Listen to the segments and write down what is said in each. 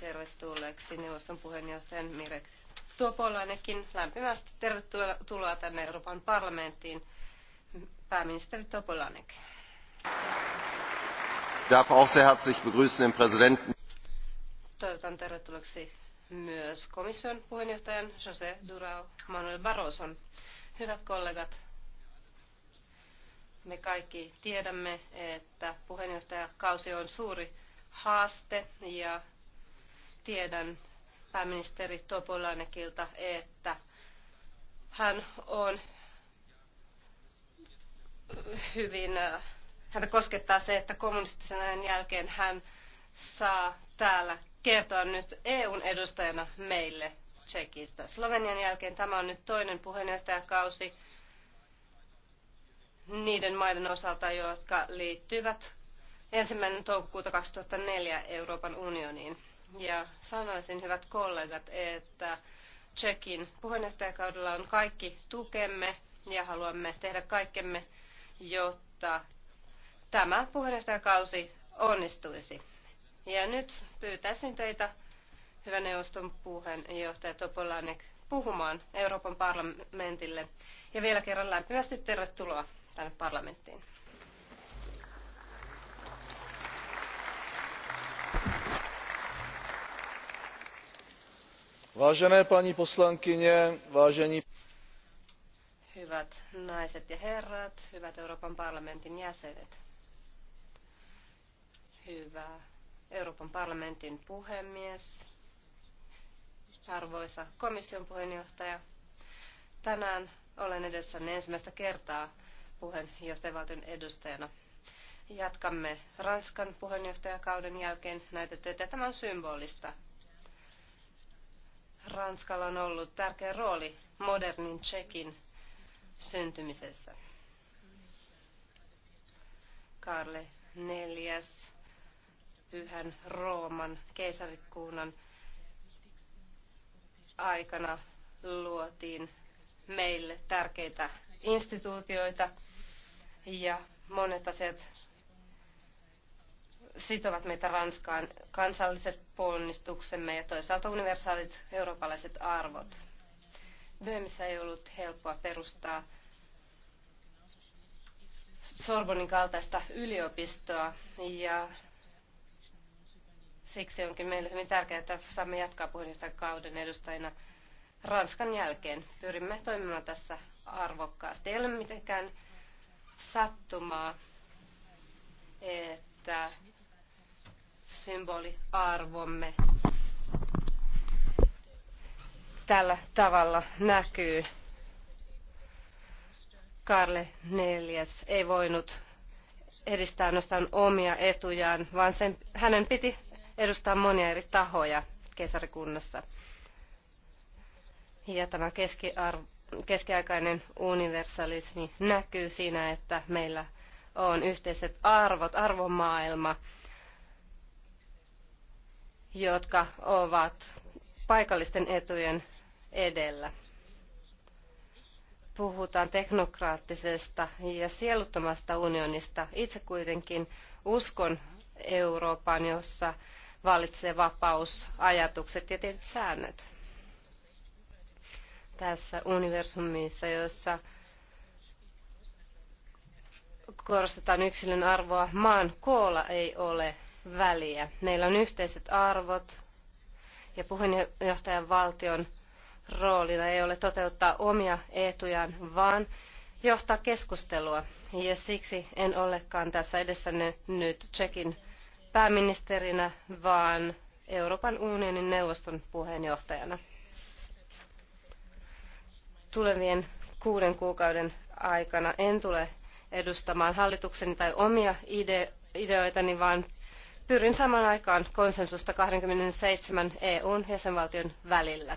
tervetulleeksi neuvoston puheenjohtajan Mirek Tuopolainenkin. Lämpimästi tervetuloa tänne Euroopan parlamenttiin, pääministeri Topolainen. Darf auch sehr herzlich begrüßen den Präsidenten. Toivotan tervetulleeksi myös komission puheenjohtajan Jose Durao Manuel Barroson. Hyvät kollegat, me kaikki tiedämme, että puheenjohtajakausi on suuri haaste ja tiedän pääministeri Topolainekilta, että hän on hyvin, äh, häntä koskettaa se, että kommunistisen ajan jälkeen hän saa täällä kertoa nyt EUn edustajana meille Tsekistä. Slovenian jälkeen tämä on nyt toinen puheenjohtajakausi niiden maiden osalta, jotka liittyvät ensimmäinen toukokuuta 2004 Euroopan unioniin. Ja sanoisin, hyvät kollegat, että Tsekin puheenjohtajakaudella on kaikki tukemme ja haluamme tehdä kaikkemme, jotta tämä puheenjohtajakausi onnistuisi. Ja nyt pyytäisin teitä, hyvä neuvoston puheenjohtaja Topolanek, puhumaan Euroopan parlamentille. Ja vielä kerran lämpimästi tervetuloa tänne parlamenttiin. vážené paní poslankyně vážení Hyvät naiset ja herrat, hyvät Euroopan parlamentin jäsenet, hyvä Euroopan parlamentin puhemies, arvoisa komission puheenjohtaja. Tänään olen edessänne ensimmäistä kertaa puheenjohtajavaltion edustajana. Jatkamme Ranskan puheenjohtajakauden jälkeen näitä töitä. Tämä on symbolista. Ranskalla on ollut tärkeä rooli modernin Tsekin syntymisessä. Karle neljäs pyhän Rooman keisarikunnan aikana luotiin meille tärkeitä instituutioita ja monet asiat sitovat meitä Ranskaan kansalliset ponnistuksemme ja toisaalta universaalit eurooppalaiset arvot. Böhmissä ei ollut helppoa perustaa Sorbonin kaltaista yliopistoa ja siksi onkin meille hyvin tärkeää, että saamme jatkaa kauden edustajina Ranskan jälkeen. Pyrimme toimimaan tässä arvokkaasti. Ei ole mitenkään sattumaa, että symboliarvomme tällä tavalla näkyy. Karle neljäs ei voinut edistää ainoastaan omia etujaan, vaan sen, hänen piti edustaa monia eri tahoja kesarikunnassa. Ja tämä keskiarvo, keskiaikainen universalismi näkyy siinä, että meillä on yhteiset arvot, arvomaailma, jotka ovat paikallisten etujen edellä. Puhutaan teknokraattisesta ja sieluttomasta unionista. Itse kuitenkin uskon Euroopan, jossa vallitsee vapaus, ajatukset ja tietyt säännöt. Tässä universumissa, jossa korostetaan yksilön arvoa, maan koolla ei ole väliä. Meillä on yhteiset arvot ja puheenjohtajan valtion roolina ei ole toteuttaa omia etujaan, vaan johtaa keskustelua. Ja siksi en olekaan tässä edessä nyt Tsekin pääministerinä, vaan Euroopan unionin neuvoston puheenjohtajana. Tulevien kuuden kuukauden aikana en tule edustamaan hallitukseni tai omia ideoitani, vaan pyrin saamaan aikaan konsensusta 27 EUn jäsenvaltion välillä.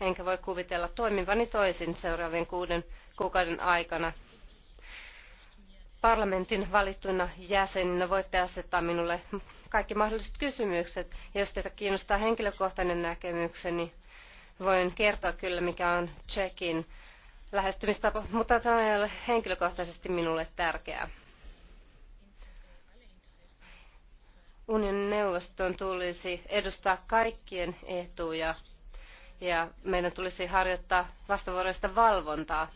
Enkä voi kuvitella toimivani toisin seuraavien kuuden kuukauden aikana. Parlamentin valittuina jäseninä voitte asettaa minulle kaikki mahdolliset kysymykset. Jos teitä kiinnostaa henkilökohtainen näkemykseni, voin kertoa kyllä mikä on Tsekin lähestymistapa, mutta tämä ei ole henkilökohtaisesti minulle tärkeää. unionin neuvoston tulisi edustaa kaikkien etuja ja meidän tulisi harjoittaa vastavuoroista valvontaa.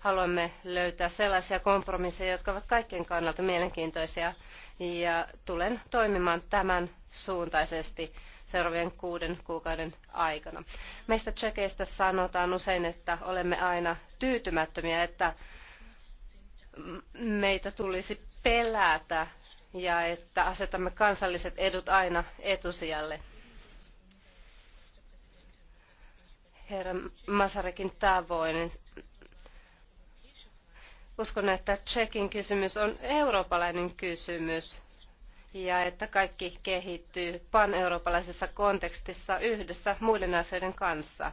Haluamme löytää sellaisia kompromisseja, jotka ovat kaikkien kannalta mielenkiintoisia ja tulen toimimaan tämän suuntaisesti seuraavien kuuden kuukauden aikana. Meistä tsekeistä sanotaan usein, että olemme aina tyytymättömiä, että meitä tulisi pelätä ja että asetamme kansalliset edut aina etusijalle. Herra Masarekin tavoin. Uskon, että Tsekin kysymys on eurooppalainen kysymys ja että kaikki kehittyy pan-eurooppalaisessa kontekstissa yhdessä muiden asioiden kanssa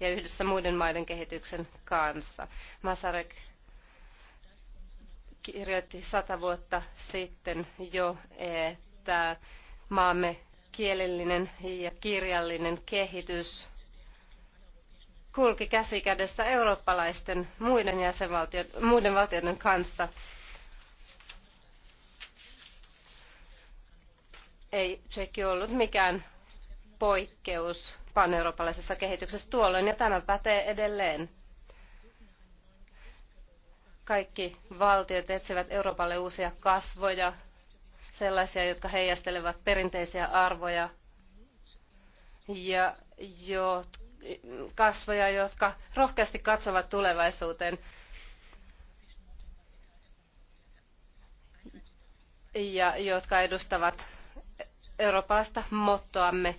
ja yhdessä muiden maiden kehityksen kanssa. Masarek kirjoitti sata vuotta sitten jo, että maamme kielellinen ja kirjallinen kehitys kulki käsi kädessä eurooppalaisten muiden, jäsenvaltioiden, muiden valtioiden kanssa. Ei Tsekki ollut mikään poikkeus paneurooppalaisessa kehityksessä tuolloin ja tämä pätee edelleen. Kaikki valtiot etsivät Euroopalle uusia kasvoja, sellaisia, jotka heijastelevat perinteisiä arvoja ja jo, kasvoja, jotka rohkeasti katsovat tulevaisuuteen. ja jotka edustavat e- eurooppalaista mottoamme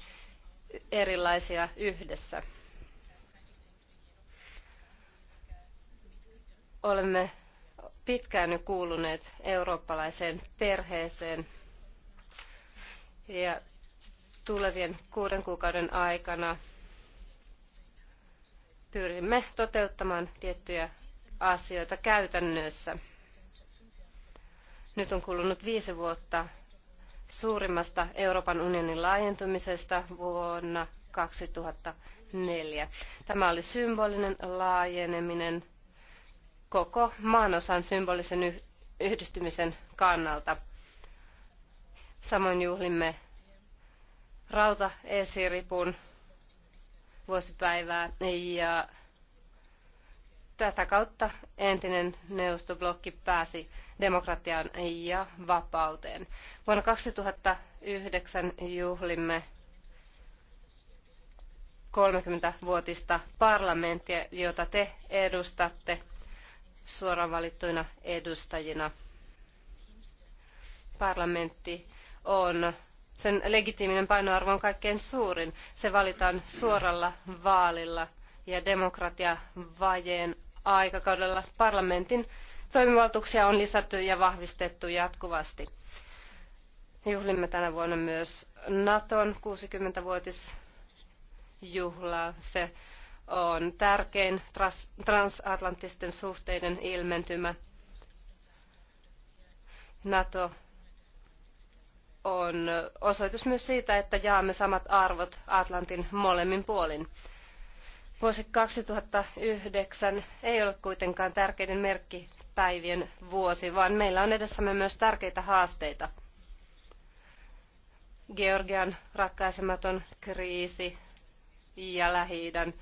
erilaisia yhdessä. Olemme pitkään jo kuuluneet eurooppalaiseen perheeseen ja tulevien kuuden kuukauden aikana pyrimme toteuttamaan tiettyjä asioita käytännössä. Nyt on kulunut viisi vuotta suurimmasta Euroopan unionin laajentumisesta vuonna 2004. Tämä oli symbolinen laajeneminen koko maanosan symbolisen yhdistymisen kannalta. Samoin juhlimme rauta esiripun vuosipäivää ja tätä kautta entinen neuvostoblokki pääsi demokratiaan ja vapauteen. Vuonna 2009 juhlimme 30-vuotista parlamenttia, jota te edustatte – suoraan valittuina edustajina. Parlamentti on, sen legitiiminen painoarvo on kaikkein suurin. Se valitaan suoralla vaalilla ja demokratiavajeen aikakaudella parlamentin toimivaltuuksia on lisätty ja vahvistettu jatkuvasti. Juhlimme tänä vuonna myös Naton 60-vuotisjuhlaa. Se on tärkein transatlanttisten suhteiden ilmentymä. NATO on osoitus myös siitä, että jaamme samat arvot Atlantin molemmin puolin. Vuosi 2009 ei ole kuitenkaan tärkeiden merkkipäivien vuosi, vaan meillä on edessämme myös tärkeitä haasteita. Georgian ratkaisematon kriisi ja lähi -idän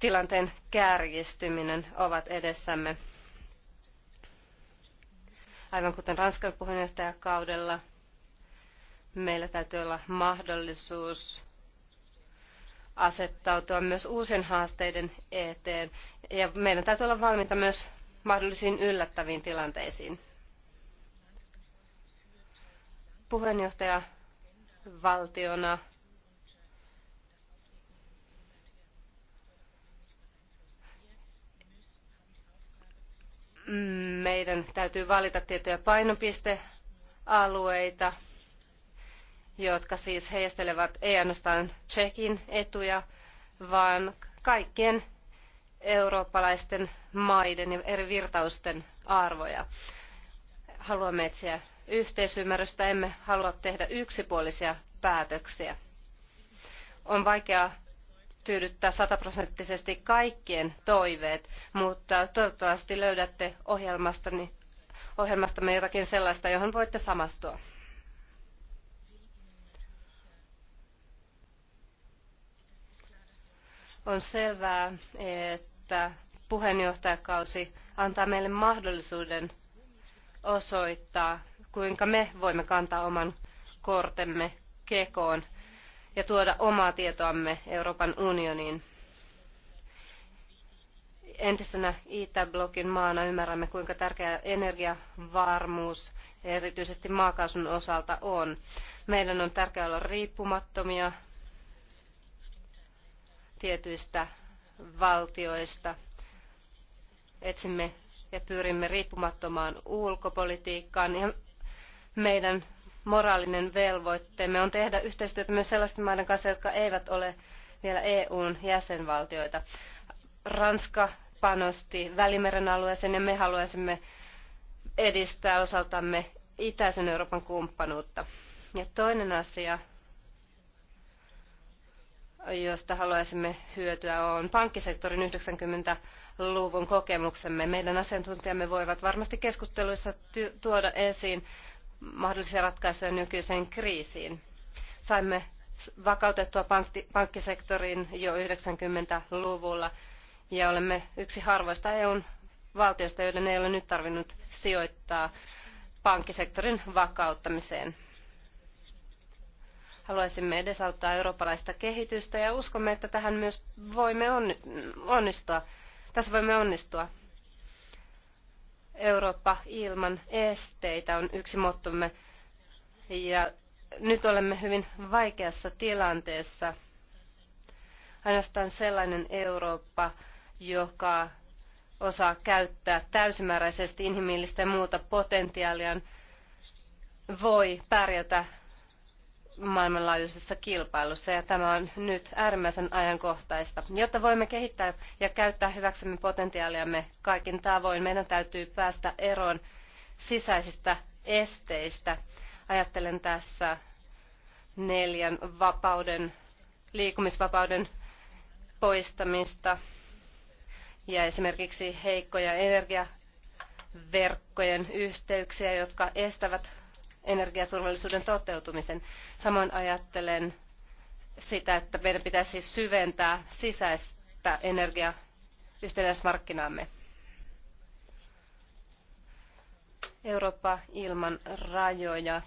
tilanteen kärjistyminen ovat edessämme. Aivan kuten Ranskan puheenjohtajakaudella, meillä täytyy olla mahdollisuus asettautua myös uusien haasteiden eteen ja meidän täytyy olla valmiita myös mahdollisiin yllättäviin tilanteisiin. Puheenjohtaja valtiona meidän täytyy valita tiettyjä painopistealueita, jotka siis heijastelevat ei ainoastaan Tsekin etuja, vaan kaikkien eurooppalaisten maiden ja eri virtausten arvoja. Haluamme etsiä yhteisymmärrystä, emme halua tehdä yksipuolisia päätöksiä. On vaikeaa tyydyttää sataprosenttisesti kaikkien toiveet, mutta toivottavasti löydätte ohjelmastani, ohjelmastamme jotakin sellaista, johon voitte samastua. On selvää, että puheenjohtajakausi antaa meille mahdollisuuden osoittaa, kuinka me voimme kantaa oman kortemme kekoon ja tuoda omaa tietoamme Euroopan unioniin. Entisenä Itäblokin maana ymmärrämme, kuinka tärkeä energiavarmuus erityisesti maakaasun osalta on. Meidän on tärkeää olla riippumattomia tietyistä valtioista. Etsimme ja pyrimme riippumattomaan ulkopolitiikkaan ja meidän moraalinen velvoitteemme on tehdä yhteistyötä myös sellaisten maiden kanssa, jotka eivät ole vielä EUn jäsenvaltioita. Ranska panosti Välimeren alueeseen ja me haluaisimme edistää osaltamme itäisen Euroopan kumppanuutta. Ja toinen asia, josta haluaisimme hyötyä, on pankkisektorin 90-luvun kokemuksemme. Meidän asiantuntijamme voivat varmasti keskusteluissa tuoda esiin mahdollisia ratkaisuja nykyiseen kriisiin. Saimme vakautettua pankkisektorin jo 90-luvulla ja olemme yksi harvoista EUn valtioista, joiden ei ole nyt tarvinnut sijoittaa pankkisektorin vakauttamiseen. Haluaisimme edesauttaa eurooppalaista kehitystä ja uskomme, että tähän myös voimme onnistua. Tässä voimme onnistua. Eurooppa ilman esteitä on yksi mottomme. Ja nyt olemme hyvin vaikeassa tilanteessa. Ainoastaan sellainen Eurooppa, joka osaa käyttää täysimääräisesti inhimillistä ja muuta potentiaalia, voi pärjätä maailmanlaajuisessa kilpailussa ja tämä on nyt äärimmäisen ajankohtaista. Jotta voimme kehittää ja käyttää hyväksemme potentiaaliamme kaikin tavoin, meidän täytyy päästä eroon sisäisistä esteistä. Ajattelen tässä neljän vapauden, liikkumisvapauden poistamista ja esimerkiksi heikkoja energiaverkkojen yhteyksiä, jotka estävät energiaturvallisuuden toteutumisen. Samoin ajattelen sitä, että meidän pitäisi siis syventää sisäistä energiayhtenäismarkkinaamme. Eurooppa ilman rajoja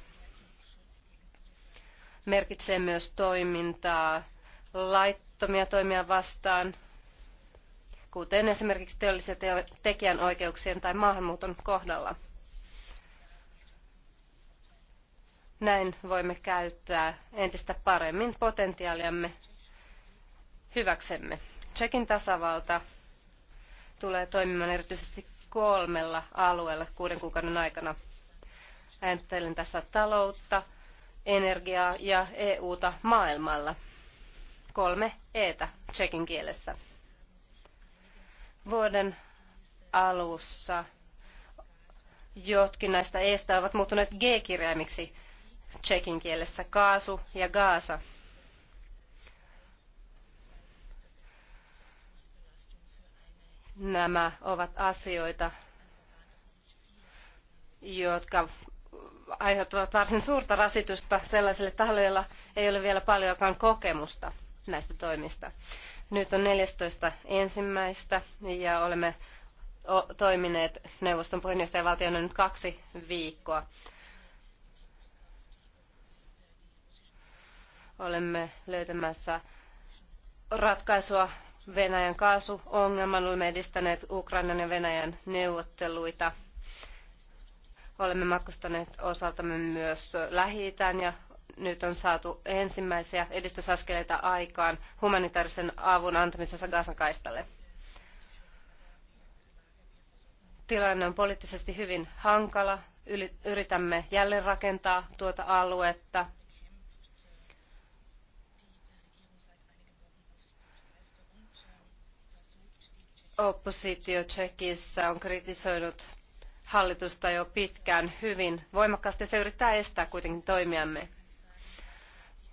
merkitsee myös toimintaa laittomia toimia vastaan, kuten esimerkiksi teollisen tekijänoikeuksien tai maahanmuuton kohdalla. Näin voimme käyttää entistä paremmin potentiaaliamme hyväksemme. Tsekin tasavalta tulee toimimaan erityisesti kolmella alueella kuuden kuukauden aikana. Ajattelen tässä taloutta, energiaa ja EUta maailmalla. Kolme etä tsekin kielessä. Vuoden alussa jotkin näistä eistä ovat muuttuneet G-kirjaimiksi tsekin kielessä kaasu ja gaasa. Nämä ovat asioita, jotka aiheuttavat varsin suurta rasitusta sellaisille tahoille, joilla ei ole vielä paljonkaan kokemusta näistä toimista. Nyt on 14. ensimmäistä ja olemme toimineet neuvoston puheenjohtajavaltiona nyt kaksi viikkoa. olemme löytämässä ratkaisua Venäjän kaasuongelman. Olemme edistäneet Ukrainan ja Venäjän neuvotteluita. Olemme matkustaneet osaltamme myös lähi ja nyt on saatu ensimmäisiä edistysaskeleita aikaan humanitaarisen avun antamisessa Gazan kaistalle. Tilanne on poliittisesti hyvin hankala. Yritämme jälleen rakentaa tuota aluetta Oppositio Tsekissä on kritisoinut hallitusta jo pitkään hyvin voimakkaasti ja se yrittää estää kuitenkin toimiamme.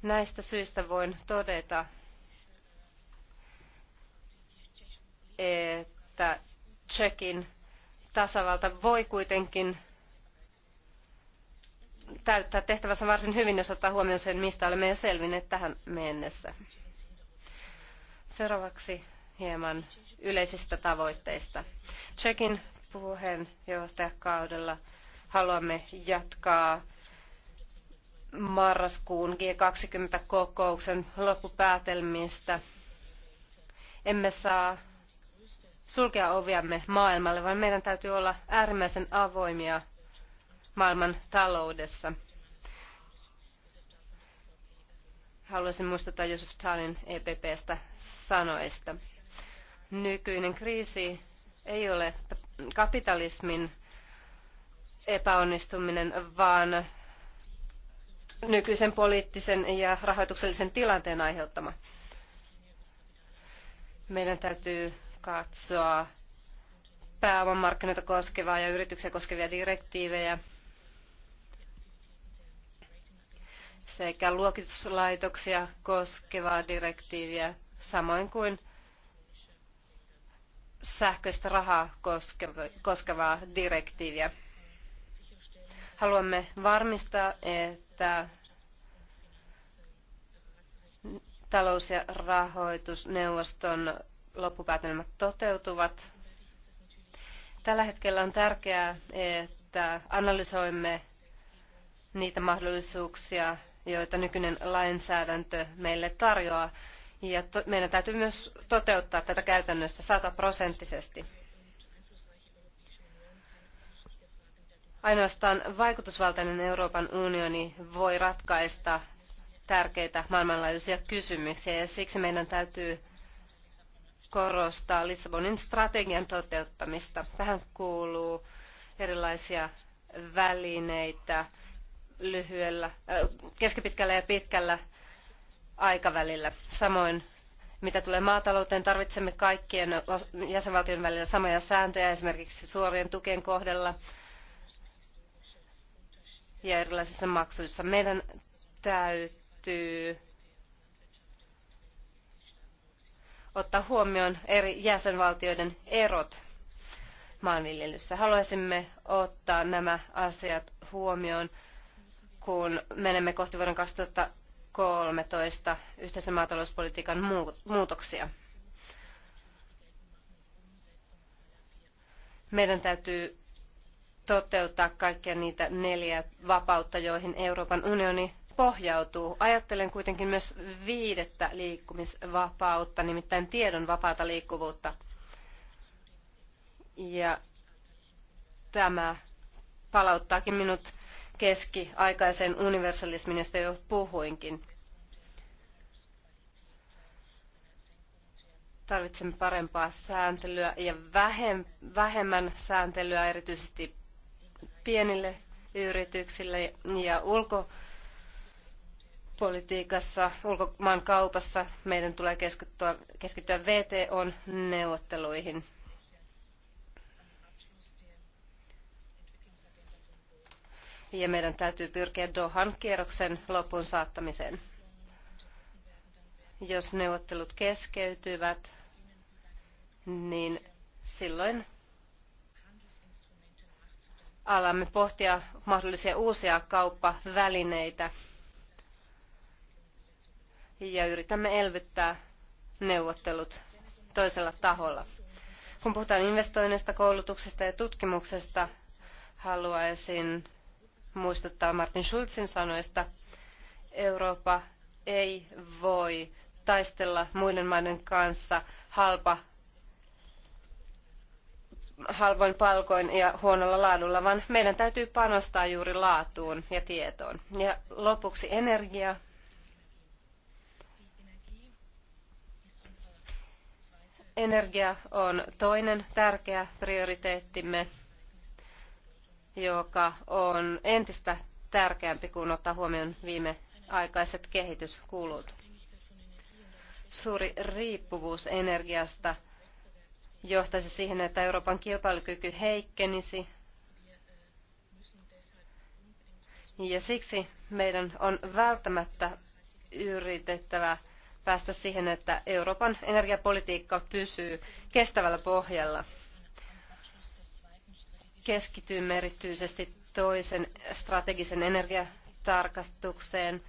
Näistä syistä voin todeta, että Tsekin tasavalta voi kuitenkin täyttää tehtävänsä varsin hyvin, jos ottaa huomioon sen, mistä olemme jo selvinneet tähän mennessä. Seuraavaksi hieman yleisistä tavoitteista. Tsekin puheenjohtajakaudella haluamme jatkaa marraskuun G20-kokouksen loppupäätelmistä. Emme saa sulkea oviamme maailmalle, vaan meidän täytyy olla äärimmäisen avoimia maailman taloudessa. Haluaisin muistuttaa Josef Talin EPPstä sanoista. Nykyinen kriisi ei ole kapitalismin epäonnistuminen, vaan nykyisen poliittisen ja rahoituksellisen tilanteen aiheuttama. Meidän täytyy katsoa pääomamarkkinoita koskevaa ja yrityksiä koskevia direktiivejä sekä luokituslaitoksia koskevaa direktiiviä, samoin kuin sähköistä rahaa koskevaa direktiiviä. Haluamme varmistaa, että talous- ja rahoitusneuvoston loppupäätelmät toteutuvat. Tällä hetkellä on tärkeää, että analysoimme niitä mahdollisuuksia, joita nykyinen lainsäädäntö meille tarjoaa ja to, meidän täytyy myös toteuttaa tätä käytännössä sataprosenttisesti. Ainoastaan vaikutusvaltainen Euroopan unioni voi ratkaista tärkeitä maailmanlaajuisia kysymyksiä ja siksi meidän täytyy korostaa Lissabonin strategian toteuttamista. Tähän kuuluu erilaisia välineitä lyhyellä, äh, keskipitkällä ja pitkällä aikavälillä. Samoin mitä tulee maatalouteen, tarvitsemme kaikkien jäsenvaltioiden välillä samoja sääntöjä esimerkiksi suorien tukien kohdalla ja erilaisissa maksuissa. Meidän täytyy ottaa huomioon eri jäsenvaltioiden erot maanviljelyssä. Haluaisimme ottaa nämä asiat huomioon, kun menemme kohti vuoden 2000 kolmetoista yhteisen maatalouspolitiikan muutoksia. Meidän täytyy toteuttaa kaikkia niitä neljä vapautta, joihin Euroopan unioni pohjautuu. Ajattelen kuitenkin myös viidettä liikkumisvapautta, nimittäin tiedon vapaata liikkuvuutta. Ja tämä palauttaakin minut keskiaikaisen universalismin, josta jo puhuinkin. Tarvitsemme parempaa sääntelyä ja vähemmän sääntelyä erityisesti pienille yrityksille ja ulkopolitiikassa, ulkomaan kaupassa meidän tulee keskittyä, keskittyä VTOn neuvotteluihin. Ja meidän täytyy pyrkiä Dohan kierroksen loppuun saattamiseen. Jos neuvottelut keskeytyvät, niin silloin alamme pohtia mahdollisia uusia kauppavälineitä ja yritämme elvyttää neuvottelut toisella taholla. Kun puhutaan investoinneista, koulutuksesta ja tutkimuksesta, haluaisin muistuttaa Martin Schulzin sanoista, Eurooppa ei voi taistella muiden maiden kanssa halpa halvoin palkoin ja huonolla laadulla, vaan meidän täytyy panostaa juuri laatuun ja tietoon. Ja lopuksi energia. Energia on toinen tärkeä prioriteettimme, joka on entistä tärkeämpi, kun ottaa huomioon viime aikaiset kehityskulut. Suuri riippuvuus energiasta – johtaisi siihen, että Euroopan kilpailukyky heikkenisi. Ja siksi meidän on välttämättä yritettävä päästä siihen, että Euroopan energiapolitiikka pysyy kestävällä pohjalla. Keskitymme erityisesti toisen strategisen energiatarkastukseen.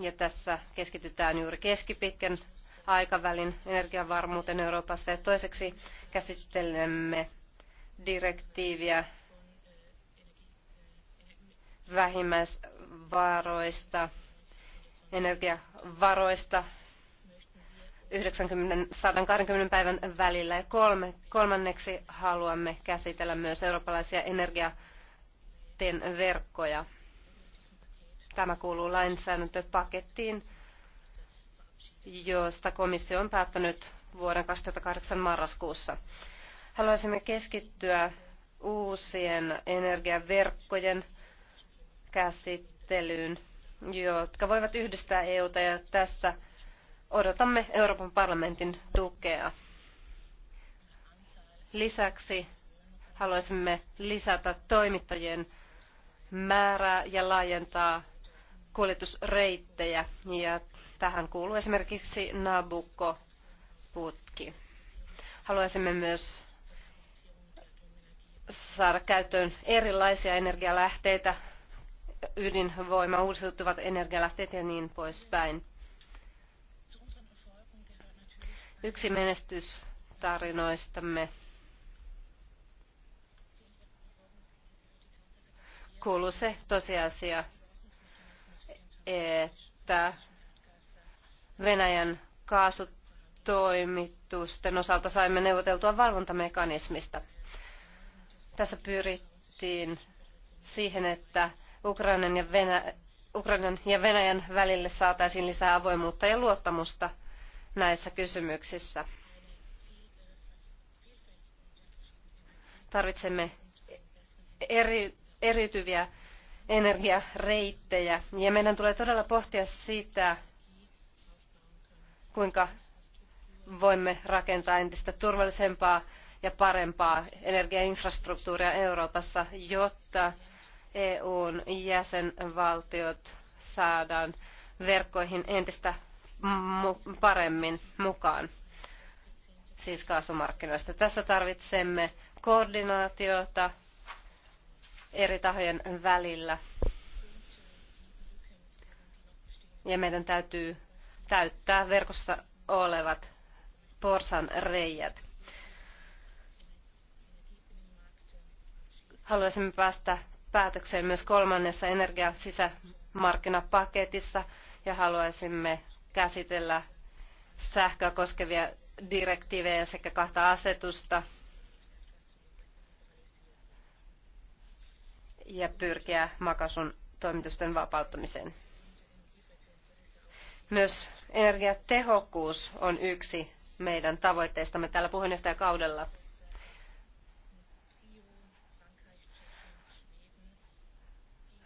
Ja tässä keskitytään juuri keskipitkän aikavälin energiavarmuuteen Euroopassa. Ja toiseksi käsittelemme direktiiviä vähimmäisvaroista, energiavaroista 90-120 päivän välillä. Ja kolme, kolmanneksi haluamme käsitellä myös eurooppalaisia energiaten verkkoja. Tämä kuuluu lainsäädäntöpakettiin, josta komissio on päättänyt vuoden 2008 marraskuussa. Haluaisimme keskittyä uusien energiaverkkojen käsittelyyn, jotka voivat yhdistää EUta ja tässä odotamme Euroopan parlamentin tukea. Lisäksi haluaisimme lisätä toimittajien määrää ja laajentaa kuljetusreittejä ja Tähän kuuluu esimerkiksi Nabucco-putki. Haluaisimme myös saada käyttöön erilaisia energialähteitä, ydinvoima, uusiutuvat energialähteet ja niin poispäin. Yksi menestystarinoistamme kuuluu se tosiasia, että Venäjän kaasutoimitusten osalta saimme neuvoteltua valvontamekanismista. Tässä pyrittiin siihen, että Ukrainan ja, Venä- Ukrainan ja Venäjän välille saataisiin lisää avoimuutta ja luottamusta näissä kysymyksissä. Tarvitsemme eri, eriytyviä energiareittejä ja meidän tulee todella pohtia sitä, kuinka voimme rakentaa entistä turvallisempaa ja parempaa energiainfrastruktuuria Euroopassa, jotta EUn jäsenvaltiot saadaan verkkoihin entistä paremmin mukaan, siis kaasumarkkinoista. Tässä tarvitsemme koordinaatiota eri tahojen välillä. Ja meidän täytyy täyttää verkossa olevat porsan reijät. Haluaisimme päästä päätökseen myös kolmannessa energiasisämarkkinapaketissa ja haluaisimme käsitellä sähköä koskevia direktiivejä sekä kahta asetusta ja pyrkiä makasun toimitusten vapauttamiseen. Myös energiatehokkuus on yksi meidän tavoitteistamme tällä puheenjohtajakaudella.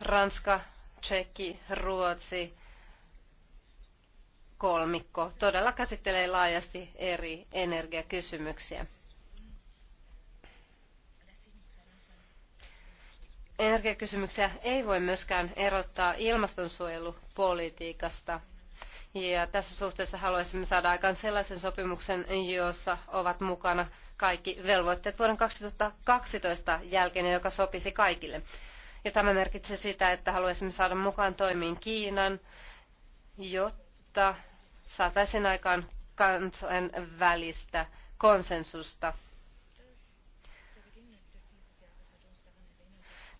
Ranska, Tsekki, Ruotsi, kolmikko todella käsittelee laajasti eri energiakysymyksiä. Energiakysymyksiä ei voi myöskään erottaa ilmastonsuojelupolitiikasta – ja tässä suhteessa haluaisimme saada aikaan sellaisen sopimuksen, jossa ovat mukana kaikki velvoitteet vuoden 2012 jälkeen, joka sopisi kaikille. Ja tämä merkitsee sitä, että haluaisimme saada mukaan toimiin Kiinan, jotta saataisiin aikaan kansan välistä konsensusta.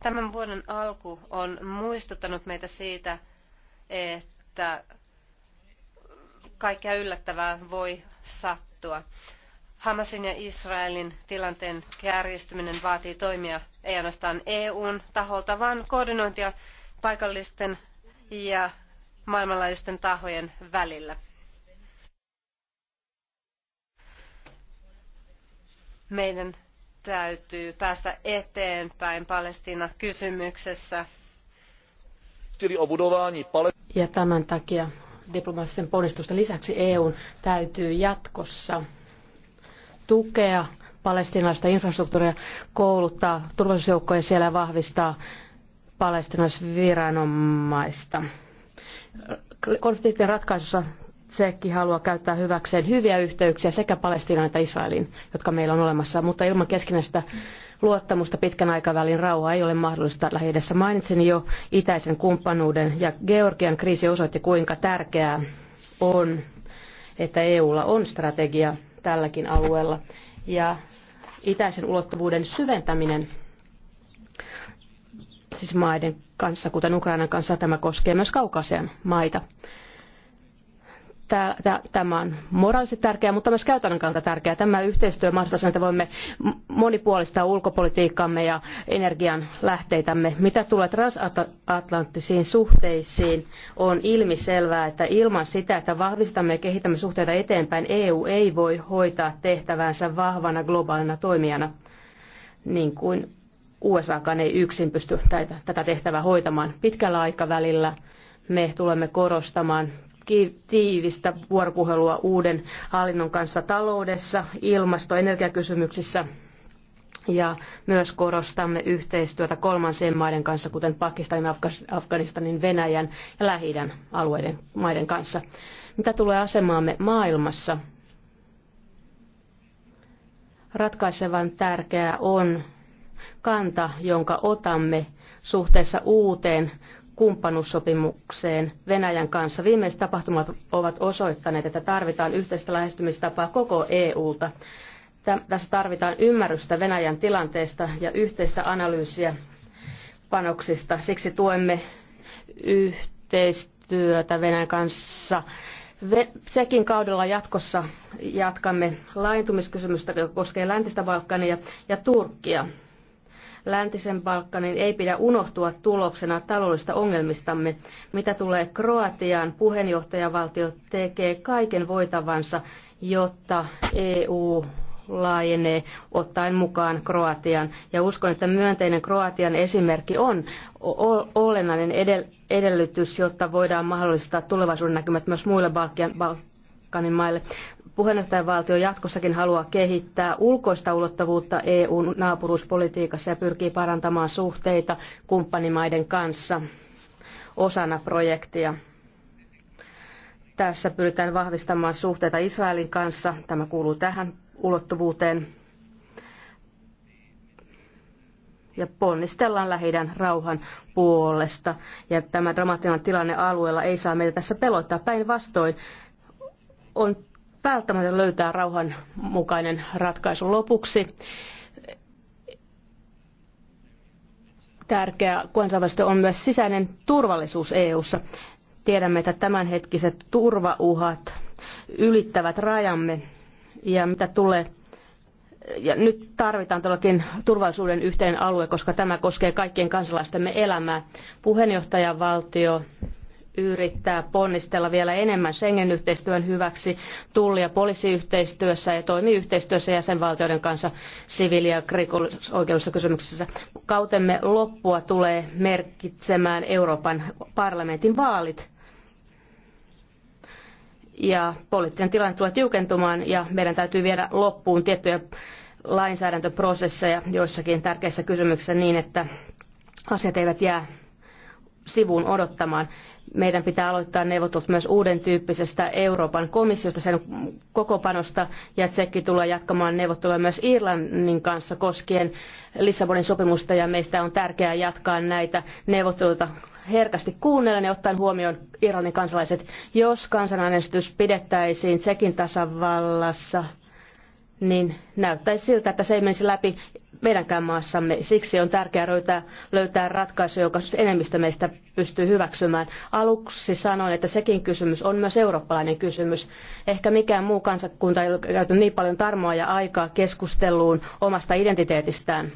Tämän vuoden alku on muistuttanut meitä siitä, että kaikkea yllättävää voi sattua. Hamasin ja Israelin tilanteen kärjistyminen vaatii toimia ei ainoastaan EUn taholta, vaan koordinointia paikallisten ja maailmanlaajuisten tahojen välillä. Meidän täytyy päästä eteenpäin Palestiina kysymyksessä. Ja tämän takia diplomaattisten ponnistusten lisäksi EUn täytyy jatkossa tukea palestinaista infrastruktuuria, kouluttaa turvallisuusjoukkoja siellä ja vahvistaa palestinaisviranomaista. Konfliktin ratkaisussa Tsekki haluaa käyttää hyväkseen hyviä yhteyksiä sekä Palestiinaan että Israeliin, jotka meillä on olemassa, mutta ilman keskinäistä luottamusta pitkän aikavälin rauhaa ei ole mahdollista lähi -idässä. Mainitsin jo itäisen kumppanuuden ja Georgian kriisi osoitti kuinka tärkeää on, että EUlla on strategia tälläkin alueella. Ja itäisen ulottuvuuden syventäminen siis maiden kanssa, kuten Ukrainan kanssa, tämä koskee myös kaukaisen maita. Tämä on moraalisesti tärkeää, mutta myös käytännön kannalta tärkeää. Tämä yhteistyö mahdollistaa sen, että voimme monipuolistaa ulkopolitiikkamme ja energian lähteitämme. Mitä tulee transatlanttisiin suhteisiin, on ilmiselvää, että ilman sitä, että vahvistamme ja kehitämme suhteita eteenpäin, EU ei voi hoitaa tehtävänsä vahvana globaalina toimijana, niin kuin USAkaan ei yksin pysty tätä tehtävää hoitamaan pitkällä aikavälillä me tulemme korostamaan tiivistä vuoropuhelua uuden hallinnon kanssa taloudessa, ilmasto- ja energiakysymyksissä ja myös korostamme yhteistyötä kolmansien maiden kanssa, kuten Pakistanin, Afganistanin, Venäjän ja lähi alueiden maiden kanssa. Mitä tulee asemaamme maailmassa? Ratkaisevan tärkeää on kanta, jonka otamme suhteessa uuteen kumppanuussopimukseen Venäjän kanssa. Viimeiset tapahtumat ovat osoittaneet, että tarvitaan yhteistä lähestymistapaa koko EUlta. Tässä tarvitaan ymmärrystä Venäjän tilanteesta ja yhteistä analyysiä panoksista. Siksi tuemme yhteistyötä Venäjän kanssa. Sekin kaudella jatkossa jatkamme laajentumiskysymystä, joka koskee läntistä Balkania ja Turkkia. Läntisen Balkanin ei pidä unohtua tuloksena taloudellista ongelmistamme. Mitä tulee Kroatiaan, puheenjohtajavaltio tekee kaiken voitavansa, jotta EU laajenee ottaen mukaan Kroatian. Ja uskon, että myönteinen Kroatian esimerkki on olennainen edellytys, jotta voidaan mahdollistaa tulevaisuuden näkymät myös muille Balkanin maille puheenjohtajavaltio jatkossakin haluaa kehittää ulkoista ulottuvuutta EUn naapuruuspolitiikassa ja pyrkii parantamaan suhteita kumppanimaiden kanssa osana projektia. Tässä pyritään vahvistamaan suhteita Israelin kanssa. Tämä kuuluu tähän ulottuvuuteen. ja ponnistellaan lähi rauhan puolesta. Ja tämä dramaattinen tilanne alueella ei saa meitä tässä pelottaa. Päinvastoin on välttämätön löytää rauhanmukainen ratkaisu lopuksi. Tärkeää kansainvälisesti on myös sisäinen turvallisuus EU:ssa. Tiedämme, että tämänhetkiset turvauhat ylittävät rajamme ja mitä tulee ja nyt tarvitaan todellakin turvallisuuden yhteinen alue, koska tämä koskee kaikkien kansalaistemme elämää. Puheenjohtajavaltio valtio yrittää ponnistella vielä enemmän Schengen-yhteistyön hyväksi tulli- ja poliisiyhteistyössä ja toimii yhteistyössä jäsenvaltioiden kanssa siviili- ja rikollisoikeudellisissa kysymyksissä. Kautemme loppua tulee merkitsemään Euroopan parlamentin vaalit ja poliittinen tilanne tulee tiukentumaan ja meidän täytyy viedä loppuun tiettyjä lainsäädäntöprosesseja joissakin tärkeissä kysymyksissä niin, että asiat eivät jää sivuun odottamaan. Meidän pitää aloittaa neuvottelut myös uuden tyyppisestä Euroopan komissiosta, sen kokopanosta, ja Tsekki tulee jatkamaan neuvotteluja myös Irlannin kanssa koskien Lissabonin sopimusta, ja meistä on tärkeää jatkaa näitä neuvotteluita herkästi kuunnellen ja ottaen huomioon Irlannin kansalaiset, jos kansanäänestys pidettäisiin Tsekin tasavallassa niin näyttäisi siltä, että se ei menisi läpi meidänkään maassamme. Siksi on tärkeää löytää, löytää ratkaisu, joka enemmistö meistä pystyy hyväksymään. Aluksi sanoin, että sekin kysymys on myös eurooppalainen kysymys. Ehkä mikään muu kansakunta ei ole käytänyt niin paljon tarmoa ja aikaa keskusteluun omasta identiteetistään.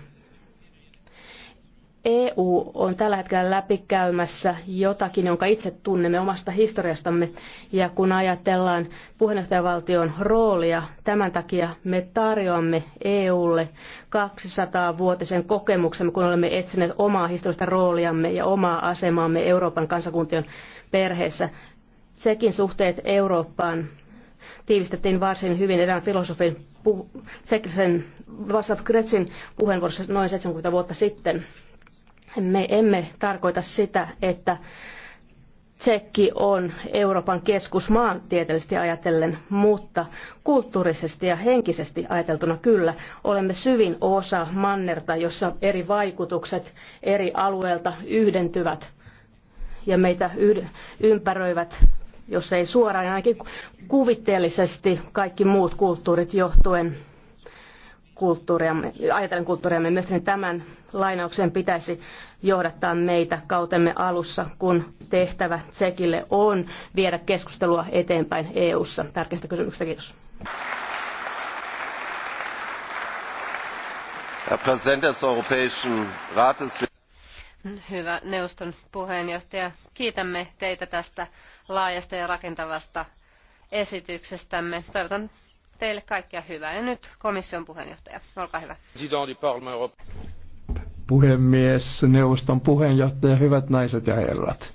EU on tällä hetkellä läpikäymässä jotakin, jonka itse tunnemme omasta historiastamme. Ja kun ajatellaan puheenjohtajavaltion roolia, tämän takia me tarjoamme EUlle 200-vuotisen kokemuksemme, kun olemme etsineet omaa historiasta rooliamme ja omaa asemaamme Euroopan kansakuntien perheessä. Sekin suhteet Eurooppaan tiivistettiin varsin hyvin erään filosofin puh- Seksen Kretsin puheenvuorossa noin 70 vuotta sitten. Me emme tarkoita sitä, että Tsekki on Euroopan keskus maantieteellisesti ajatellen, mutta kulttuurisesti ja henkisesti ajateltuna kyllä olemme syvin osa mannerta, jossa eri vaikutukset eri alueilta yhdentyvät ja meitä ympäröivät, jos ei suoraan, ainakin kuvitteellisesti kaikki muut kulttuurit johtuen kulttuuriamme, ajatellen kulttuuriamme. Mielestäni niin tämän lainauksen pitäisi johdattaa meitä kautemme alussa, kun tehtävä Tsekille on viedä keskustelua eteenpäin EU-ssa. Tärkeistä kysymyksistä kiitos. Hyvä neuvoston puheenjohtaja, kiitämme teitä tästä laajasta ja rakentavasta esityksestämme. Toivotan teille kaikkea hyvää. Ja nyt komission puheenjohtaja, olkaa hyvä. Puhemies, neuvoston puheenjohtaja, hyvät naiset ja herrat.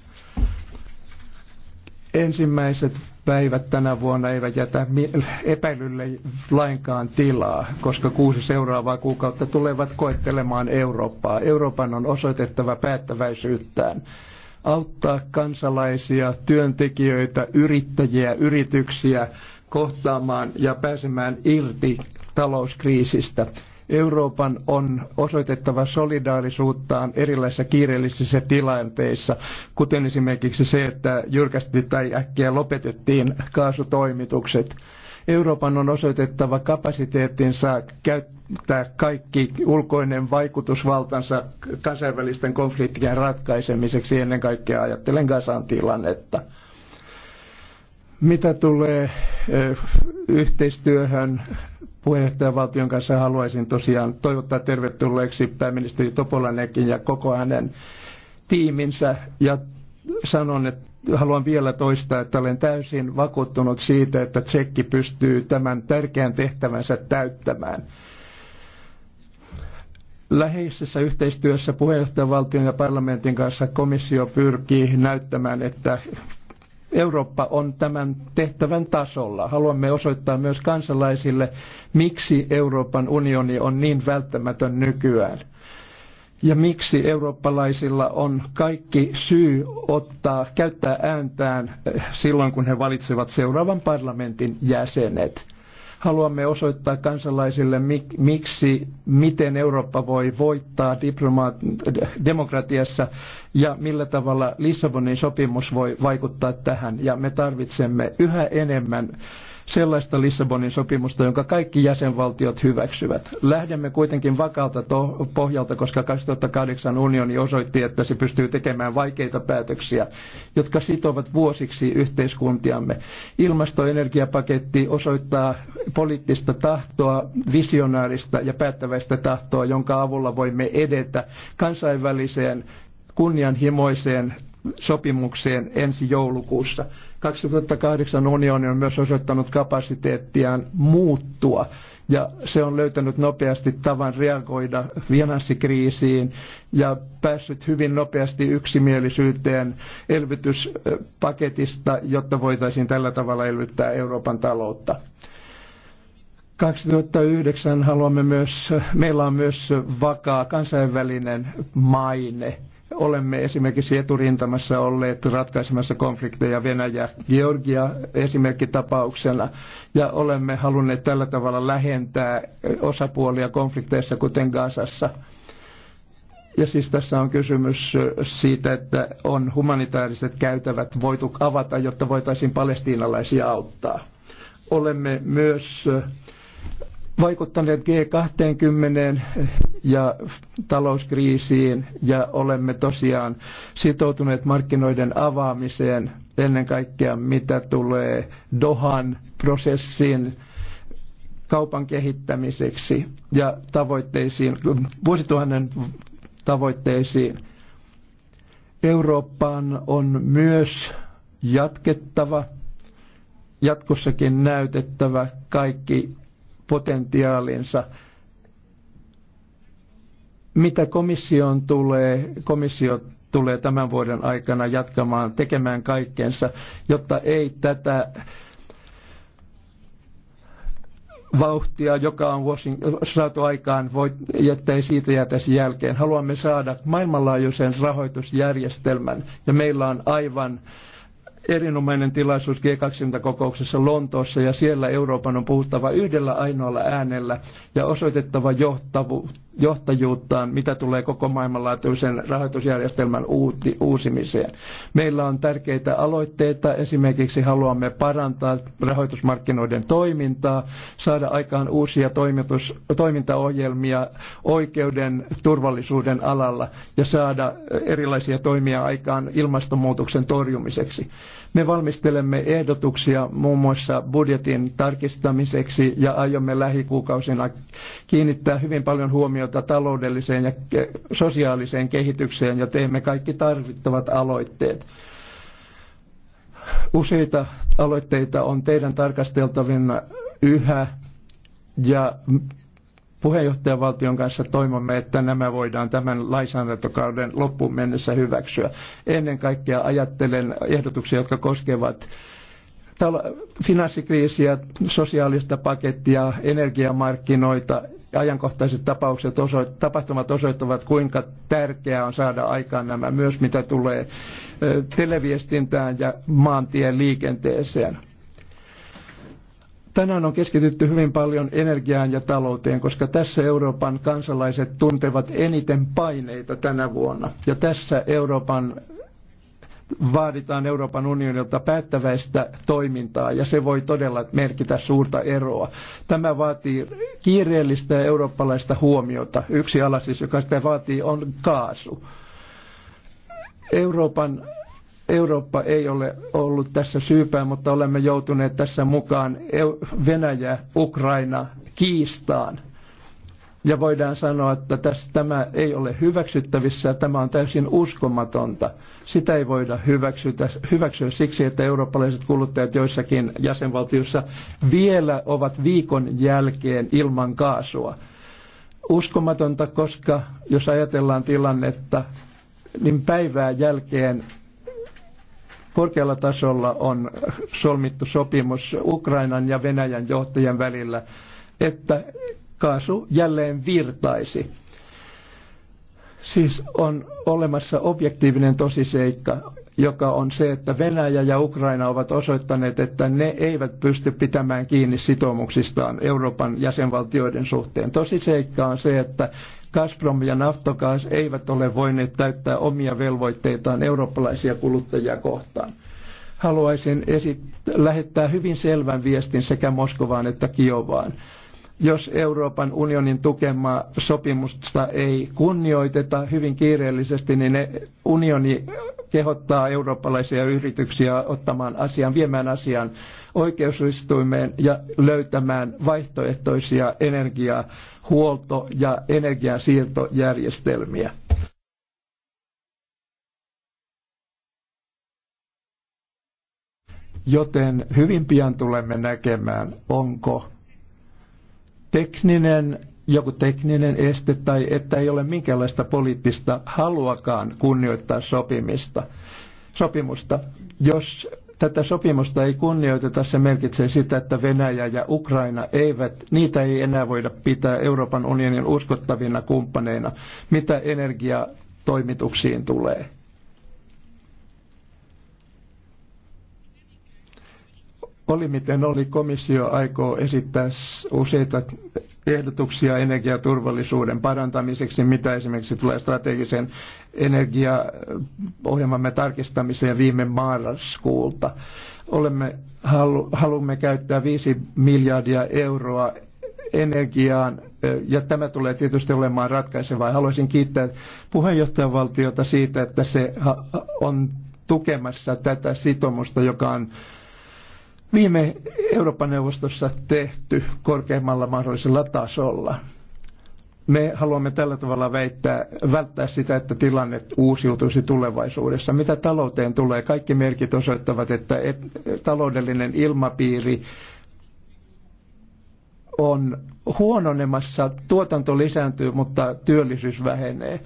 Ensimmäiset päivät tänä vuonna eivät jätä epäilylle lainkaan tilaa, koska kuusi seuraavaa kuukautta tulevat koettelemaan Eurooppaa. Euroopan on osoitettava päättäväisyyttään auttaa kansalaisia, työntekijöitä, yrittäjiä, yrityksiä kohtaamaan ja pääsemään irti talouskriisistä. Euroopan on osoitettava solidaarisuuttaan erilaisissa kiireellisissä tilanteissa, kuten esimerkiksi se, että jyrkästi tai äkkiä lopetettiin kaasutoimitukset. Euroopan on osoitettava kapasiteettinsa käyttää kaikki ulkoinen vaikutusvaltansa kansainvälisten konfliktien ratkaisemiseksi, ennen kaikkea ajattelen Gasan tilannetta. Mitä tulee yhteistyöhön puheenjohtajavaltion kanssa, haluaisin tosiaan toivottaa tervetulleeksi pääministeri Topolanekin ja koko hänen tiiminsä. Ja sanon, että haluan vielä toistaa, että olen täysin vakuuttunut siitä, että Tsekki pystyy tämän tärkeän tehtävänsä täyttämään läheisessä yhteistyössä puheenjohtajavaltion ja parlamentin kanssa komissio pyrkii näyttämään, että Eurooppa on tämän tehtävän tasolla. Haluamme osoittaa myös kansalaisille, miksi Euroopan unioni on niin välttämätön nykyään. Ja miksi eurooppalaisilla on kaikki syy ottaa, käyttää ääntään eh, silloin, kun he valitsevat seuraavan parlamentin jäsenet. Haluamme osoittaa kansalaisille, miksi, miten Eurooppa voi voittaa demokratiassa ja millä tavalla Lissabonin sopimus voi vaikuttaa tähän. Ja me tarvitsemme yhä enemmän sellaista Lissabonin sopimusta, jonka kaikki jäsenvaltiot hyväksyvät. Lähdemme kuitenkin vakaalta pohjalta, koska 2008 unioni osoitti, että se pystyy tekemään vaikeita päätöksiä, jotka sitovat vuosiksi yhteiskuntiamme. Ilmastoenergiapaketti osoittaa poliittista tahtoa, visionaarista ja päättäväistä tahtoa, jonka avulla voimme edetä kansainväliseen kunnianhimoiseen sopimukseen ensi joulukuussa. 2008 unioni on myös osoittanut kapasiteettiaan muuttua ja se on löytänyt nopeasti tavan reagoida finanssikriisiin ja päässyt hyvin nopeasti yksimielisyyteen elvytyspaketista, jotta voitaisiin tällä tavalla elvyttää Euroopan taloutta. 2009 haluamme myös, meillä on myös vakaa kansainvälinen maine – Olemme esimerkiksi eturintamassa olleet ratkaisemassa konflikteja Venäjä, Georgia esimerkkitapauksena ja olemme halunneet tällä tavalla lähentää osapuolia konflikteissa kuten Gazassa. Ja siis tässä on kysymys siitä, että on humanitaariset käytävät voitu avata, jotta voitaisiin palestiinalaisia auttaa. Olemme myös vaikuttaneet G20 ja talouskriisiin ja olemme tosiaan sitoutuneet markkinoiden avaamiseen ennen kaikkea mitä tulee Dohan prosessin kaupan kehittämiseksi ja tavoitteisiin, vuosituhannen tavoitteisiin. Eurooppaan on myös jatkettava, jatkossakin näytettävä kaikki potentiaalinsa. Mitä komission tulee, komissio tulee tämän vuoden aikana jatkamaan tekemään kaikkensa, jotta ei tätä vauhtia, joka on saatu aikaan, voi, jotta ei siitä jätäisi jälkeen. Haluamme saada maailmanlaajuisen rahoitusjärjestelmän ja meillä on aivan äh, erinomainen tilaisuus G20-kokouksessa Lontoossa ja siellä Euroopan on puhuttava yhdellä ainoalla äänellä ja osoitettava johtavuutta johtajuuttaan, mitä tulee koko maailmanlaajuisen rahoitusjärjestelmän uusimiseen. Meillä on tärkeitä aloitteita, esimerkiksi haluamme parantaa rahoitusmarkkinoiden toimintaa, saada aikaan uusia toimitus, toimintaohjelmia oikeuden turvallisuuden alalla ja saada erilaisia toimia aikaan ilmastonmuutoksen torjumiseksi. Me valmistelemme ehdotuksia muun muassa budjetin tarkistamiseksi ja aiomme lähikuukausina kiinnittää hyvin paljon huomiota taloudelliseen ja sosiaaliseen kehitykseen ja teemme kaikki tarvittavat aloitteet. Useita aloitteita on teidän tarkasteltavina yhä ja puheenjohtajavaltion kanssa toivomme, että nämä voidaan tämän lainsäädäntökauden loppuun mennessä hyväksyä. Ennen kaikkea ajattelen ehdotuksia, jotka koskevat finanssikriisiä, sosiaalista pakettia, energiamarkkinoita, ajankohtaiset tapaukset osoit, tapahtumat osoittavat, kuinka tärkeää on saada aikaan nämä myös, mitä tulee televiestintään ja maantien liikenteeseen. Tänään on keskitytty hyvin paljon energiaan ja talouteen, koska tässä Euroopan kansalaiset tuntevat eniten paineita tänä vuonna. Ja tässä Euroopan vaaditaan Euroopan unionilta päättäväistä toimintaa ja se voi todella merkitä suurta eroa. Tämä vaatii kiireellistä ja eurooppalaista huomiota. Yksi ala siis, joka sitä vaatii, on kaasu. Euroopan Eurooppa ei ole ollut tässä syypää, mutta olemme joutuneet tässä mukaan Venäjä, Ukraina kiistaan. Ja voidaan sanoa, että tässä, tämä ei ole hyväksyttävissä, tämä on täysin uskomatonta. Sitä ei voida hyväksytä, hyväksyä siksi, että eurooppalaiset kuluttajat joissakin jäsenvaltiossa vielä ovat viikon jälkeen ilman kaasua. Uskomatonta, koska jos ajatellaan tilannetta, niin päivää jälkeen Korkealla tasolla on solmittu sopimus Ukrainan ja Venäjän johtajien välillä, että kaasu jälleen virtaisi. Siis on olemassa objektiivinen tosiseikka, joka on se, että Venäjä ja Ukraina ovat osoittaneet, että ne eivät pysty pitämään kiinni sitoumuksistaan Euroopan jäsenvaltioiden suhteen. Tosiseikka on se, että Gazprom ja Naftogas eivät ole voineet täyttää omia velvoitteitaan eurooppalaisia kuluttajia kohtaan. Haluaisin lähettää hyvin selvän viestin sekä Moskovaan että Kiovaan jos Euroopan unionin tukemaa sopimusta ei kunnioiteta hyvin kiireellisesti, niin unioni kehottaa eurooppalaisia yrityksiä ottamaan asian, viemään asian oikeusistuimeen ja löytämään vaihtoehtoisia energiahuolto- ja energiansiirtojärjestelmiä. Joten hyvin pian tulemme näkemään, onko tekninen joku tekninen este tai että ei ole minkäänlaista poliittista haluakaan kunnioittaa sopimista, sopimusta. Jos tätä sopimusta ei kunnioiteta, se merkitsee sitä, että Venäjä ja Ukraina eivät, niitä ei enää voida pitää Euroopan unionin uskottavina kumppaneina, mitä energiatoimituksiin tulee. Oli miten oli, komissio aikoo esittää useita ehdotuksia energiaturvallisuuden parantamiseksi, mitä esimerkiksi tulee strategisen energiaohjelmamme tarkistamiseen viime marraskuulta. Olemme, halu, haluamme käyttää 5 miljardia euroa energiaan, ja tämä tulee tietysti olemaan ratkaisevaa. Haluaisin kiittää puheenjohtajavaltiota siitä, että se on tukemassa tätä sitomusta, joka on viime Euroopan neuvostossa tehty korkeimmalla mahdollisella tasolla. Me haluamme tällä tavalla väittää, välttää sitä, että tilanne uusiutuisi tulevaisuudessa. Mitä talouteen tulee, kaikki merkit osoittavat, että et, taloudellinen ilmapiiri on huononemassa, tuotanto lisääntyy, mutta työllisyys vähenee.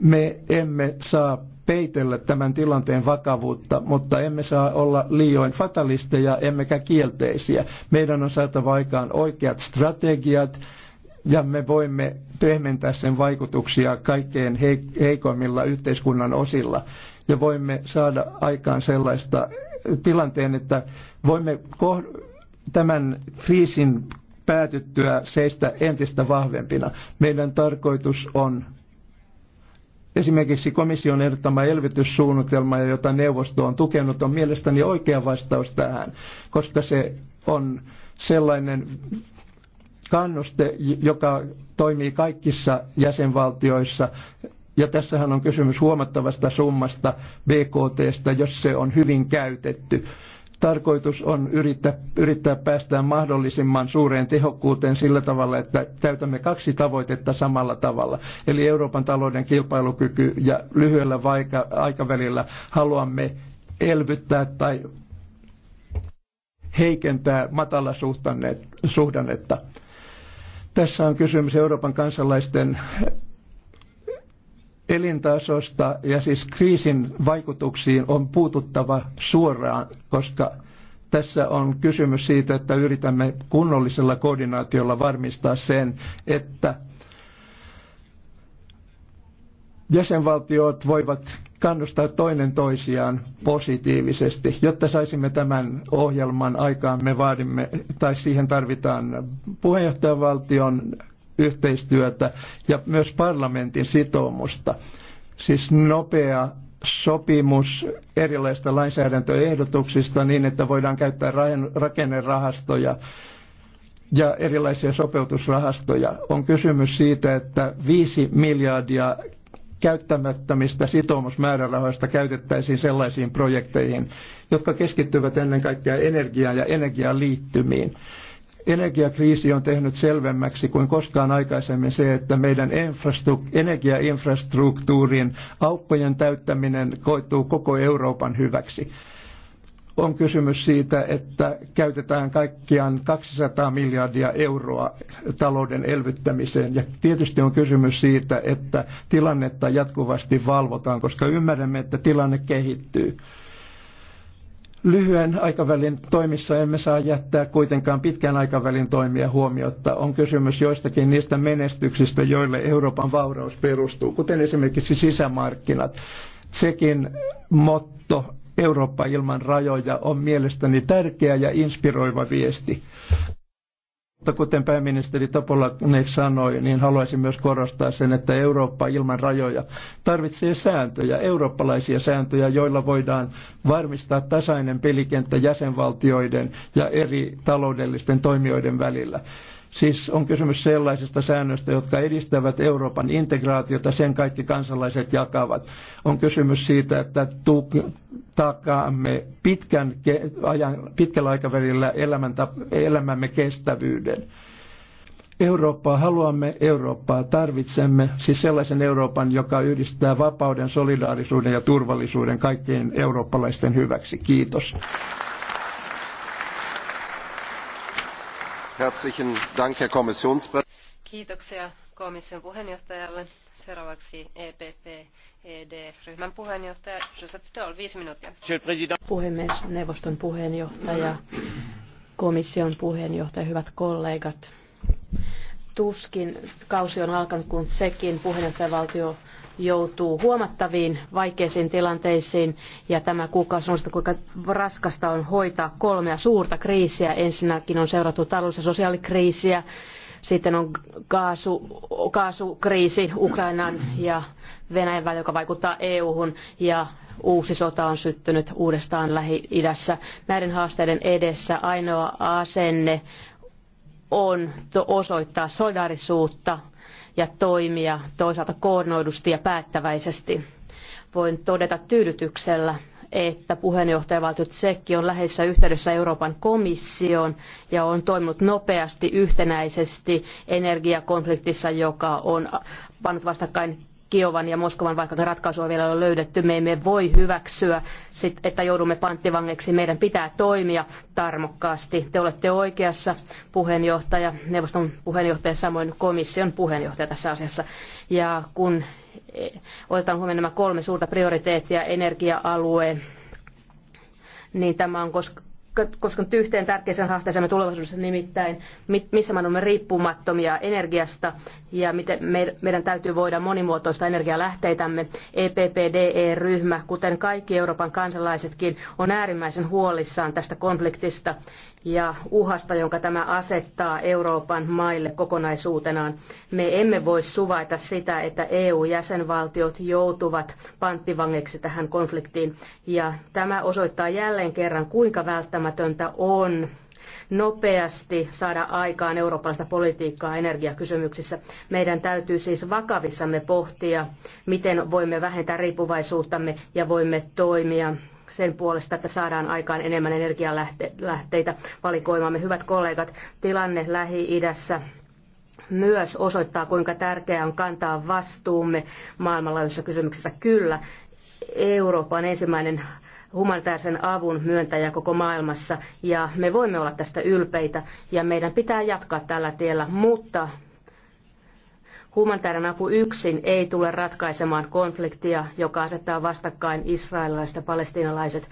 Me emme saa peitellä tämän tilanteen vakavuutta, mutta emme saa olla liioin fatalisteja emmekä kielteisiä. Meidän on saatava aikaan oikeat strategiat ja me voimme pehmentää sen vaikutuksia kaikkein heikoimmilla yhteiskunnan osilla. Ja voimme saada aikaan sellaista tilanteen, että voimme tämän kriisin päätyttyä seistä entistä vahvempina. Meidän tarkoitus on Esimerkiksi komission ehdottama elvytyssuunnitelma, jota neuvosto on tukenut, on mielestäni oikea vastaus tähän, koska se on sellainen kannuste, joka toimii kaikissa jäsenvaltioissa. Ja tässähän on kysymys huomattavasta summasta BKTstä, jos se on hyvin käytetty tarkoitus on yrittää, yrittää mahdollisimman suureen tehokkuuteen sillä tavalla, että täytämme kaksi tavoitetta samalla tavalla. Eli Euroopan talouden kilpailukyky ja lyhyellä vaika- aikavälillä haluamme elvyttää tai heikentää matalasuhdannetta. Tässä on kysymys Euroopan kansalaisten elintasosta ja siis kriisin vaikutuksiin on puututtava suoraan, koska tässä on kysymys siitä, että yritämme kunnollisella koordinaatiolla varmistaa sen, että jäsenvaltiot voivat kannustaa toinen toisiaan positiivisesti. Jotta saisimme tämän ohjelman aikaan, me vaadimme, tai siihen tarvitaan puheenjohtajavaltion yhteistyötä ja myös parlamentin sitoumusta. Siis nopea sopimus erilaisista lainsäädäntöehdotuksista niin, että voidaan käyttää rakennerahastoja ja erilaisia sopeutusrahastoja. On kysymys siitä, että 5 miljardia käyttämättömistä sitoumusmäärärahoista käytettäisiin sellaisiin projekteihin, jotka keskittyvät ennen kaikkea energiaan ja energiaan liittymiin. Energiakriisi on tehnyt selvemmäksi kuin koskaan aikaisemmin se, että meidän energiainfrastruktuurin aukkojen täyttäminen koituu koko Euroopan hyväksi on kysymys siitä, että käytetään kaikkiaan 200 miljardia euroa talouden elvyttämiseen. Ja tietysti on kysymys siitä, että tilannetta jatkuvasti valvotaan, koska ymmärrämme, että tilanne kehittyy lyhyen aikavälin toimissa emme saa jättää kuitenkaan pitkän aikavälin toimia huomiotta. On kysymys joistakin niistä menestyksistä, joille Euroopan vauraus perustuu, kuten esimerkiksi sisämarkkinat. Sekin motto Eurooppa ilman rajoja on mielestäni tärkeä ja inspiroiva viesti. Mutta kuten pääministeri Topolanek sanoi, niin haluaisin myös korostaa sen, että Eurooppa ilman rajoja tarvitsee sääntöjä, eurooppalaisia sääntöjä, joilla voidaan varmistaa tasainen pelikenttä jäsenvaltioiden ja eri taloudellisten toimijoiden välillä. Siis on kysymys sellaisista säännöistä, jotka edistävät Euroopan integraatiota, sen kaikki kansalaiset jakavat. On kysymys siitä, että takaamme pitkän ajan, pitkällä aikavälillä elämämme kestävyyden. Eurooppaa haluamme, Eurooppaa tarvitsemme, siis sellaisen Euroopan, joka yhdistää vapauden, solidaarisuuden ja turvallisuuden kaikkien eurooppalaisten hyväksi. Kiitos. Herzlichen Dank, Herr Kommissionspräsident. Kiitoksia komission puheenjohtajalle. Seuraavaksi epp ed ryhmän puheenjohtaja Joseph Daul, viisi minuuttia. Puhemies, neuvoston puheenjohtaja, komission puheenjohtaja, hyvät kollegat. Tuskin kausi on alkanut, kun sekin puheenjohtajavaltio joutuu huomattaviin vaikeisiin tilanteisiin ja tämä kuukausi on sitä, kuinka raskasta on hoitaa kolmea suurta kriisiä. Ensinnäkin on seurattu talous- ja sosiaalikriisiä, sitten on kaasu, kaasukriisi Ukrainan ja Venäjän välillä, joka vaikuttaa EU-hun ja uusi sota on syttynyt uudestaan Lähi-idässä. Näiden haasteiden edessä ainoa asenne on osoittaa solidaarisuutta ja toimia toisaalta koordinoidusti ja päättäväisesti. Voin todeta tyydytyksellä, että puheenjohtajavaltio Tsekki on läheisessä yhteydessä Euroopan komissioon ja on toiminut nopeasti yhtenäisesti energiakonfliktissa, joka on pannut vastakkain Kiovan ja Moskovan, vaikka ratkaisua vielä on ole löydetty, me emme voi hyväksyä, että joudumme panttivangeksi. Meidän pitää toimia tarmokkaasti. Te olette oikeassa puheenjohtaja, neuvoston puheenjohtaja, samoin komission puheenjohtaja tässä asiassa. Ja kun eh, otetaan huomioon nämä kolme suurta prioriteettia, energia-alue, niin tämä on koska koska nyt yhteen tärkeään haasteeseen tulevaisuudessa nimittäin, missä me olemme riippumattomia energiasta ja miten meidän täytyy voida monimuotoista energialähteitämme. EPPDE-ryhmä, kuten kaikki Euroopan kansalaisetkin, on äärimmäisen huolissaan tästä konfliktista ja uhasta, jonka tämä asettaa Euroopan maille kokonaisuutenaan. Me emme voi suvaita sitä, että EU-jäsenvaltiot joutuvat panttivangeksi tähän konfliktiin. Ja tämä osoittaa jälleen kerran, kuinka välttämätöntä on nopeasti saada aikaan eurooppalaista politiikkaa energiakysymyksissä. Meidän täytyy siis vakavissamme pohtia, miten voimme vähentää riippuvaisuuttamme ja voimme toimia sen puolesta, että saadaan aikaan enemmän energialähteitä valikoimaamme. Hyvät kollegat, tilanne Lähi-idässä myös osoittaa, kuinka tärkeää on kantaa vastuumme maailmanlaajuisessa kysymyksessä. Kyllä, Eurooppa on ensimmäinen humanitaarisen avun myöntäjä koko maailmassa ja me voimme olla tästä ylpeitä ja meidän pitää jatkaa tällä tiellä, mutta humanitaarinen apu yksin ei tule ratkaisemaan konfliktia, joka asettaa vastakkain israelilaiset ja palestiinalaiset.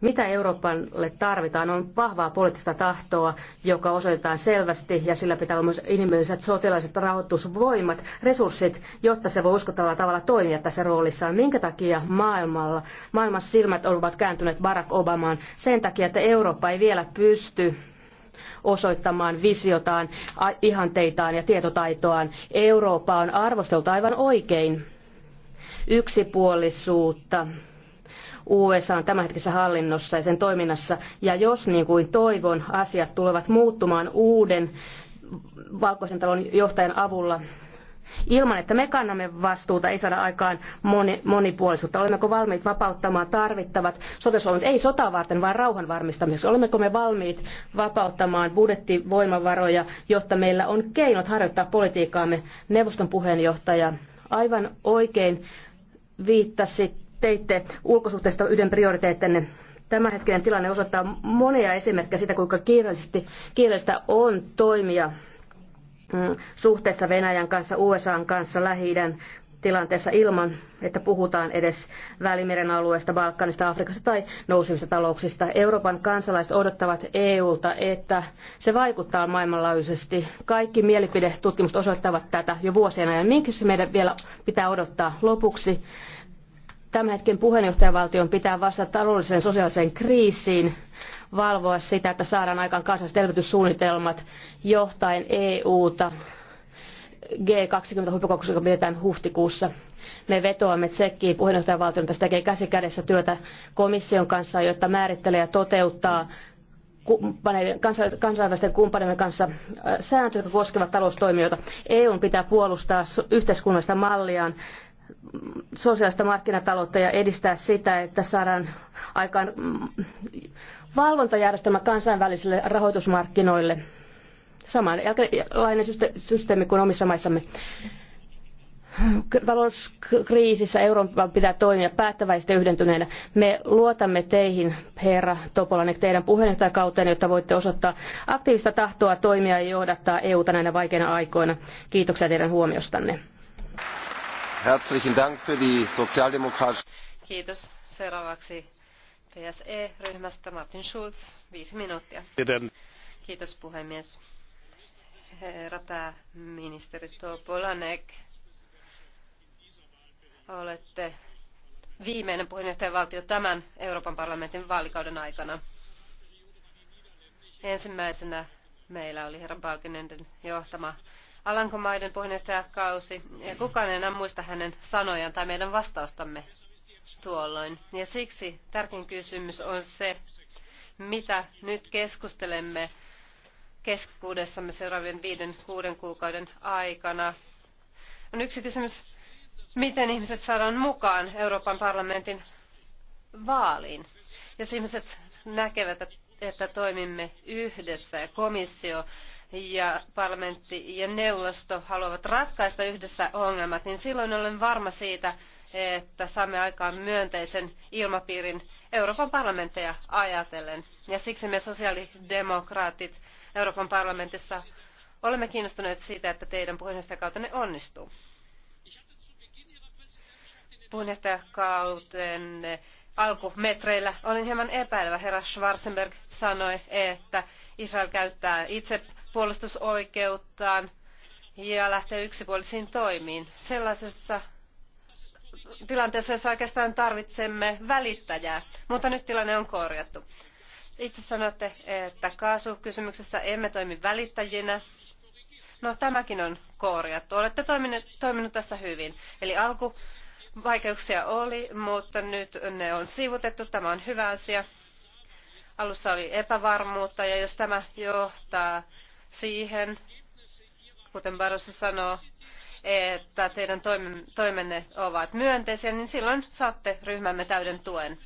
Mitä Euroopalle tarvitaan on vahvaa poliittista tahtoa, joka osoitetaan selvästi ja sillä pitää olla myös inhimilliset sotilaiset rahoitusvoimat, resurssit, jotta se voi uskottavalla tavalla toimia tässä roolissaan. Minkä takia maailmalla, maailmassa silmät ovat kääntyneet Barack Obamaan? Sen takia, että Eurooppa ei vielä pysty osoittamaan visiotaan, ihanteitaan ja tietotaitoaan. Eurooppa on arvosteltu aivan oikein yksipuolisuutta USA on tämänhetkisessä hallinnossa ja sen toiminnassa. Ja jos niin kuin toivon, asiat tulevat muuttumaan uuden valkoisen talon johtajan avulla, Ilman, että me kannamme vastuuta, ei saada aikaan monipuolisuutta. Olemmeko valmiit vapauttamaan tarvittavat sotasuojelmat, ei sotaa varten, vaan rauhan varmistamiseksi? Olemmeko me valmiit vapauttamaan budjettivoimavaroja, jotta meillä on keinot harjoittaa politiikkaamme? Neuvoston puheenjohtaja aivan oikein viittasi teitte ulkosuhteista yhden prioriteettenne. Tämänhetkinen tilanne osoittaa monia esimerkkejä siitä, kuinka kiireellisesti, kiireellistä on toimia mm, suhteessa Venäjän kanssa, USAn kanssa, lähi tilanteessa ilman, että puhutaan edes Välimeren alueesta, Balkanista, Afrikasta tai nousevista talouksista. Euroopan kansalaiset odottavat EUlta, että se vaikuttaa maailmanlaajuisesti. Kaikki mielipidetutkimukset osoittavat tätä jo vuosien ajan. se meidän vielä pitää odottaa lopuksi? tämän hetken puheenjohtajavaltion pitää vastata taloudelliseen sosiaaliseen kriisiin, valvoa sitä, että saadaan aikaan kansalliset elvytyssuunnitelmat johtaen EUta g 20 huippukokouksessa joka pidetään huhtikuussa. Me vetoamme Tsekkiin puheenjohtajavaltion, se tekee käsi kädessä työtä komission kanssa, jotta määrittelee ja toteuttaa kansainvälisten kumppaneiden kanssa äh, sääntöjä, jotka koskevat taloustoimijoita. EUn pitää puolustaa yhteiskunnallista malliaan sosiaalista markkinataloutta ja edistää sitä, että saadaan aikaan mm, valvontajärjestelmä kansainvälisille rahoitusmarkkinoille. Samanlainen systeemi kuin omissa maissamme. Talouskriisissä Euroopan pitää toimia päättäväisesti yhdentyneenä. Me luotamme teihin, herra Topolainen, teidän puheenjohtajakauteen, jotta voitte osoittaa aktiivista tahtoa toimia ja johdattaa EUta näinä vaikeina aikoina. Kiitoksia teidän huomiostanne. Herzlichen Dank für die Sozialdemokratische. Kiitos. Seuraavaksi PSE-ryhmästä Martin Schulz, viisi minuuttia. Kiitos puhemies. Herra pääministeri Topolanek, olette viimeinen puheenjohtajavaltio tämän Euroopan parlamentin vaalikauden aikana. Ensimmäisenä meillä oli herra Balkenenden johtama Alankomaiden Kausi, ja kukaan ei enää muista hänen sanojaan tai meidän vastaustamme tuolloin. Ja siksi tärkein kysymys on se, mitä nyt keskustelemme keskuudessamme seuraavien viiden, kuuden kuukauden aikana. On yksi kysymys, miten ihmiset saadaan mukaan Euroopan parlamentin vaaliin. Jos ihmiset näkevät, että toimimme yhdessä ja komissio ja parlamentti ja neuvosto haluavat ratkaista yhdessä ongelmat, niin silloin olen varma siitä, että saamme aikaan myönteisen ilmapiirin Euroopan parlamentteja ajatellen. Ja siksi me sosiaalidemokraatit Euroopan parlamentissa olemme kiinnostuneet siitä, että teidän puheenjohtajakautenne onnistuu. Puheenjohtajakautenne alkumetreillä olin hieman epäilevä. Herra Schwarzenberg sanoi, että Israel käyttää itse puolustusoikeuttaan ja lähtee yksipuolisiin toimiin. Sellaisessa tilanteessa, jossa oikeastaan tarvitsemme välittäjää, mutta nyt tilanne on korjattu. Itse sanotte, että kaasukysymyksessä emme toimi välittäjinä. No tämäkin on korjattu. Olette toiminut, toiminut tässä hyvin. Eli alku vaikeuksia oli, mutta nyt ne on sivutettu. Tämä on hyvä asia. Alussa oli epävarmuutta ja jos tämä johtaa siihen, kuten Barossa sanoo, että teidän toimenne ovat myönteisiä, niin silloin saatte ryhmämme täyden tuen.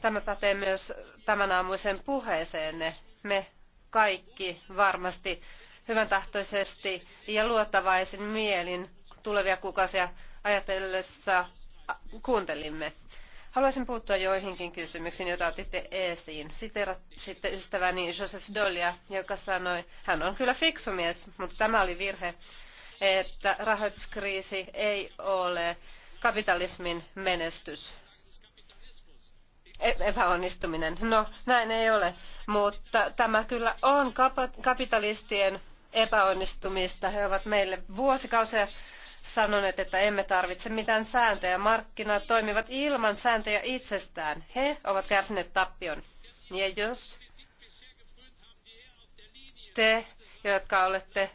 Tämä pätee myös tämän aamuisen puheeseenne. Me kaikki varmasti hyvän tahtoisesti ja luottavaisin mielin tulevia kuukausia ajatellessa kuuntelimme. Haluaisin puuttua joihinkin kysymyksiin, joita otitte esiin. Siteerasitte ystäväni Joseph Dollia, joka sanoi, hän on kyllä fiksu mies, mutta tämä oli virhe, että rahoituskriisi ei ole kapitalismin menestys. E-, epäonnistuminen. No, näin ei ole, mutta tämä kyllä on kapitalistien epäonnistumista. He ovat meille vuosikausia sanoneet, että emme tarvitse mitään sääntöjä. Markkinat toimivat ilman sääntöjä itsestään. He ovat kärsineet tappion. Ja jos te, jotka olette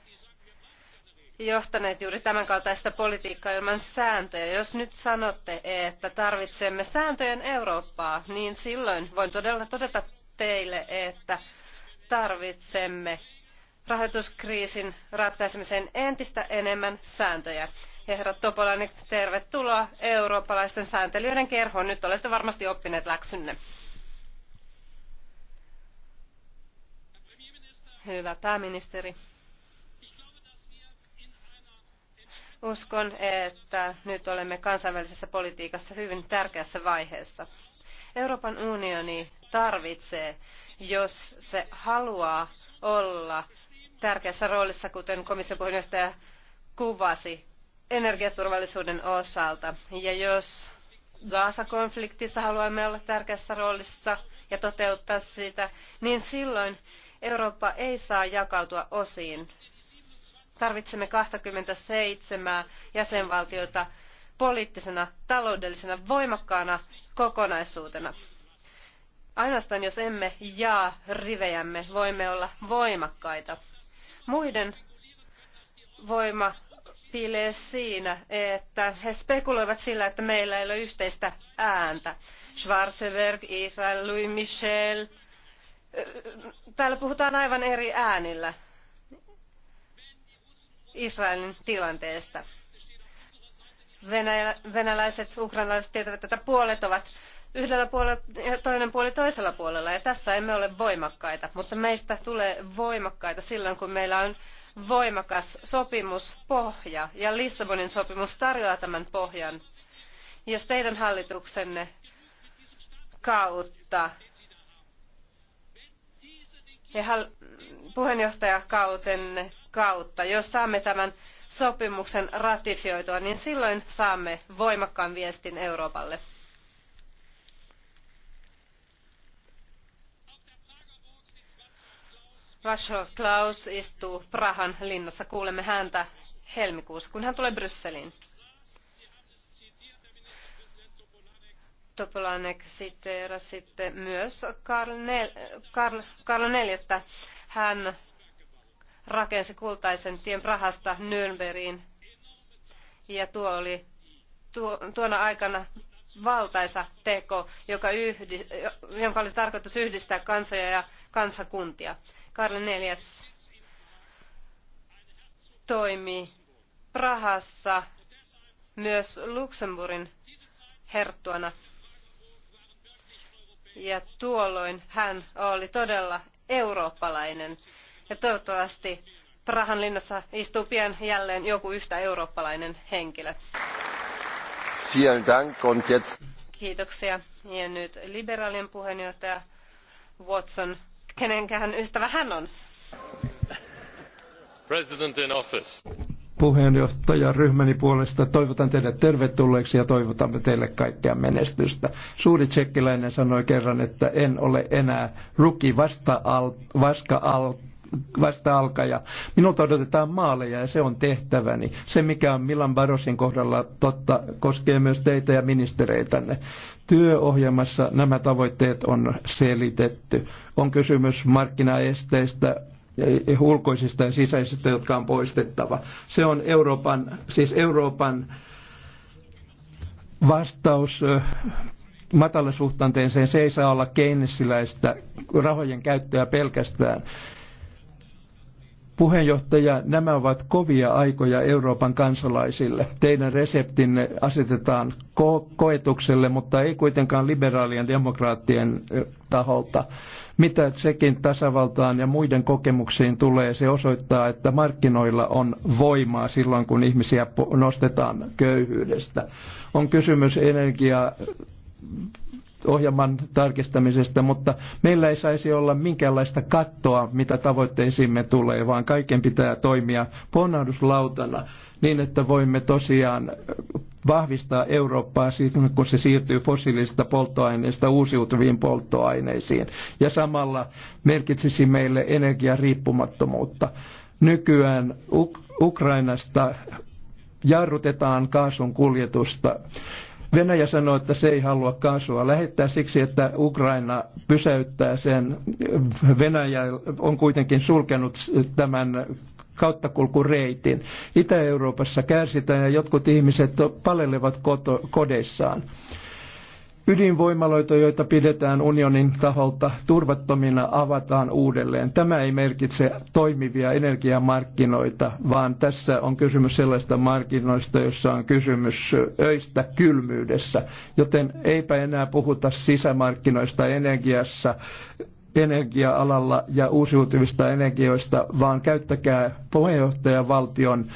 johtaneet juuri tämän kaltaista politiikkaa ilman sääntöjä. Jos nyt sanotte, että tarvitsemme sääntöjen Eurooppaa, niin silloin voin todella todeta teille, että tarvitsemme rahoituskriisin ratkaisemiseen entistä enemmän sääntöjä. herra Topolainen, tervetuloa eurooppalaisten sääntelijöiden kerhoon. Nyt olette varmasti oppineet läksynne. Hyvä pääministeri. Uskon, että nyt olemme kansainvälisessä politiikassa hyvin tärkeässä vaiheessa. Euroopan unioni tarvitsee, jos se haluaa olla tärkeässä roolissa, kuten komission puheenjohtaja kuvasi, energiaturvallisuuden osalta. Ja jos Gaasa-konfliktissa haluamme olla tärkeässä roolissa ja toteuttaa sitä, niin silloin Eurooppa ei saa jakautua osiin. Tarvitsemme 27 jäsenvaltiota poliittisena, taloudellisena, voimakkaana kokonaisuutena. Ainoastaan jos emme jaa rivejämme, voimme olla voimakkaita. Muiden voima piilee siinä, että he spekuloivat sillä, että meillä ei ole yhteistä ääntä. Schwarzenberg, Israel, Louis Michel. Täällä puhutaan aivan eri äänillä Israelin tilanteesta. Venäjä, venäläiset, ukrainalaiset tietävät, että puolet ovat yhdellä puolella ja toinen puoli toisella puolella. Ja tässä emme ole voimakkaita, mutta meistä tulee voimakkaita silloin, kun meillä on voimakas sopimuspohja. Ja Lissabonin sopimus tarjoaa tämän pohjan. Jos teidän hallituksenne kautta ja puheenjohtajakautenne kautta, jos saamme tämän sopimuksen ratifioitua, niin silloin saamme voimakkaan viestin Euroopalle. Rachel Klaus istuu Prahan linnassa. Kuulemme häntä helmikuussa, kun hän tulee Brysseliin. Topolanek siteerasitte myös Karl, Nel, Karl, Karl Hän rakensi kultaisen tien Prahasta Nürnbergiin. Ja tuo oli tuo, tuona aikana valtaisa teko, joka yhdi, jonka oli tarkoitus yhdistää kansoja ja kansakuntia. Karl IV toimi Prahassa myös Luxemburgin herttuana. Ja tuolloin hän oli todella eurooppalainen. Ja toivottavasti Prahan linnassa istuu pian jälleen joku yhtä eurooppalainen henkilö. Kiitoksia. Ja nyt liberaalien puheenjohtaja Watson kenenkähän ystävä hän on. President in office. Puheenjohtaja ryhmäni puolesta toivotan teidät tervetulleeksi ja toivotamme teille kaikkea menestystä. Suuri tsekkiläinen sanoi kerran, että en ole enää ruki vasta al, vaska-alt, vasta alkaja. Minulta odotetaan maaleja ja se on tehtäväni. Se, mikä on Milan Barosin kohdalla totta, koskee myös teitä ja ministereitänne. Työohjelmassa nämä tavoitteet on selitetty. On kysymys markkinaesteistä, ulkoisista ja sisäisistä, jotka on poistettava. Se on Euroopan, siis Euroopan vastaus matalasuhtanteeseen. Se ei saa olla keinesiläistä rahojen käyttöä pelkästään. Puheenjohtaja, nämä ovat kovia aikoja Euroopan kansalaisille. Teidän reseptinne asetetaan ko- koetukselle, mutta ei kuitenkaan liberaalien demokraattien taholta. Mitä sekin tasavaltaan ja muiden kokemuksiin tulee, se osoittaa, että markkinoilla on voimaa silloin, kun ihmisiä nostetaan köyhyydestä. On kysymys energia ohjelman tarkistamisesta, mutta meillä ei saisi olla minkäänlaista kattoa, mitä tavoitteisiimme tulee, vaan kaiken pitää toimia ponnahduslautana niin, että voimme tosiaan vahvistaa Eurooppaa kun se siirtyy fossiilisista polttoaineista uusiutuviin polttoaineisiin. Ja samalla merkitsisi meille energiariippumattomuutta. Nykyään Ukrainasta jarrutetaan kaasun kuljetusta Venäjä sanoo, että se ei halua kaasua lähettää siksi, että Ukraina pysäyttää sen. Venäjä on kuitenkin sulkenut tämän kauttakulkureitin. Itä-Euroopassa kärsitään ja jotkut ihmiset palelevat koto, kodeissaan ydinvoimaloita, joita pidetään unionin taholta turvattomina, avataan uudelleen. Tämä ei merkitse toimivia energiamarkkinoita, vaan tässä on kysymys sellaista markkinoista, jossa on kysymys öistä kylmyydessä. Joten eipä enää puhuta sisämarkkinoista energiassa, energia-alalla ja uusiutuvista energioista, vaan käyttäkää puheenjohtajavaltion valtion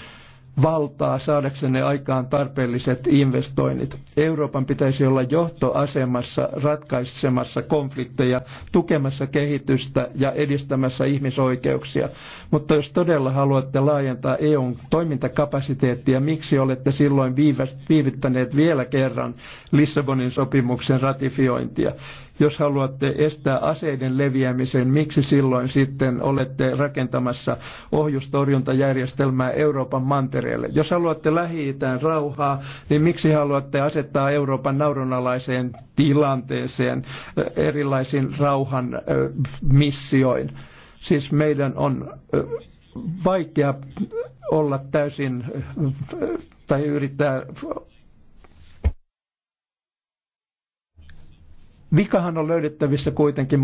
valtaa saadakseen ne aikaan tarpeelliset investoinnit. Euroopan pitäisi olla johtoasemassa ratkaisemassa konflikteja, tukemassa kehitystä ja edistämässä ihmisoikeuksia. Mutta jos todella haluatte laajentaa EUn toimintakapasiteettia, miksi olette silloin viivyttäneet vielä kerran Lissabonin sopimuksen ratifiointia? Jos haluatte estää aseiden leviämisen, miksi silloin sitten olette rakentamassa ohjustorjuntajärjestelmää Euroopan mantereelle? Jos haluatte lähi rauhaa, niin miksi haluatte asettaa Euroopan naurunalaiseen tilanteeseen erilaisin rauhan missioin? Siis meidän on vaikea olla täysin tai yrittää Vikahan on löydettävissä kuitenkin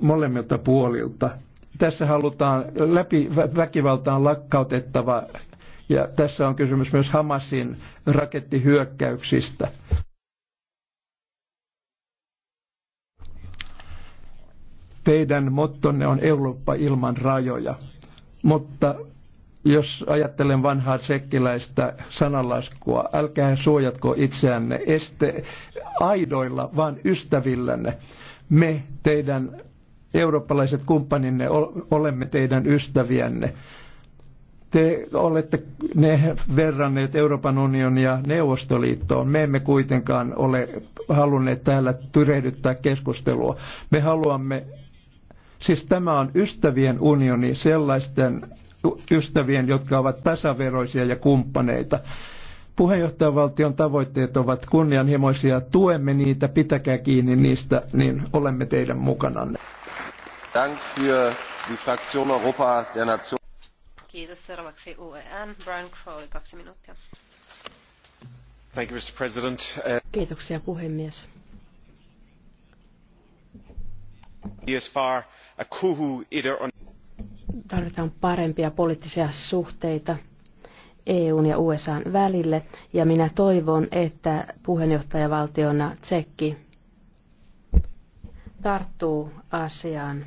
molemmilta puolilta. Tässä halutaan läpi väkivaltaan lakkautettava ja tässä on kysymys myös Hamasin rakettihyökkäyksistä. Teidän mottonne on Eurooppa ilman rajoja, mutta jos ajattelen vanhaa tsekkiläistä sananlaskua, älkää suojatko itseänne este aidoilla, vaan ystävillänne. Me, teidän eurooppalaiset kumppaninne, olemme teidän ystäviänne te olette ne verranneet Euroopan unionia Neuvostoliittoon. Me emme kuitenkaan ole halunneet täällä tyrehdyttää keskustelua. Me haluamme, siis tämä on ystävien unioni sellaisten ystävien, jotka ovat tasaveroisia ja kumppaneita. Puheenjohtajavaltion tavoitteet ovat kunnianhimoisia. Tuemme niitä, pitäkää kiinni niistä, niin olemme teidän mukananne. Dank für die Fraktion Europa der Nation. Kiitos. Seuraavaksi UEN. Brian Crowley, kaksi minuuttia. Thank you, Mr. President. Kiitoksia puhemies. ESFAR, a kuhu on Tarvitaan parempia poliittisia suhteita EUn ja USAn välille ja minä toivon, että puheenjohtajavaltiona Tsekki tarttuu asiaan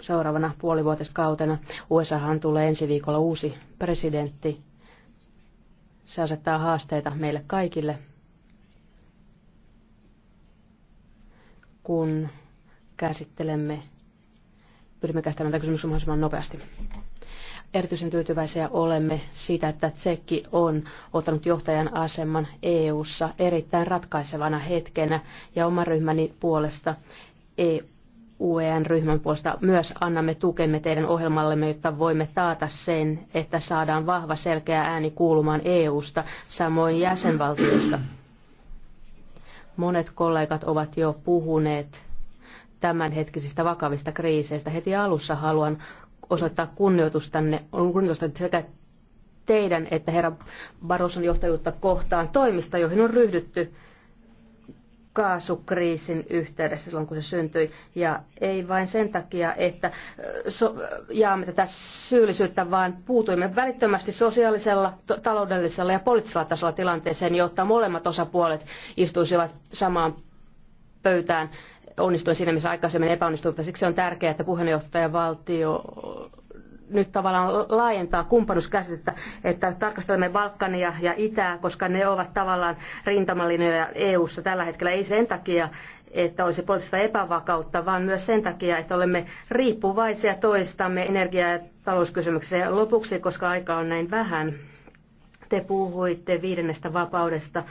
seuraavana puolivuotiskautena. USAhan tulee ensi viikolla uusi presidentti. Se asettaa haasteita meille kaikille, kun käsittelemme pyrimme käsittämään tätä kysymystä mahdollisimman nopeasti. Erityisen tyytyväisiä olemme siitä, että Tsekki on ottanut johtajan aseman EU-ssa erittäin ratkaisevana hetkenä ja oman ryhmäni puolesta EUEN-ryhmän puolesta myös annamme tukemme teidän ohjelmallemme, jotta voimme taata sen, että saadaan vahva selkeä ääni kuulumaan EU-sta, samoin jäsenvaltioista. Monet kollegat ovat jo puhuneet tämänhetkisistä vakavista kriiseistä. Heti alussa haluan osoittaa kunnioitustanne, kunnioitustanne sekä teidän että herra Baroson johtajuutta kohtaan toimista, joihin on ryhdytty kaasukriisin yhteydessä silloin, kun se syntyi. Ja ei vain sen takia, että so- jaamme tätä syyllisyyttä, vaan puutuimme välittömästi sosiaalisella, taloudellisella ja poliittisella tasolla tilanteeseen, jotta molemmat osapuolet istuisivat samaan pöytään onnistuin siinä, missä aikaisemmin epäonnistuin, mutta siksi on tärkeää, että puheenjohtajavaltio nyt tavallaan laajentaa kumppanuuskäsitettä, että tarkastelemme Balkania ja Itää, koska ne ovat tavallaan rintamalinjoja EU-ssa tällä hetkellä. Ei sen takia, että olisi poliittista epävakautta, vaan myös sen takia, että olemme riippuvaisia toistamme energia- ja talouskysymyksiä. lopuksi, koska aika on näin vähän, te puhuitte viidennestä vapaudesta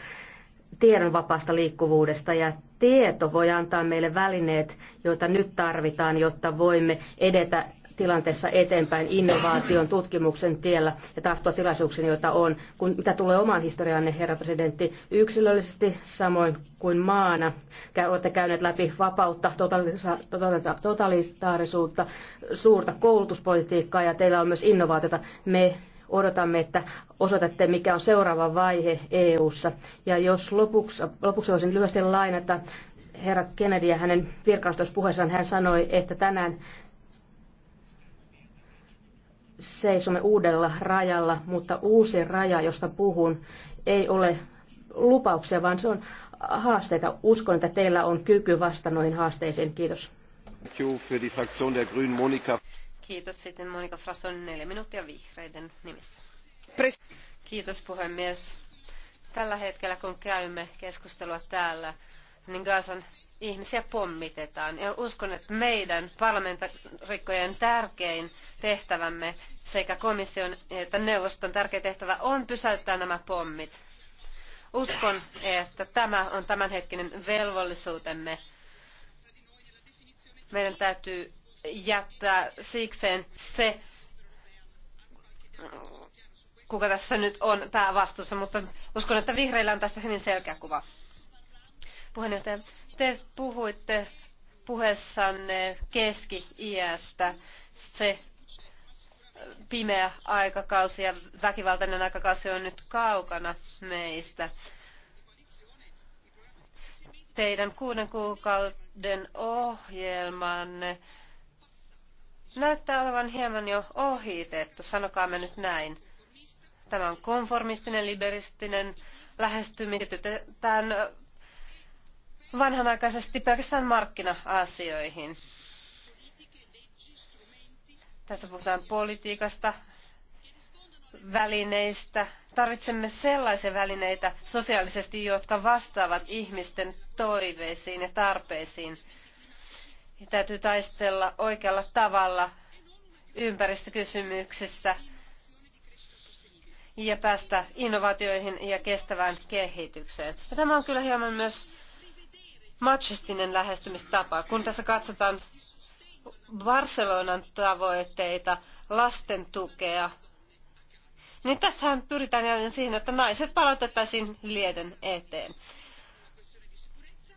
tiedon vapaasta liikkuvuudesta ja tieto voi antaa meille välineet, joita nyt tarvitaan, jotta voimme edetä tilanteessa eteenpäin innovaation, tutkimuksen tiellä ja tahtoa tilaisuuksiin, joita on. Kun, mitä tulee omaan historiaanne, herra presidentti, yksilöllisesti samoin kuin maana, olette käyneet läpi vapautta, totalitaarisuutta, suurta koulutuspolitiikkaa ja teillä on myös innovaatiota. Me odotamme, että osoitatte, mikä on seuraava vaihe EU:ssa. Ja jos lopuksi, lopuksi voisin lyhyesti lainata herra Kennedy ja hänen virkaustuspuheessaan, hän sanoi, että tänään seisomme uudella rajalla, mutta uusi raja, josta puhun, ei ole lupauksia, vaan se on haasteita. Uskon, että teillä on kyky vastata noihin haasteisiin. Kiitos. Kiitos sitten Monika Frasson neljä minuuttia vihreiden nimissä. Kiitos puhemies. Tällä hetkellä kun käymme keskustelua täällä, niin Gaasan ihmisiä pommitetaan. Ja uskon, että meidän parlamentarikkojen tärkein tehtävämme sekä komission että neuvoston tärkein tehtävä on pysäyttää nämä pommit. Uskon, että tämä on tämänhetkinen velvollisuutemme. Meidän täytyy jättää sikseen se, kuka tässä nyt on päävastuussa, mutta uskon, että vihreillä on tästä hyvin selkeä kuva. Puheenjohtaja, te puhuitte puheessanne keski-iästä. Se pimeä aikakausi ja väkivaltainen aikakausi on nyt kaukana meistä. Teidän kuuden kuukauden ohjelmanne näyttää olevan hieman jo ohitettu, sanokaamme nyt näin. Tämä on konformistinen, liberistinen lähestyminen, tämän vanhanaikaisesti pelkästään markkina-asioihin. Tässä puhutaan politiikasta, välineistä. Tarvitsemme sellaisia välineitä sosiaalisesti, jotka vastaavat ihmisten toiveisiin ja tarpeisiin ja täytyy taistella oikealla tavalla ympäristökysymyksissä ja päästä innovaatioihin ja kestävään kehitykseen. Ja tämä on kyllä hieman myös machistinen lähestymistapa. Kun tässä katsotaan Barcelonan tavoitteita, lasten tukea, niin tässähän pyritään jälleen siihen, että naiset palautettaisiin lieden eteen.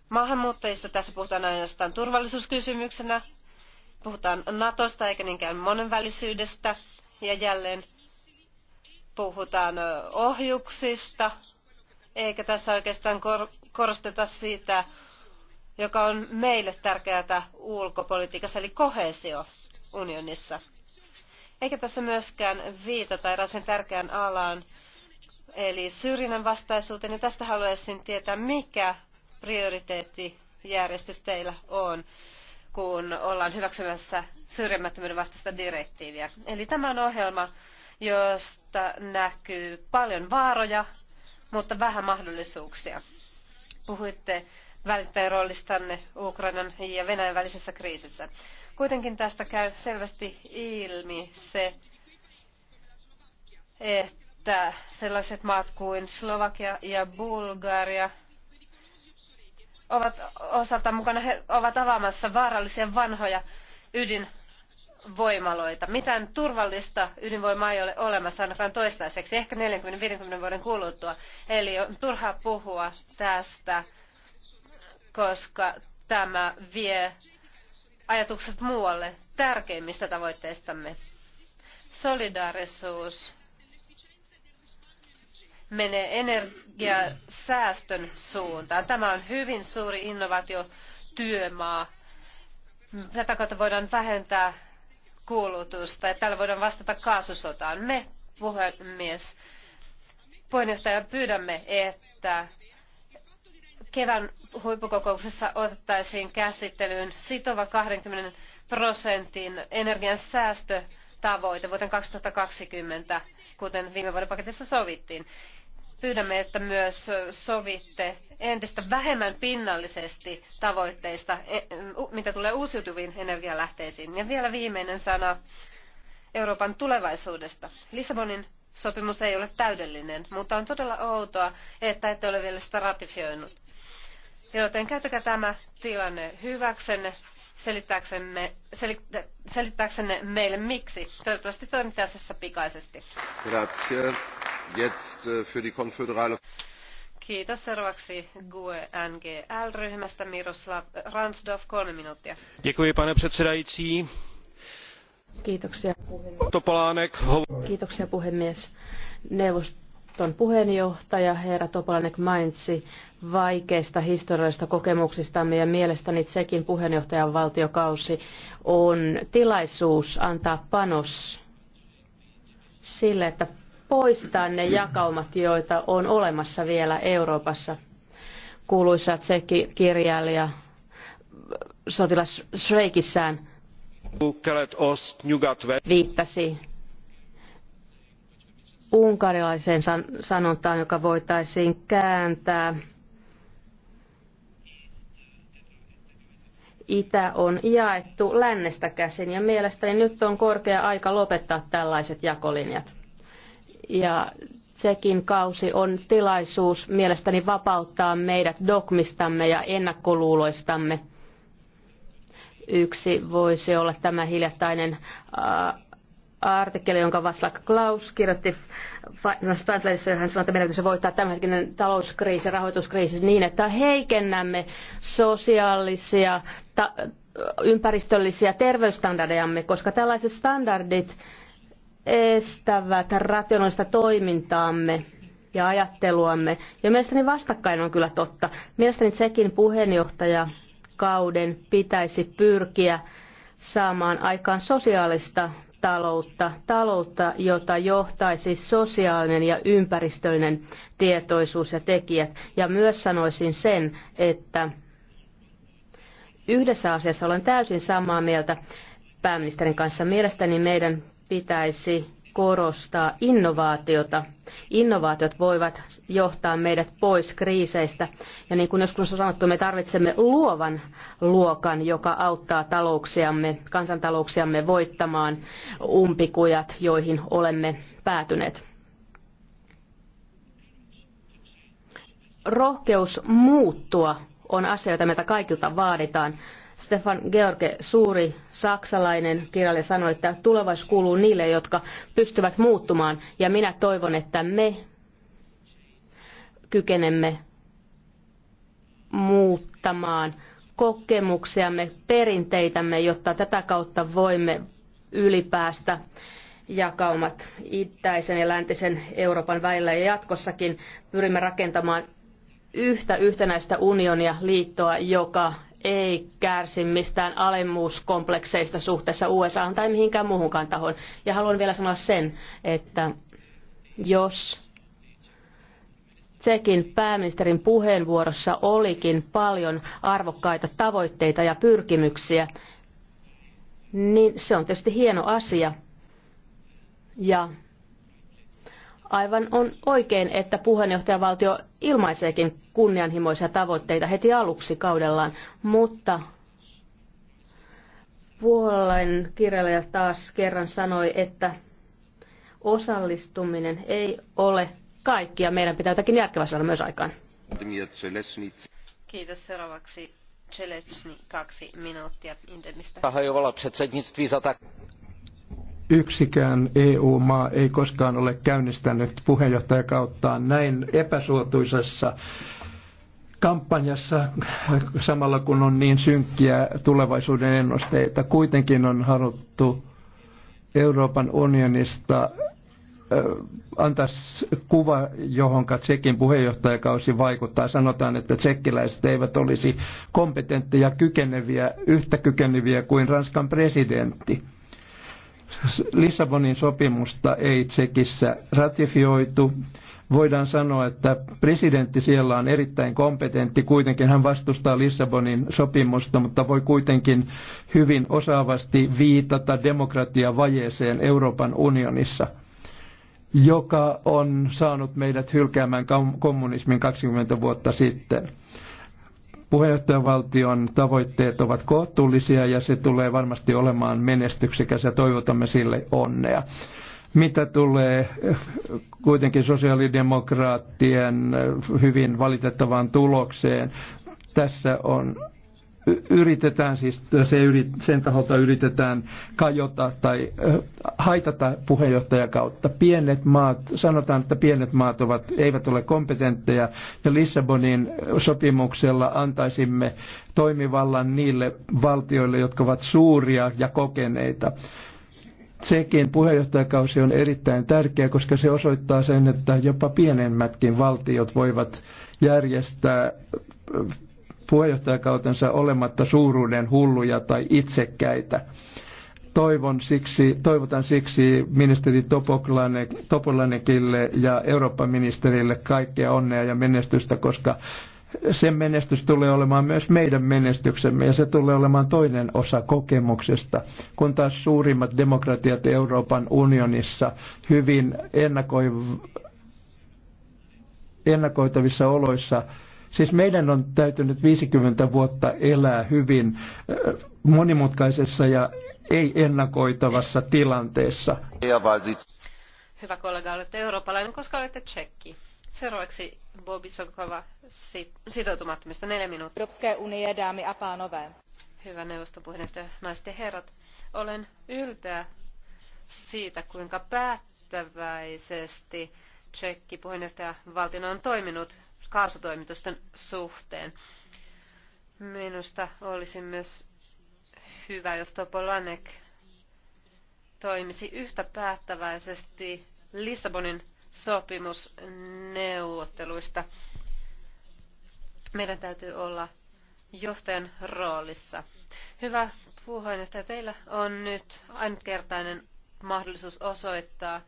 Maahanmuuttajista tässä puhutaan ainoastaan turvallisuuskysymyksenä, puhutaan Natosta eikä niinkään monenvälisyydestä ja jälleen puhutaan ohjuksista, eikä tässä oikeastaan korosteta sitä, joka on meille tärkeää ulkopolitiikassa, eli kohesio unionissa. Eikä tässä myöskään viitata erääseen tärkeään alaan, eli syrjinnän vastaisuuteen, ja tästä haluaisin tietää, mikä prioriteettijärjestys teillä on, kun ollaan hyväksymässä syrjimättömyyden vastaista direktiiviä. Eli tämä on ohjelma, josta näkyy paljon vaaroja, mutta vähän mahdollisuuksia. Puhuitte välittäjän roolistanne Ukrainan ja Venäjän välisessä kriisissä. Kuitenkin tästä käy selvästi ilmi se, että sellaiset maat kuin Slovakia ja Bulgaria – ovat osaltaan mukana, he ovat avaamassa vaarallisia vanhoja ydinvoimaloita. Mitään turvallista ydinvoimaa ei ole olemassa ainakaan toistaiseksi, ehkä 40-50 vuoden kuluttua. Eli on turhaa puhua tästä, koska tämä vie ajatukset muualle tärkeimmistä tavoitteistamme. Solidaarisuus menee energiasäästön suuntaan. Tämä on hyvin suuri innovaatiotyömaa. Tätä kautta voidaan vähentää kulutusta ja täällä voidaan vastata kaasusotaan. Me, puhemies, puheenjohtaja, pyydämme, että kevään huippukokouksessa otettaisiin käsittelyyn sitova 20 prosentin energian säästötavoite vuoteen 2020, kuten viime vuoden paketissa sovittiin. Pyydämme, että myös sovitte entistä vähemmän pinnallisesti tavoitteista, e, mitä tulee uusiutuviin energialähteisiin. Ja vielä viimeinen sana Euroopan tulevaisuudesta. Lissabonin sopimus ei ole täydellinen, mutta on todella outoa, että ette ole vielä sitä ratifioinut. Joten käyttäkää tämä tilanne hyväksenne selittääksemme, selittääksenne meille miksi. Toivottavasti toimitte asiassa pikaisesti. Grazie. Jetzt äh, für die konföderale... Kiitos. Seuraavaksi GUE NGL-ryhmästä Miroslav Ransdorf, kolme minuuttia. Děkuji, pane předsedající. Kiitoksia puhemies. Kiitoksia puhemies. Neuvoston puheenjohtaja herra Topolanek mainitsi vaikeista historiallisista kokemuksistamme ja mielestäni sekin puheenjohtajan valtiokausi on tilaisuus antaa panos sille, että poistaa ne jakaumat, joita on olemassa vielä Euroopassa. Kuuluisa tsekkikirjailija kirjailija sotilas Shreikissään viittasi unkarilaiseen sanontaan, joka voitaisiin kääntää. Itä on jaettu lännestä käsin ja mielestäni nyt on korkea aika lopettaa tällaiset jakolinjat ja Tsekin kausi on tilaisuus mielestäni vapauttaa meidät dogmistamme ja ennakkoluuloistamme. Yksi voisi olla tämä hiljattainen äh, artikkeli, jonka Vaslak Klaus kirjoitti Financial hän sanoi, että meidän pitäisi voittaa tämänhetkinen talouskriisi ja rahoituskriisi niin, että heikennämme sosiaalisia, ta- äh, ympäristöllisiä terveysstandardejamme, koska tällaiset standardit estävät rationaalista toimintaamme ja ajatteluamme. Ja mielestäni vastakkain on kyllä totta. Mielestäni sekin puheenjohtajakauden kauden pitäisi pyrkiä saamaan aikaan sosiaalista taloutta, taloutta, jota johtaisi sosiaalinen ja ympäristöllinen tietoisuus ja tekijät. Ja myös sanoisin sen, että yhdessä asiassa olen täysin samaa mieltä pääministerin kanssa. Mielestäni meidän pitäisi korostaa innovaatiota. Innovaatiot voivat johtaa meidät pois kriiseistä. Ja niin kuin joskus on sanottu, me tarvitsemme luovan luokan, joka auttaa talouksiamme, kansantalouksiamme voittamaan umpikujat, joihin olemme päätyneet. Rohkeus muuttua on asia, jota meiltä kaikilta vaaditaan. Stefan George, suuri saksalainen kirjailija, sanoi, että tulevaisuus kuuluu niille, jotka pystyvät muuttumaan. Ja minä toivon, että me kykenemme muuttamaan kokemuksiamme, perinteitämme, jotta tätä kautta voimme ylipäästä jakaumat itäisen ja läntisen Euroopan välillä ja jatkossakin pyrimme rakentamaan yhtä yhtenäistä unionia liittoa, joka ei kärsi mistään alemmuuskomplekseista suhteessa USA tai mihinkään muuhunkaan tahoon. Ja haluan vielä sanoa sen, että jos Tsekin pääministerin puheenvuorossa olikin paljon arvokkaita tavoitteita ja pyrkimyksiä, niin se on tietysti hieno asia. Ja Aivan on oikein, että puheenjohtajavaltio ilmaiseekin kunnianhimoisia tavoitteita heti aluksi kaudellaan, mutta puolalainen kirjailija taas kerran sanoi, että osallistuminen ei ole kaikki ja meidän pitää jotakin järkevää saada myös aikaan. Kiitos. Seuraavaksi Čelesni kaksi minuuttia Indemistä yksikään EU-maa ei koskaan ole käynnistänyt puheenjohtajakauttaan näin epäsuotuisessa kampanjassa samalla kun on niin synkkiä tulevaisuuden ennusteita. Kuitenkin on haluttu Euroopan unionista antaa kuva, johon Tsekin puheenjohtajakausi vaikuttaa. Sanotaan, että tsekkiläiset eivät olisi kompetentteja kykeneviä, yhtä kykeneviä kuin Ranskan presidentti. Lissabonin sopimusta ei Tsekissä ratifioitu. Voidaan sanoa, että presidentti siellä on erittäin kompetentti. Kuitenkin hän vastustaa Lissabonin sopimusta, mutta voi kuitenkin hyvin osaavasti viitata demokratiavajeeseen Euroopan unionissa joka on saanut meidät hylkäämään kommunismin 20 vuotta sitten. Puheenjohtajavaltion tavoitteet ovat kohtuullisia ja se tulee varmasti olemaan menestyksekäs ja toivotamme sille onnea. Mitä tulee eh, kuitenkin sosiaalidemokraattien eh, hyvin valitettavaan tulokseen, tässä on yritetään siis, se yrit, sen taholta yritetään kajota tai haitata puheenjohtajakautta. Pienet maat, sanotaan, että pienet maat ovat, eivät ole kompetentteja ja Lissabonin sopimuksella antaisimme toimivallan niille valtioille, jotka ovat suuria ja kokeneita. Tsekin puheenjohtajakausi on erittäin tärkeä, koska se osoittaa sen, että jopa pienemmätkin valtiot voivat järjestää puheenjohtajakautensa olematta suuruuden hulluja tai itsekkäitä. Toivon siksi, toivotan siksi ministeri Topolanekille ja Eurooppa-ministerille kaikkea onnea ja menestystä, koska sen menestys tulee olemaan myös meidän menestyksemme ja se tulee olemaan toinen osa kokemuksesta, kun taas suurimmat demokratiat Euroopan unionissa hyvin ennakoiv- ennakoitavissa oloissa Siis meidän on täytynyt 50 vuotta elää hyvin äh, monimutkaisessa ja ei ennakoitavassa tilanteessa. Hyvä kollega, olette eurooppalainen, koska olette tsekki. Seuraavaksi Bobi Sokova sitoutumattomista neljä minuuttia. Hyvä neuvoston puheenjohtaja, naiset ja herrat. Olen ylpeä siitä, kuinka päättäväisesti Tsekki puheenjohtaja valtion on toiminut kaasutoimitusten suhteen. Minusta olisi myös hyvä, jos Topolanek toimisi yhtä päättäväisesti Lissabonin sopimusneuvotteluista. Meidän täytyy olla johtajan roolissa. Hyvä puheenjohtaja, teillä on nyt ainutkertainen mahdollisuus osoittaa,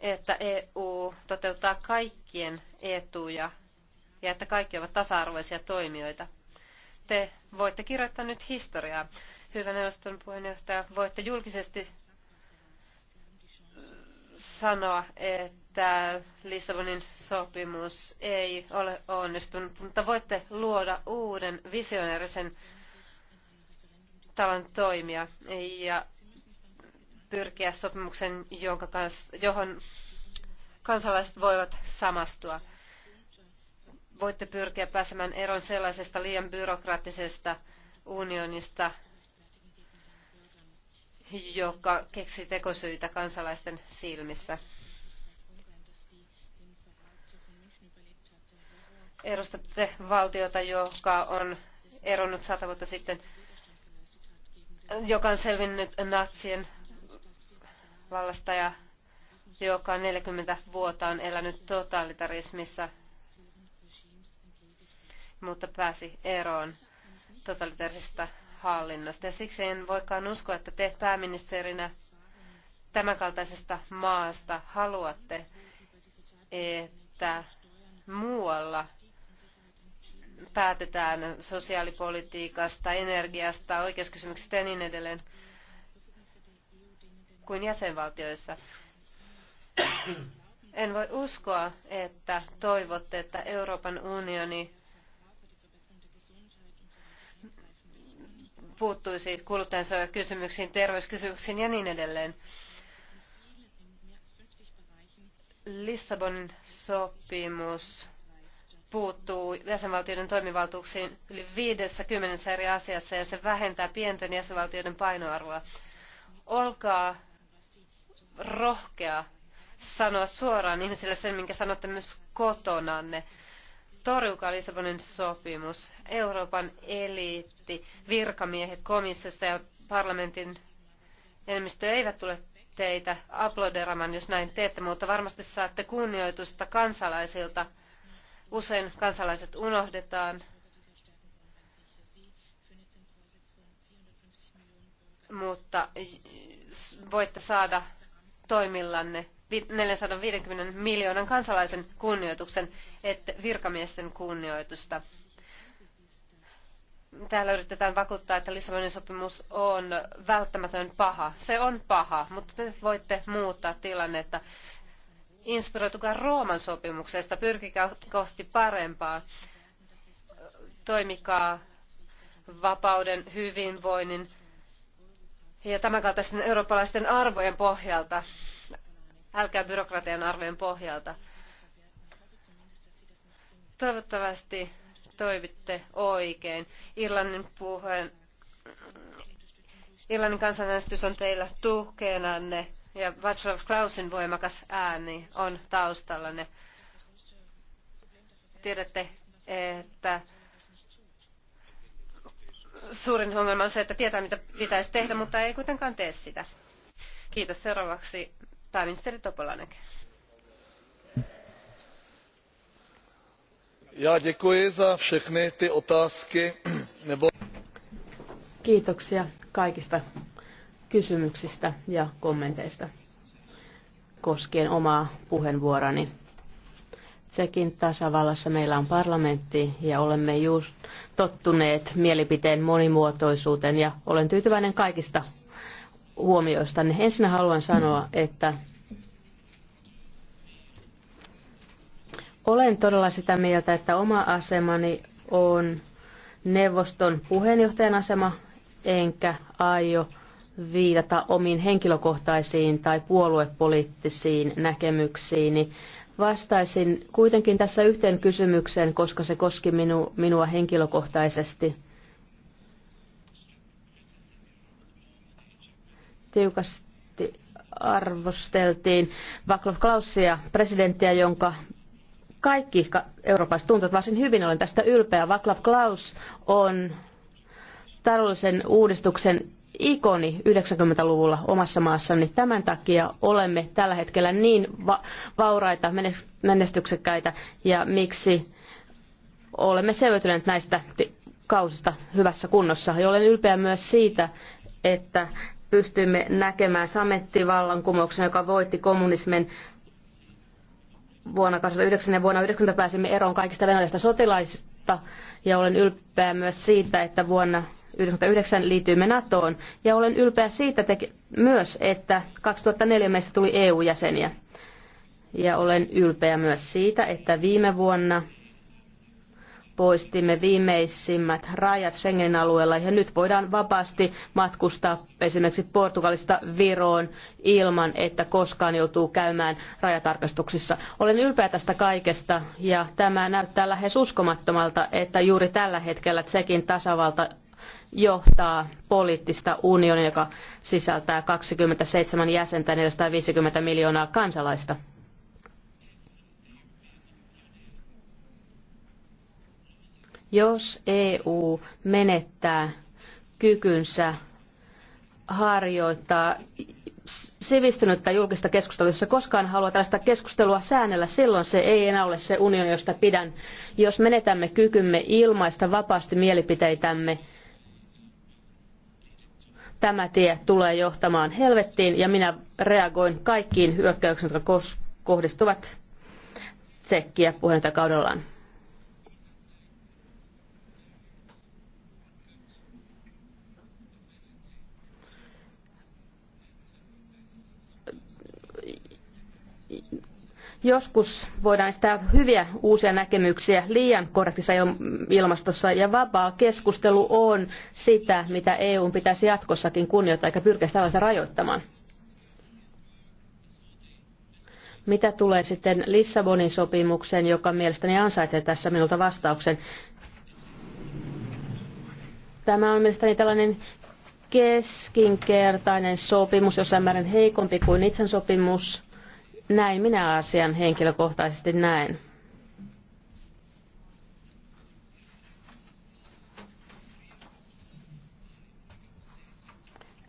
että EU toteuttaa kaikkien etuja ja että kaikki ovat tasa-arvoisia toimijoita. Te voitte kirjoittaa nyt historiaa. Hyvä neuvoston puheenjohtaja, voitte julkisesti sanoa, että Lissabonin sopimus ei ole onnistunut, mutta voitte luoda uuden visionäärisen tavan toimia ja pyrkiä sopimuksen, jonka kans, johon kansalaiset voivat samastua. Voitte pyrkiä pääsemään eroon sellaisesta liian byrokraattisesta unionista, joka keksi tekosyitä kansalaisten silmissä. Edustatte valtiota, joka on eronnut sata vuotta sitten, joka on selvinnyt natsien vallastaja, joka on 40 vuotta on elänyt totalitarismissa, mutta pääsi eroon totalitarisesta hallinnosta. Ja siksi en voikaan usko, että te pääministerinä tämänkaltaisesta maasta haluatte, että muualla päätetään sosiaalipolitiikasta, energiasta, oikeuskysymyksistä ja niin edelleen kuin jäsenvaltioissa. En voi uskoa, että toivotte, että Euroopan unioni puuttuisi kuluttajansuojakysymyksiin, terveyskysymyksiin ja niin edelleen. Lissabonin sopimus puuttuu jäsenvaltioiden toimivaltuuksiin yli 50 eri asiassa ja se vähentää pienten jäsenvaltioiden painoarvoa. Olkaa rohkea sanoa suoraan ihmisille sen, minkä sanotte myös kotonanne. Torjukaa Lisabonin sopimus. Euroopan eliitti, virkamiehet komissiossa ja parlamentin enemmistö eivät tule teitä aplodeeramaan, jos näin teette, mutta varmasti saatte kunnioitusta kansalaisilta. Usein kansalaiset unohdetaan. Mutta voitte saada toimillanne 450 miljoonan kansalaisen kunnioituksen, että virkamiesten kunnioitusta. Täällä yritetään vakuuttaa, että Lissabonin sopimus on välttämätön paha. Se on paha, mutta te voitte muuttaa tilannetta. Inspiroitukaa Rooman sopimuksesta, pyrkikää kohti parempaa. Toimikaa vapauden, hyvinvoinnin, ja tämänkaltaisten eurooppalaisten arvojen pohjalta, älkää byrokratian arvojen pohjalta. Toivottavasti toivitte oikein. Irlannin puheen, Irlannin kansanäänestys on teillä tukenanne ja Václav Klausin voimakas ääni on taustallanne. Tiedätte, että suurin ongelma on se, että tietää mitä pitäisi tehdä, mutta ei kuitenkaan tee sitä. Kiitos. Seuraavaksi pääministeri Topolanek. Ja za všechny ty otázky. Nebo... Kiitoksia kaikista kysymyksistä ja kommenteista koskien omaa puheenvuoroni. Tsekin tasavallassa meillä on parlamentti ja olemme juuri tottuneet mielipiteen monimuotoisuuteen ja olen tyytyväinen kaikista huomioista. Ensin haluan sanoa, että olen todella sitä mieltä, että oma asemani on neuvoston puheenjohtajan asema, enkä aio viitata omiin henkilökohtaisiin tai puoluepoliittisiin näkemyksiini. Vastaisin kuitenkin tässä yhteen kysymykseen, koska se koski minu, minua henkilökohtaisesti. Tiukasti arvosteltiin Vaklov Klausia, presidenttiä, jonka kaikki eurooppalaiset tuntuvat varsin hyvin. Olen tästä ylpeä. Vaklav Klaus on taloudellisen uudistuksen ikoni 90-luvulla omassa maassani. Tämän takia olemme tällä hetkellä niin va- vauraita, menestyksekkäitä ja miksi olemme selviytyneet näistä kausista hyvässä kunnossa. Ja olen ylpeä myös siitä, että pystymme näkemään samettivallankumouksen, joka voitti kommunismin vuonna 2009 ja vuonna 1990 pääsimme eroon kaikista venäläisistä sotilaista. Ja olen ylpeä myös siitä, että vuonna 1999 liityimme NATOon ja olen ylpeä siitä myös, että 2004 meistä tuli EU-jäseniä. Ja olen ylpeä myös siitä, että viime vuonna poistimme viimeisimmät rajat Schengenin alueella ja nyt voidaan vapaasti matkustaa esimerkiksi Portugalista Viroon ilman, että koskaan joutuu käymään rajatarkastuksissa. Olen ylpeä tästä kaikesta ja tämä näyttää lähes uskomattomalta, että juuri tällä hetkellä Tsekin tasavalta johtaa poliittista unionia, joka sisältää 27 jäsentä ja 450 miljoonaa kansalaista. Jos EU menettää kykynsä harjoittaa sivistynyttä julkista keskustelua, jos se koskaan haluaa tällaista keskustelua säännellä, silloin se ei enää ole se unioni, josta pidän. Jos menetämme kykymme ilmaista vapaasti mielipiteitämme, Tämä tie tulee johtamaan helvettiin ja minä reagoin kaikkiin hyökkäyksiin, jotka kohdistuvat tsekkiä puheenjohtajakaudellaan. Joskus voidaan esittää hyviä uusia näkemyksiä liian korrektissa ilmastossa ja vapaa keskustelu on sitä, mitä EU pitäisi jatkossakin kunnioittaa eikä pyrkiä sellaista rajoittamaan. Mitä tulee sitten Lissabonin sopimukseen, joka mielestäni ansaitsee tässä minulta vastauksen? Tämä on mielestäni tällainen keskinkertainen sopimus, jossain määrin heikompi kuin itsen sopimus, näin minä asian henkilökohtaisesti näen.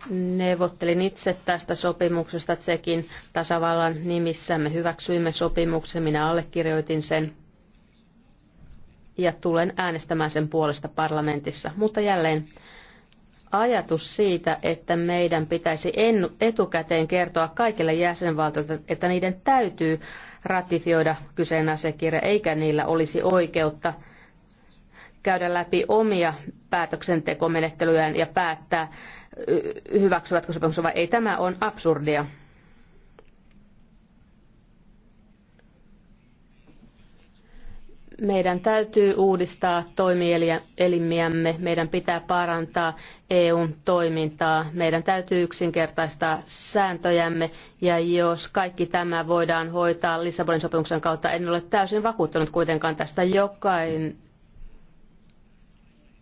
Neuvottelin itse tästä sopimuksesta Tsekin tasavallan nimissä. Me hyväksyimme sopimuksen, minä allekirjoitin sen ja tulen äänestämään sen puolesta parlamentissa. Mutta jälleen ajatus siitä, että meidän pitäisi etukäteen kertoa kaikille jäsenvaltioille, että niiden täytyy ratifioida kyseinen asiakirja, eikä niillä olisi oikeutta käydä läpi omia päätöksentekomenettelyjään ja päättää, hyväksyvätkö sopimuksen vai ei. Tämä on absurdia. meidän täytyy uudistaa toimielimiämme, meidän pitää parantaa EUn toimintaa, meidän täytyy yksinkertaistaa sääntöjämme ja jos kaikki tämä voidaan hoitaa Lissabonin sopimuksen kautta, en ole täysin vakuuttunut kuitenkaan tästä jokain,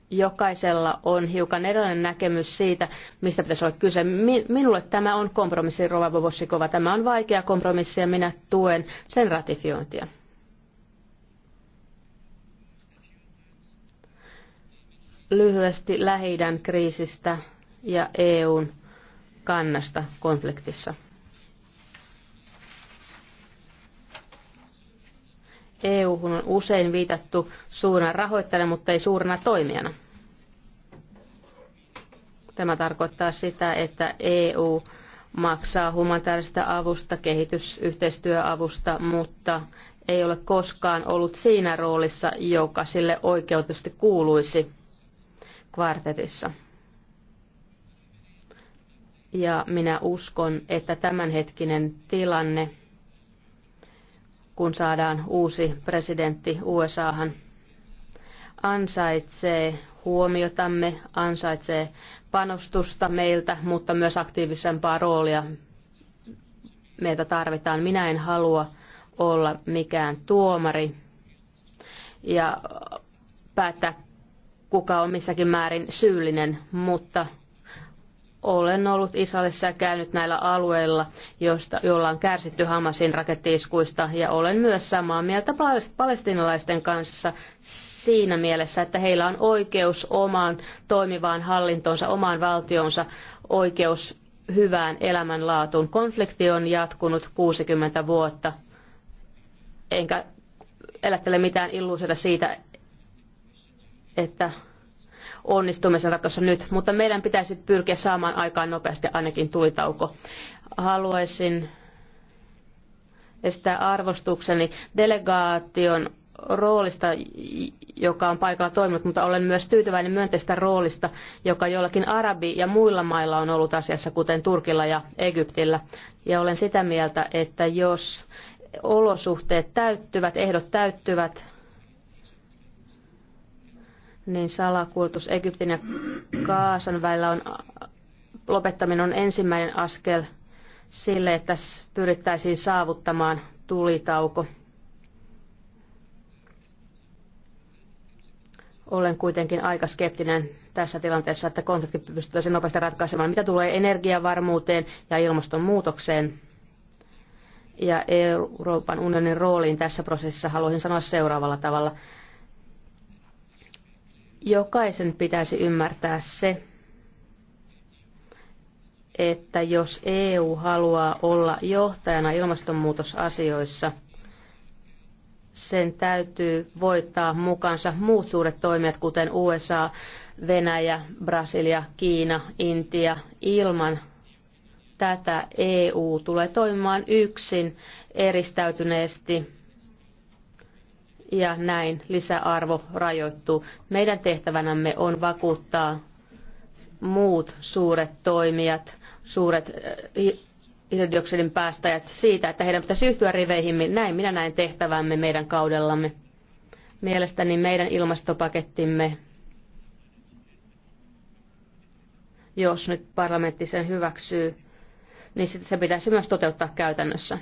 jokaisella on hiukan erilainen näkemys siitä, mistä pitäisi olla kyse. Minulle tämä on kompromissi, Rova Bobosikova. Tämä on vaikea kompromissi ja minä tuen sen ratifiointia. lyhyesti lähi kriisistä ja EUn kannasta konfliktissa. EU on usein viitattu suurena rahoittajana, mutta ei suurena toimijana. Tämä tarkoittaa sitä, että EU maksaa humanitaarista avusta, kehitysyhteistyöavusta, mutta ei ole koskaan ollut siinä roolissa, joka sille oikeutusti kuuluisi – kvartetissa. Ja minä uskon, että tämänhetkinen tilanne, kun saadaan uusi presidentti USAhan, ansaitsee huomiotamme, ansaitsee panostusta meiltä, mutta myös aktiivisempaa roolia meiltä tarvitaan. Minä en halua olla mikään tuomari ja päättää kuka on missäkin määrin syyllinen, mutta olen ollut Israelissa ja käynyt näillä alueilla, joista, joilla on kärsitty Hamasin rakettiiskuista, ja olen myös samaa mieltä palestinalaisten kanssa siinä mielessä, että heillä on oikeus omaan toimivaan hallintonsa, omaan valtionsa, oikeus hyvään elämänlaatuun. Konflikti on jatkunut 60 vuotta, enkä elättele mitään illuusiota siitä, että onnistumme sen ratossa nyt, mutta meidän pitäisi pyrkiä saamaan aikaan nopeasti ainakin tulitauko. Haluaisin estää arvostukseni delegaation roolista, joka on paikalla toiminut, mutta olen myös tyytyväinen myönteistä roolista, joka jollakin arabi- ja muilla mailla on ollut asiassa, kuten Turkilla ja Egyptillä. Ja olen sitä mieltä, että jos olosuhteet täyttyvät, ehdot täyttyvät, niin salakuljetus Egyptin ja Kaasan välillä on, lopettaminen on ensimmäinen askel sille, että pyrittäisiin saavuttamaan tulitauko. Olen kuitenkin aika skeptinen tässä tilanteessa, että konflikti pystyttäisiin nopeasti ratkaisemaan. Mitä tulee energiavarmuuteen ja ilmastonmuutokseen ja Euroopan unionin rooliin tässä prosessissa, haluaisin sanoa seuraavalla tavalla – Jokaisen pitäisi ymmärtää se, että jos EU haluaa olla johtajana ilmastonmuutosasioissa, sen täytyy voittaa mukaansa muut suuret toimijat, kuten USA, Venäjä, Brasilia, Kiina, Intia. Ilman tätä EU tulee toimimaan yksin eristäytyneesti ja näin lisäarvo rajoittuu. Meidän tehtävänämme on vakuuttaa muut suuret toimijat, suuret eh, hiilidioksidin päästäjät siitä, että heidän pitäisi yhtyä riveihimme. Näin minä näen tehtävämme meidän kaudellamme. Mielestäni meidän ilmastopakettimme, jos nyt parlamentti sen hyväksyy, niin se pitäisi myös toteuttaa käytännössä.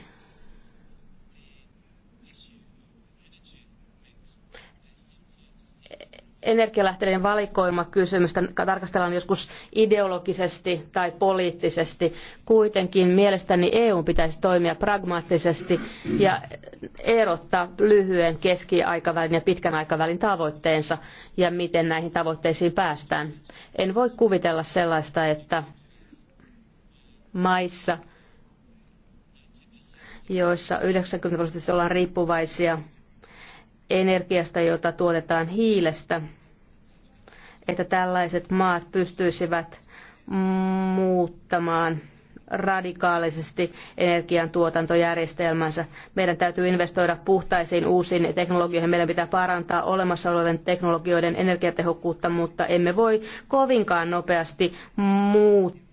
energialähteiden valikoimakysymystä tarkastellaan joskus ideologisesti tai poliittisesti. Kuitenkin mielestäni EU pitäisi toimia pragmaattisesti ja erottaa lyhyen, keskiaikavälin ja pitkän aikavälin tavoitteensa ja miten näihin tavoitteisiin päästään. En voi kuvitella sellaista, että maissa, joissa 90 prosenttisesti ollaan riippuvaisia – energiasta, jota tuotetaan hiilestä, että tällaiset maat pystyisivät muuttamaan radikaalisesti energiantuotantojärjestelmänsä. Meidän täytyy investoida puhtaisiin uusiin teknologioihin. Meidän pitää parantaa olemassa olevien teknologioiden energiatehokkuutta, mutta emme voi kovinkaan nopeasti muuttaa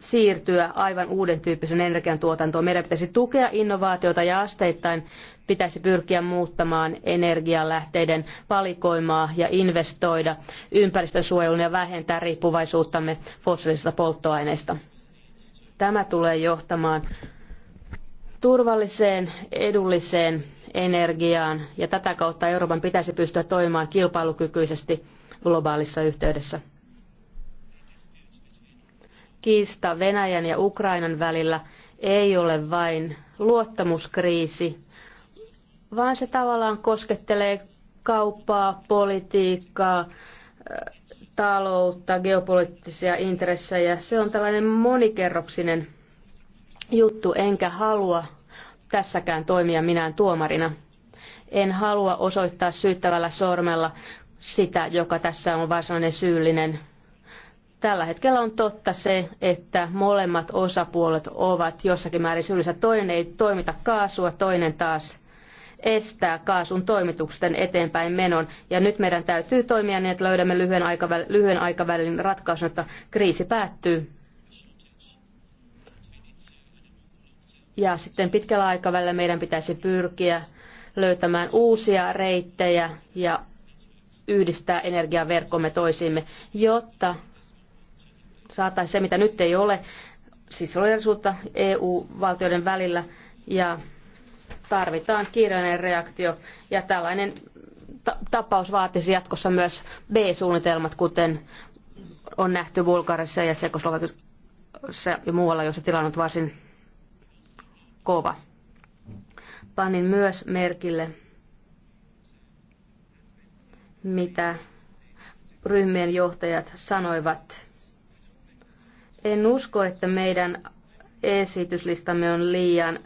siirtyä aivan uuden tyyppisen energiantuotantoon. Meidän pitäisi tukea innovaatiota ja asteittain pitäisi pyrkiä muuttamaan energialähteiden valikoimaa ja investoida ympäristönsuojeluun ja vähentää riippuvaisuuttamme fossiilisista polttoaineista. Tämä tulee johtamaan turvalliseen, edulliseen energiaan ja tätä kautta Euroopan pitäisi pystyä toimimaan kilpailukykyisesti globaalissa yhteydessä kiista Venäjän ja Ukrainan välillä ei ole vain luottamuskriisi, vaan se tavallaan koskettelee kauppaa, politiikkaa, taloutta, geopoliittisia intressejä. Se on tällainen monikerroksinen juttu, enkä halua tässäkään toimia minään tuomarina. En halua osoittaa syyttävällä sormella sitä, joka tässä on varsinainen syyllinen. Tällä hetkellä on totta se, että molemmat osapuolet ovat jossakin määrin syyllisiä. Toinen ei toimita kaasua, toinen taas estää kaasun toimituksen eteenpäin menon. Ja nyt meidän täytyy toimia niin, että löydämme lyhyen, aikaväl- lyhyen aikavälin ratkaisun, että kriisi päättyy. Ja sitten pitkällä aikavälillä meidän pitäisi pyrkiä löytämään uusia reittejä ja yhdistää energiaverkkomme toisiimme, jotta saataisiin se, mitä nyt ei ole, siis solidarisuutta EU-valtioiden välillä ja tarvitaan kiireinen reaktio ja tällainen ta- tapaus vaatisi jatkossa myös B-suunnitelmat, kuten on nähty Bulgarissa ja Sekoslovakissa ja muualla, jossa tilanne on varsin kova. Panin myös merkille, mitä ryhmien johtajat sanoivat en usko, että meidän esityslistamme on liian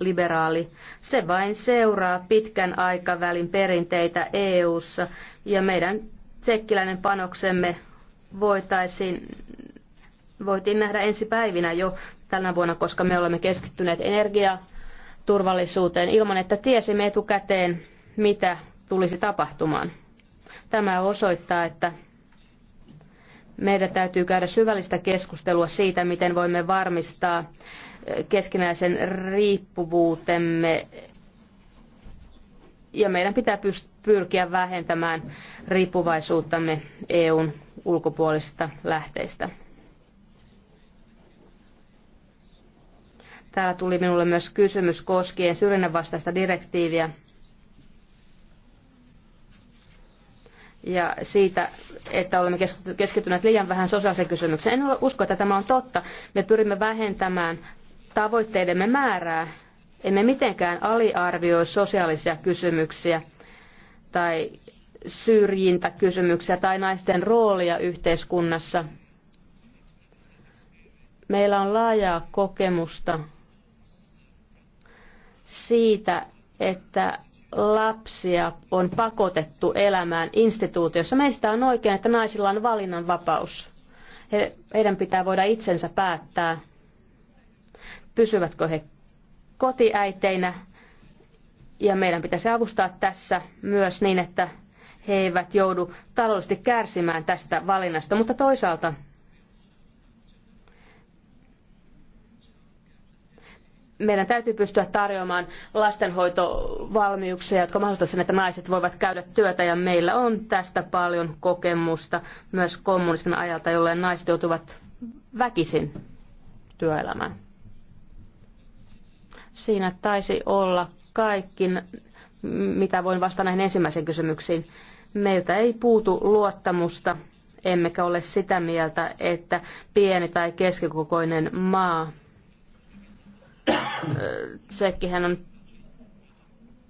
liberaali. Se vain seuraa pitkän aikavälin perinteitä EU:ssa ja meidän tsekkiläinen panoksemme voitaisiin voitiin nähdä ensi päivinä jo tänä vuonna, koska me olemme keskittyneet energiaturvallisuuteen ilman, että tiesimme etukäteen, mitä tulisi tapahtumaan. Tämä osoittaa, että meidän täytyy käydä syvällistä keskustelua siitä, miten voimme varmistaa keskinäisen riippuvuutemme ja meidän pitää pyrkiä vähentämään riippuvaisuuttamme EUn ulkopuolisista lähteistä. Täällä tuli minulle myös kysymys koskien syrjinnänvastaista direktiiviä. ja siitä, että olemme keskittyneet liian vähän sosiaaliseen kysymykseen. En usko, että tämä on totta. Me pyrimme vähentämään tavoitteidemme määrää. Emme mitenkään aliarvioi sosiaalisia kysymyksiä tai syrjintäkysymyksiä tai naisten roolia yhteiskunnassa. Meillä on laajaa kokemusta siitä, että lapsia on pakotettu elämään instituutiossa. Meistä on oikein, että naisilla on valinnanvapaus. He, heidän pitää voida itsensä päättää, pysyvätkö he kotiäiteinä. Ja meidän pitäisi avustaa tässä myös niin, että he eivät joudu taloudellisesti kärsimään tästä valinnasta. Mutta toisaalta meidän täytyy pystyä tarjoamaan lastenhoitovalmiuksia, jotka mahdollistavat sen, että naiset voivat käydä työtä ja meillä on tästä paljon kokemusta myös kommunismin ajalta, jolloin naiset joutuvat väkisin työelämään. Siinä taisi olla kaikki, mitä voin vastata näihin ensimmäisiin kysymyksiin. Meiltä ei puutu luottamusta, emmekä ole sitä mieltä, että pieni tai keskikokoinen maa – Tsekkihän on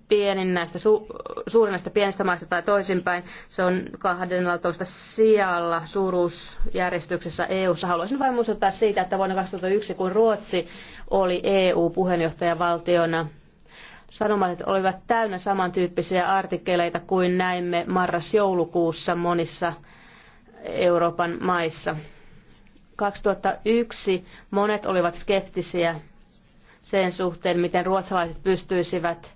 pienin näistä, su, suurin näistä pienistä maista tai toisinpäin. Se on 12 sijalla suuruusjärjestyksessä EU-ssa. Haluaisin vain muistuttaa siitä, että vuonna 2001, kun Ruotsi oli EU-puheenjohtajavaltiona, sanomat olivat täynnä samantyyppisiä artikkeleita kuin näimme marras-joulukuussa monissa Euroopan maissa. 2001 monet olivat skeptisiä sen suhteen, miten ruotsalaiset pystyisivät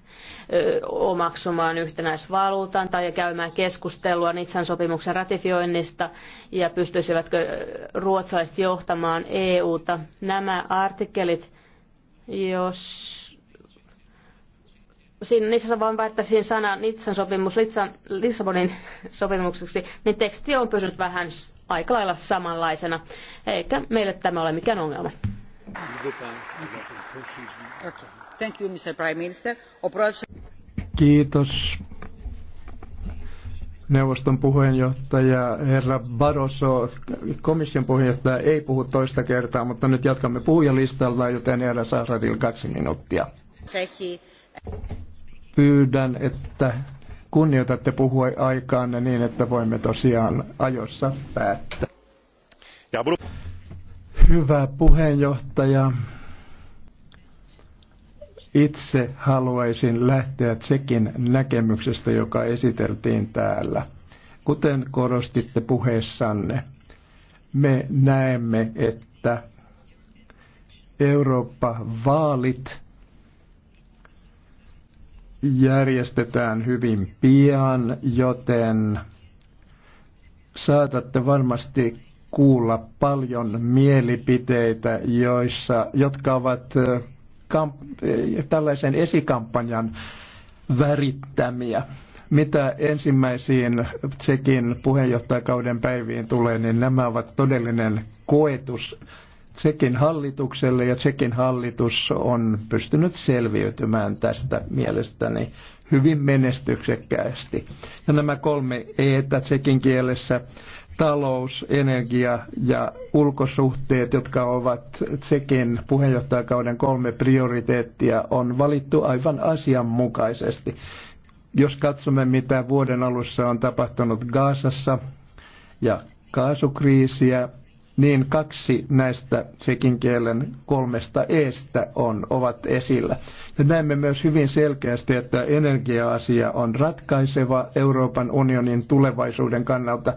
omaksumaan yhtenäisvaluutan tai käymään keskustelua Nitsan sopimuksen ratifioinnista ja pystyisivätkö ruotsalaiset johtamaan EUta. Nämä artikkelit, jos siinä, niissä vaan vaihtaisiin sana Nitsan sopimus Litsan, Lissabonin sopimukseksi, niin teksti on pysynyt vähän aika lailla samanlaisena, eikä meille tämä ole mikään ongelma. Kiitos. Neuvoston puheenjohtaja herra Barroso, komission puheenjohtaja ei puhu toista kertaa, mutta nyt jatkamme puhujalistalla, joten herra Sahratil kaksi minuuttia. Pyydän, että kunnioitatte puhua aikaanne niin, että voimme tosiaan ajoissa päättää. Hyvä puheenjohtaja. Itse haluaisin lähteä sekin näkemyksestä, joka esiteltiin täällä. Kuten korostitte puheessanne, me näemme, että Eurooppa-vaalit järjestetään hyvin pian, joten saatatte varmasti kuulla paljon mielipiteitä, joissa, jotka ovat kamp, tällaisen esikampanjan värittämiä. Mitä ensimmäisiin Tsekin puheenjohtajakauden päiviin tulee, niin nämä ovat todellinen koetus Tsekin hallitukselle ja Tsekin hallitus on pystynyt selviytymään tästä mielestäni hyvin menestyksekkäästi. Ja nämä kolme e Tsekin kielessä talous, energia ja ulkosuhteet, jotka ovat Tsekin puheenjohtajakauden kolme prioriteettia, on valittu aivan asianmukaisesti. Jos katsomme, mitä vuoden alussa on tapahtunut Gaasassa ja kaasukriisiä, niin kaksi näistä tsekin kielen kolmesta eestä on, ovat esillä. Ja näemme myös hyvin selkeästi, että energia-asia on ratkaiseva Euroopan unionin tulevaisuuden kannalta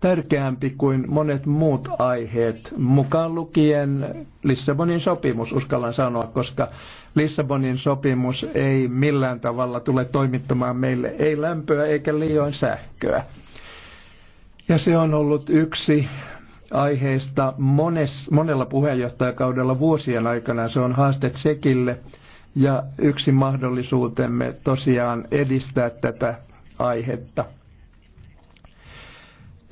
tärkeämpi kuin monet muut aiheet, mukaan lukien Lissabonin sopimus, uskallan sanoa, koska Lissabonin sopimus ei millään tavalla tule toimittamaan meille ei lämpöä eikä liioin sähköä. Ja se on ollut yksi aiheista, mones, monella puheenjohtajakaudella vuosien aikana. Se on haaste Tsekille ja yksi mahdollisuutemme tosiaan edistää tätä aihetta –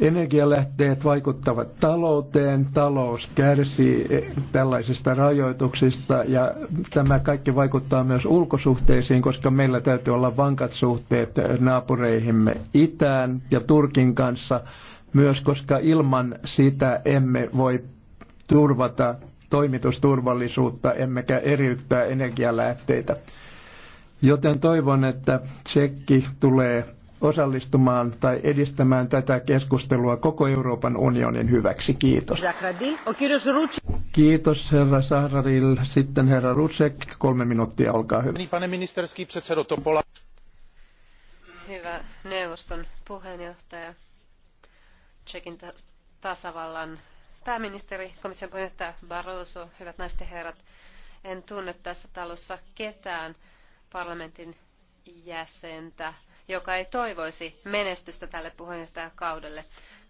Energialähteet vaikuttavat talouteen, talous kärsii tällaisista rajoituksista ja tämä kaikki vaikuttaa myös ulkosuhteisiin, koska meillä täytyy olla vankat suhteet naapureihimme itään ja Turkin kanssa myös, koska ilman sitä emme voi turvata toimitusturvallisuutta emmekä eriyttää energialähteitä. Joten toivon, että tsekki tulee osallistumaan tai edistämään tätä keskustelua koko Euroopan unionin hyväksi. Kiitos. Kiitos herra Saharil. Sitten herra Rutsek, kolme minuuttia, olkaa hyvä. Hyvä neuvoston puheenjohtaja, Tsekin tasavallan pääministeri, komission puheenjohtaja Barroso, hyvät naiset ja herrat. En tunne tässä talossa ketään parlamentin jäsentä, joka ei toivoisi menestystä tälle puheenjohtajakaudelle.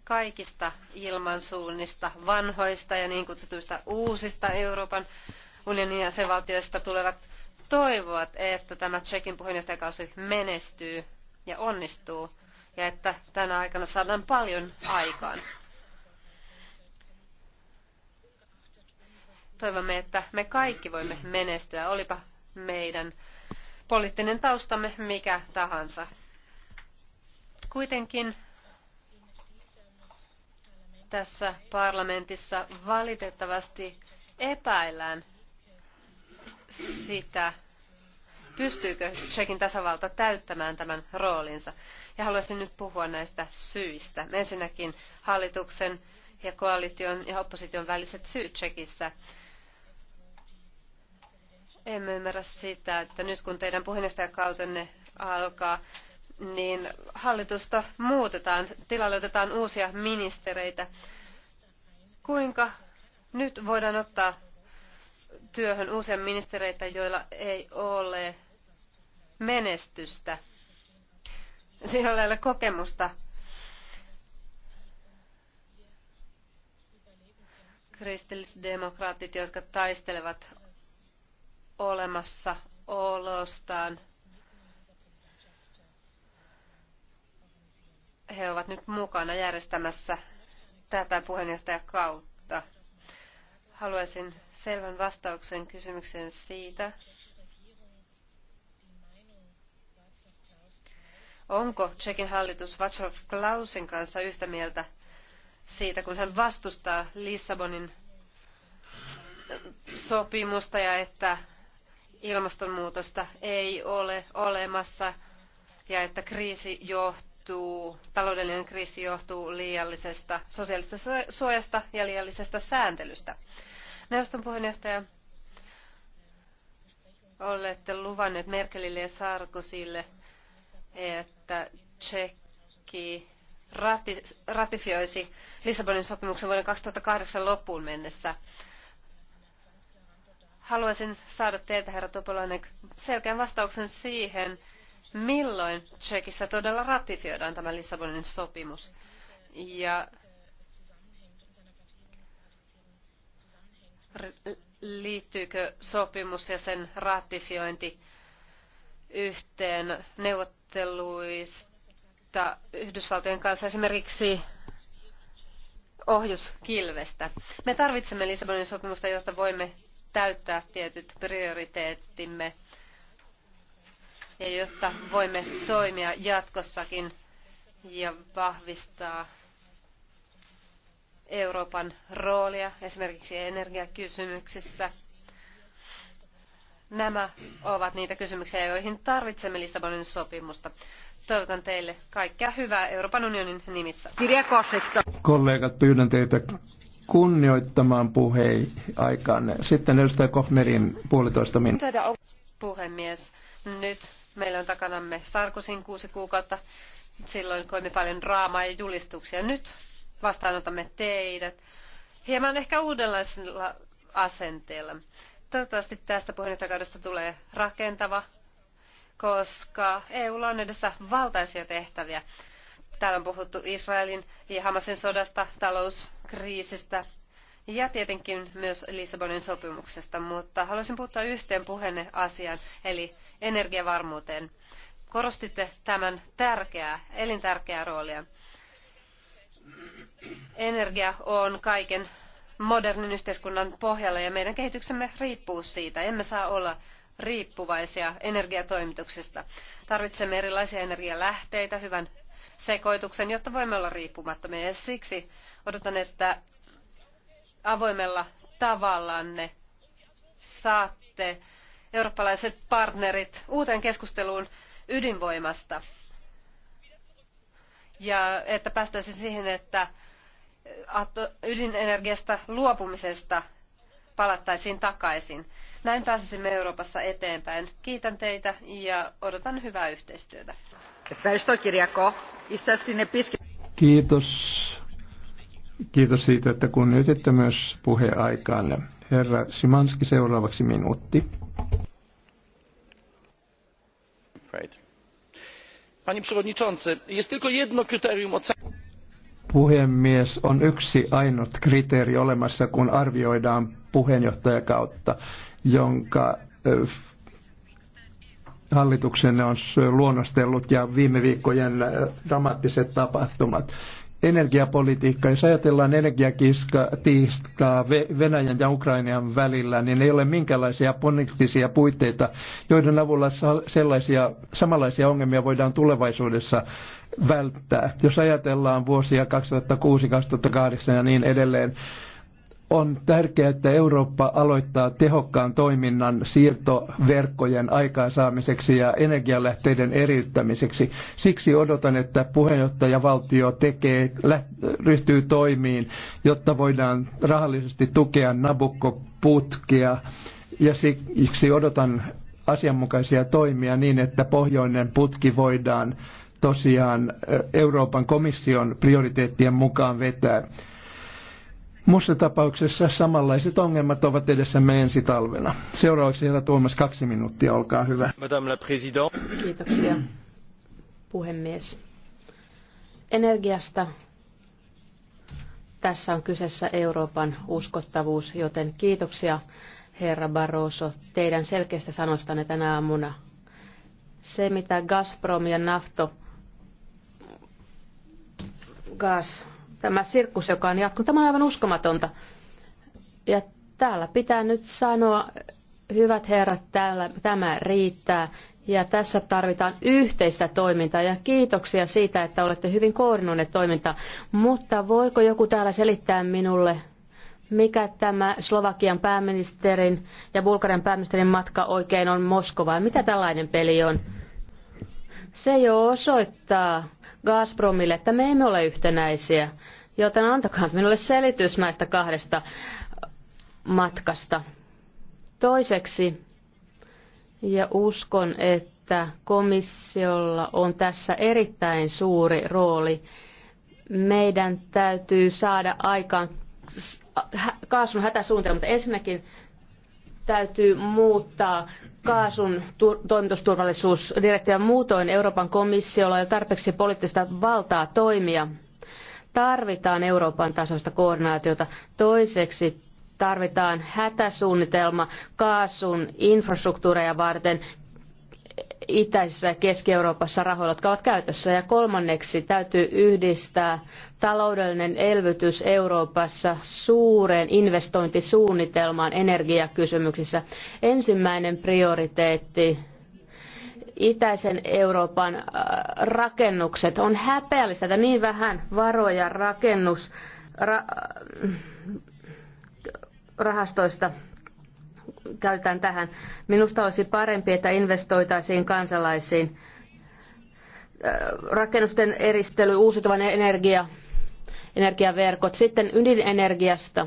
Kaikista ilmansuunnista, vanhoista ja niin kutsutuista uusista Euroopan unionin jäsenvaltioista tulevat toivovat, että tämä Tsekin puheenjohtajakausi menestyy ja onnistuu ja että tänä aikana saadaan paljon aikaan. Toivomme, että me kaikki voimme menestyä, olipa meidän poliittinen taustamme mikä tahansa. Kuitenkin tässä parlamentissa valitettavasti epäillään sitä, pystyykö Tsekin tasavalta täyttämään tämän roolinsa. Ja haluaisin nyt puhua näistä syistä. Ensinnäkin hallituksen ja koalition ja opposition väliset syyt Tsekissä. Emme ymmärrä sitä, että nyt kun teidän puheenjohtajakautenne alkaa, niin hallitusta muutetaan, tilalle otetaan uusia ministereitä. Kuinka nyt voidaan ottaa työhön uusia ministereitä, joilla ei ole menestystä, joilla ei ole kokemusta kristillisdemokraatit, jotka taistelevat olemassa olostaan. he ovat nyt mukana järjestämässä tätä puheenjohtajakautta. Haluaisin selvän vastauksen kysymykseen siitä, onko Tsekin hallitus Václav Klausin kanssa yhtä mieltä siitä, kun hän vastustaa Lissabonin sopimusta ja että ilmastonmuutosta ei ole olemassa ja että kriisi johtuu johtuu, taloudellinen kriisi johtuu liiallisesta sosiaalista suojasta ja liiallisesta sääntelystä. Neuvoston puheenjohtaja, olette luvanneet Merkelille ja Sarkosille, että Tsekki ratifioisi Lissabonin sopimuksen vuoden 2008 loppuun mennessä. Haluaisin saada teiltä, herra Topolainen, selkeän vastauksen siihen, milloin Tsekissä todella ratifioidaan tämä Lissabonin sopimus. Ja liittyykö sopimus ja sen ratifiointi yhteen neuvotteluista Yhdysvaltojen kanssa esimerkiksi ohjuskilvestä. Me tarvitsemme Lissabonin sopimusta, jotta voimme täyttää tietyt prioriteettimme ja jotta voimme toimia jatkossakin ja vahvistaa Euroopan roolia esimerkiksi energiakysymyksissä. Nämä ovat niitä kysymyksiä, joihin tarvitsemme Lissabonin sopimusta. Toivotan teille kaikkea hyvää Euroopan unionin nimissä. Kollegat, pyydän teitä kunnioittamaan puheen aikaan. Sitten edustaja Kohmerin puolitoista minuuttia. Puhemies, nyt Meillä on takanamme Sarkusin kuusi kuukautta. Silloin koimme paljon draamaa ja julistuksia. Nyt vastaanotamme teidät hieman ehkä uudenlaisella asenteella. Toivottavasti tästä puheenjohtajakaudesta tulee rakentava, koska EUlla on edessä valtaisia tehtäviä. Täällä on puhuttu Israelin ja Hamasin sodasta, talouskriisistä ja tietenkin myös Lissabonin sopimuksesta, mutta haluaisin puuttua yhteen puheenne asiaan, eli energiavarmuuteen. Korostitte tämän tärkeää, elintärkeää roolia. Energia on kaiken modernin yhteiskunnan pohjalla ja meidän kehityksemme riippuu siitä. Emme saa olla riippuvaisia energiatoimituksista. Tarvitsemme erilaisia energialähteitä, hyvän sekoituksen, jotta voimme olla riippumattomia. Ja siksi odotan, että avoimella tavallanne saatte eurooppalaiset partnerit uuteen keskusteluun ydinvoimasta. Ja että päästäisiin siihen, että ydinenergiasta luopumisesta palattaisiin takaisin. Näin pääsisimme Euroopassa eteenpäin. Kiitän teitä ja odotan hyvää yhteistyötä. Kiitos. Kiitos siitä, että kunnioititte myös puheaikaanne. Herra Simanski, seuraavaksi minuutti. Right. Panie przewodniczący, jest tylko jedno kryterium oceny. Puhemies, on yksi ainut kriteeri olemassa, kun arvioidaan kautta, jonka hallituksenne on luonnostellut ja viime viikkojen dramaattiset tapahtumat energiapolitiikka, jos ajatellaan energiatiskaa Venäjän ja Ukrainan välillä, niin ei ole minkälaisia poliittisia puitteita, joiden avulla sellaisia samanlaisia ongelmia voidaan tulevaisuudessa välttää. Jos ajatellaan vuosia 2006-2008 ja niin edelleen, on tärkeää, että Eurooppa aloittaa tehokkaan toiminnan siirtoverkkojen aikaansaamiseksi ja energialähteiden eriyttämiseksi. Siksi odotan, että puheenjohtajavaltio tekee, ryhtyy toimiin, jotta voidaan rahallisesti tukea Nabukko-putkea. Ja siksi odotan asianmukaisia toimia niin, että pohjoinen putki voidaan tosiaan Euroopan komission prioriteettien mukaan vetää. Muussa tapauksessa samanlaiset ongelmat ovat edessämme ensi talvena. Seuraavaksi herra Tuomas kaksi minuuttia, olkaa hyvä. Madame la Présidente. Kiitoksia, puhemies. Energiasta tässä on kyseessä Euroopan uskottavuus, joten kiitoksia herra Barroso teidän selkeästä sanostanne tänä aamuna. Se, mitä Gazprom ja Nafto Gas tämä sirkus, joka on jatkunut, tämä on aivan uskomatonta. Ja täällä pitää nyt sanoa, hyvät herrat, täällä, tämä riittää. Ja tässä tarvitaan yhteistä toimintaa ja kiitoksia siitä, että olette hyvin koordinoineet toimintaa. Mutta voiko joku täällä selittää minulle, mikä tämä Slovakian pääministerin ja Bulgarian pääministerin matka oikein on Moskovaan? Mitä tällainen peli on? Se jo osoittaa, Gazpromille, että me emme ole yhtenäisiä. Joten antakaa minulle selitys näistä kahdesta matkasta. Toiseksi, ja uskon, että komissiolla on tässä erittäin suuri rooli. Meidän täytyy saada aikaan kaasun hätäsuunnitelma, mutta ensinnäkin täytyy muuttaa kaasun toimitusturvallisuusdirektiivin muutoin Euroopan komissiolla jo tarpeeksi poliittista valtaa toimia. Tarvitaan Euroopan tasoista koordinaatiota. Toiseksi tarvitaan hätäsuunnitelma kaasun infrastruktuureja varten itäisessä ja Keski-Euroopassa rahoilla, jotka ovat käytössä. Ja kolmanneksi täytyy yhdistää taloudellinen elvytys Euroopassa suureen investointisuunnitelmaan energiakysymyksissä. Ensimmäinen prioriteetti itäisen Euroopan äh, rakennukset. On häpeällistä, että niin vähän varoja rakennus ra, äh, rahastoista käytetään tähän. Minusta olisi parempi, että investoitaisiin kansalaisiin. Rakennusten eristely, uusiutuvan energia, energiaverkot. Sitten ydinenergiasta.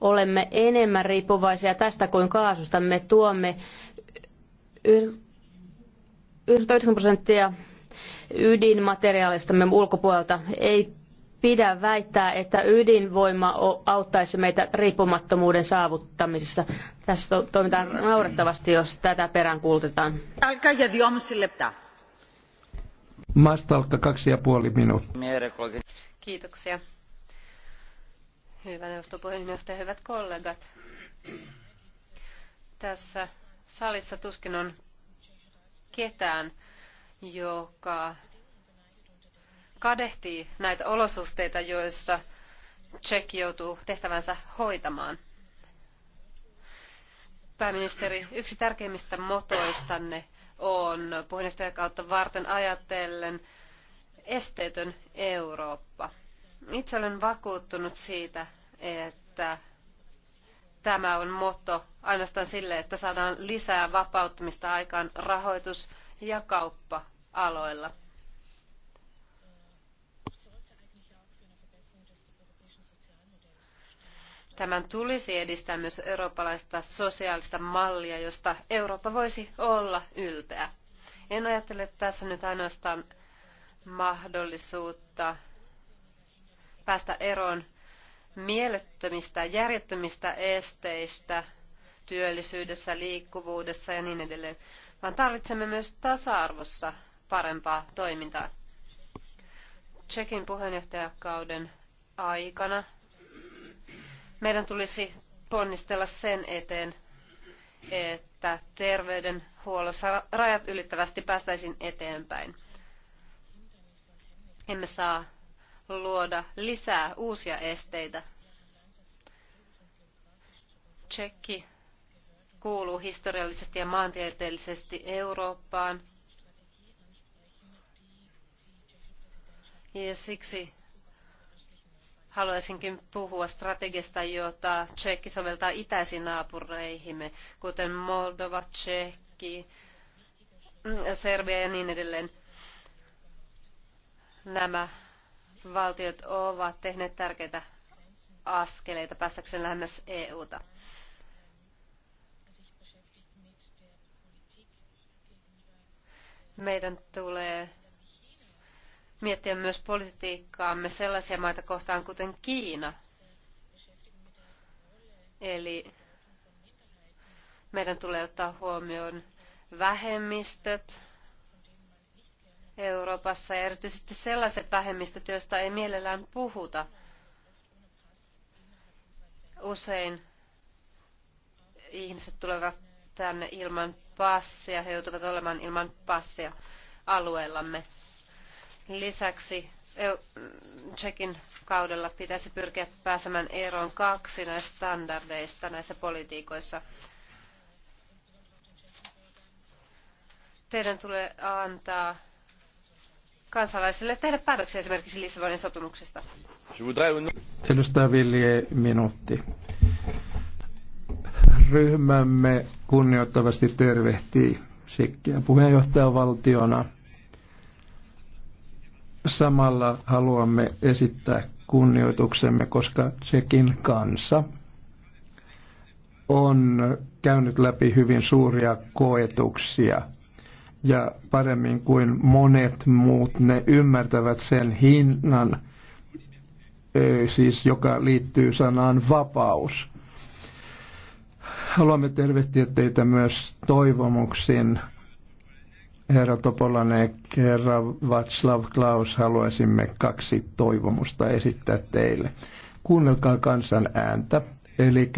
Olemme enemmän riippuvaisia tästä kuin kaasusta. Me tuomme 99 prosenttia ydinmateriaalistamme ulkopuolelta. Ei pidä väittää, että ydinvoima auttaisi meitä riippumattomuuden saavuttamisessa. Tässä to- toimitaan naurettavasti, jos tätä peräänkuulutetaan. Alkaa ja leptää. kaksi ja puoli minuuttia. Kiitoksia. Hyvä neuvoston puheenjohtaja, hyvät kollegat. Tässä salissa tuskin on ketään, joka kadehtii näitä olosuhteita, joissa Tsek joutuu tehtävänsä hoitamaan. Pääministeri, yksi tärkeimmistä motoistanne on kautta varten ajatellen esteetön Eurooppa. Itse olen vakuuttunut siitä, että tämä on motto ainoastaan sille, että saadaan lisää vapauttamista aikaan rahoitus- ja kauppa-aloilla. Tämän tulisi edistää myös eurooppalaista sosiaalista mallia, josta Eurooppa voisi olla ylpeä. En ajattele tässä nyt ainoastaan mahdollisuutta päästä eroon mielettömistä, järjettömistä esteistä työllisyydessä, liikkuvuudessa ja niin edelleen, vaan tarvitsemme myös tasa-arvossa parempaa toimintaa. Tsekin puheenjohtajakauden aikana meidän tulisi ponnistella sen eteen, että terveydenhuollossa rajat ylittävästi päästäisiin eteenpäin. Emme saa luoda lisää uusia esteitä. Tsekki kuuluu historiallisesti ja maantieteellisesti Eurooppaan. Ja siksi Haluaisinkin puhua strategiasta, jota Tsekki soveltaa itäisiin naapureihimme, kuten Moldova, Tsekki, Serbia ja niin edelleen. Nämä valtiot ovat tehneet tärkeitä askeleita päästäkseen lähemmäs EUta. Meidän tulee miettiä myös politiikkaamme sellaisia maita kohtaan kuten Kiina. Eli meidän tulee ottaa huomioon vähemmistöt Euroopassa ja erityisesti sellaiset vähemmistöt, joista ei mielellään puhuta. Usein ihmiset tulevat tänne ilman passia, he joutuvat olemaan ilman passia alueellamme. Lisäksi Tsekin kaudella pitäisi pyrkiä pääsemään eroon kaksi näistä standardeista näissä politiikoissa. Teidän tulee antaa kansalaisille tehdä päätöksiä esimerkiksi Lissabonin sopimuksesta. Edustaja Vilje, minuutti. Ryhmämme kunnioittavasti tervehtii Sikkiä puheenjohtajavaltiona – Samalla haluamme esittää kunnioituksemme, koska Tsekin kansa on käynyt läpi hyvin suuria koetuksia ja paremmin kuin monet muut ne ymmärtävät sen hinnan, siis joka liittyy sanaan vapaus. Haluamme tervehtiä teitä myös toivomuksin Herra Topolainen, herra Václav Klaus, haluaisimme kaksi toivomusta esittää teille. Kuunnelkaa kansan ääntä, eli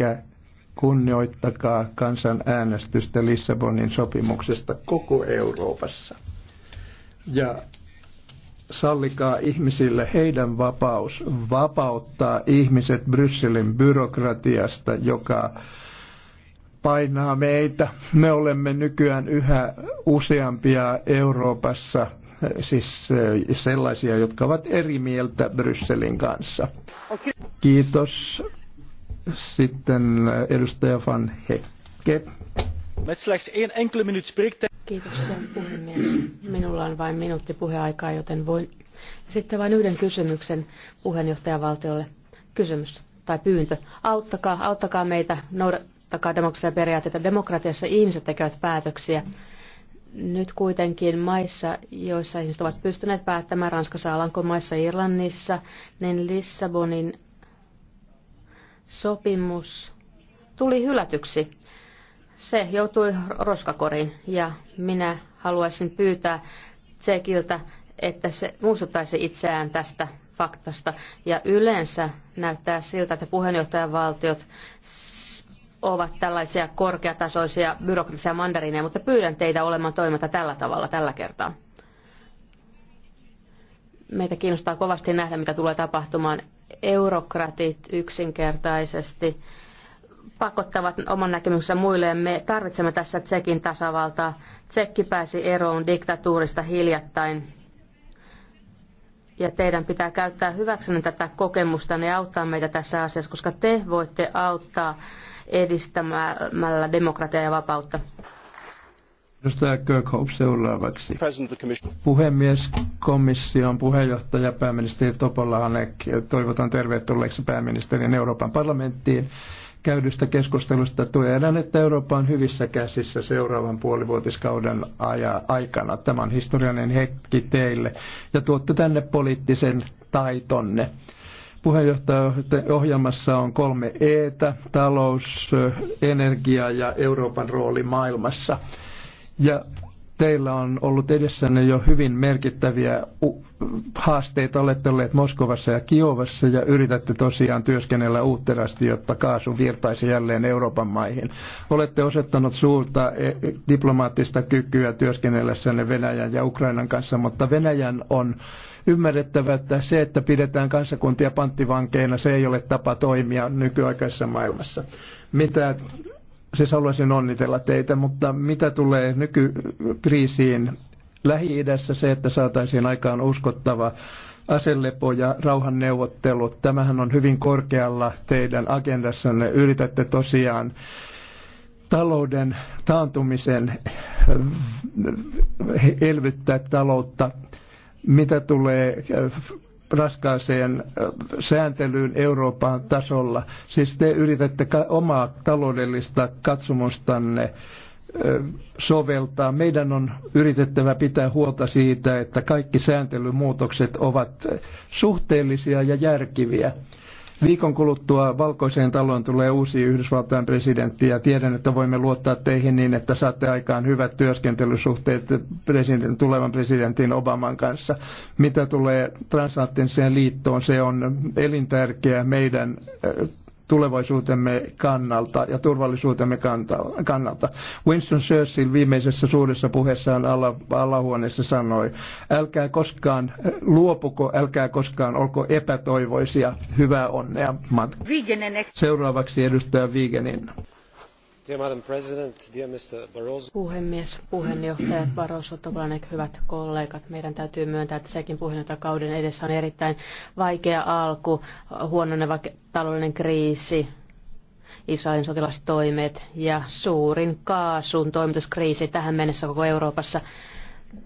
kunnioittakaa kansan äänestystä Lissabonin sopimuksesta koko Euroopassa. Ja sallikaa ihmisille heidän vapaus, vapauttaa ihmiset Brysselin byrokratiasta, joka painaa meitä. Me olemme nykyään yhä useampia Euroopassa, siis eh, sellaisia, jotka ovat eri mieltä Brysselin kanssa. Kiitos. Sitten edustaja Van Hekke. Kiitos sen puhemies. Minulla on vain minuutti puheaikaa, joten voin sitten vain yhden kysymyksen puheenjohtajavaltiolle. Kysymys tai pyyntö. Auttakaa, auttakaa meitä noudat- takaa demokratian periaatteita. Demokratiassa ihmiset tekevät päätöksiä. Nyt kuitenkin maissa, joissa ihmiset ovat pystyneet päättämään, Ranskassa, Alankomaissa, Irlannissa, niin Lissabonin sopimus tuli hylätyksi. Se joutui roskakoriin ja minä haluaisin pyytää Tsekiltä, että se muistuttaisi itseään tästä faktasta. Ja yleensä näyttää siltä, että puheenjohtajavaltiot ovat tällaisia korkeatasoisia byrokratisia mandarineja, mutta pyydän teitä olemaan toimata tällä tavalla tällä kertaa. Meitä kiinnostaa kovasti nähdä, mitä tulee tapahtumaan. Eurokratit yksinkertaisesti pakottavat oman näkemyksensä muille ja me tarvitsemme tässä Tsekin tasavaltaa. Tsekki pääsi eroon diktatuurista hiljattain ja teidän pitää käyttää hyväksenne tätä kokemusta ja auttaa meitä tässä asiassa, koska te voitte auttaa edistämällä demokratiaa ja vapautta. Edustaja Kirkhope seuraavaksi. Puhemies, komission puheenjohtaja, pääministeri Topolanek, toivotan tervetulleeksi pääministerin Euroopan parlamenttiin käydystä keskustelusta tuedään, että Eurooppa on hyvissä käsissä seuraavan puolivuotiskauden aja, aikana. Tämä on historiallinen hetki teille ja tuotte tänne poliittisen taitonne ohjelmassa on kolme eetä, talous, energia ja Euroopan rooli maailmassa. Ja teillä on ollut edessänne jo hyvin merkittäviä haasteita. Olette olleet Moskovassa ja Kiovassa ja yritätte tosiaan työskennellä uutterasti, jotta kaasu virtaisi jälleen Euroopan maihin. Olette osettanut suurta e, diplomaattista kykyä työskennellessänne Venäjän ja Ukrainan kanssa, mutta Venäjän on ymmärrettävä, että se, että pidetään kansakuntia panttivankeina, se ei ole tapa toimia nykyaikaisessa maailmassa. Mitä siis haluaisin onnitella teitä, mutta mitä tulee nykykriisiin Lähi-idässä se, että saataisiin aikaan uskottava aselepo ja rauhanneuvottelut, tämähän on hyvin korkealla teidän agendassanne. Yritätte tosiaan talouden taantumisen eh, elvyttää taloutta mitä tulee äh, raskaaseen äh, sääntelyyn Euroopan tasolla, siis te yritätte omaa taloudellista katsomustanne äh, soveltaa. Meidän on yritettävä pitää huolta siitä, että kaikki sääntelymuutokset ovat suhteellisia ja järkiviä. Viikon kuluttua valkoiseen taloon tulee uusi Yhdysvaltain presidentti ja tiedän, että voimme luottaa teihin niin, että saatte aikaan hyvät työskentelysuhteet presidentin tulevan presidentin Obaman kanssa. Mitä tulee transatlanttiseen liittoon, se on elintärkeä meidän tulevaisuutemme kannalta ja turvallisuutemme kannalta. Winston Churchill viimeisessä suuressa puheessaan ala, alahuoneessa sanoi, älkää koskaan luopuko, älkää koskaan olko epätoivoisia, hyvää onnea Seuraavaksi edustaja Viigenin. Puhemies, puheenjohtaja Barroso, Toblanek, hyvät kollegat, meidän täytyy myöntää, että sekin puheenjohtajakauden edessä on erittäin vaikea alku, huononeva taloudellinen kriisi, Israelin sotilastoimet ja suurin kaasun toimituskriisi tähän mennessä koko Euroopassa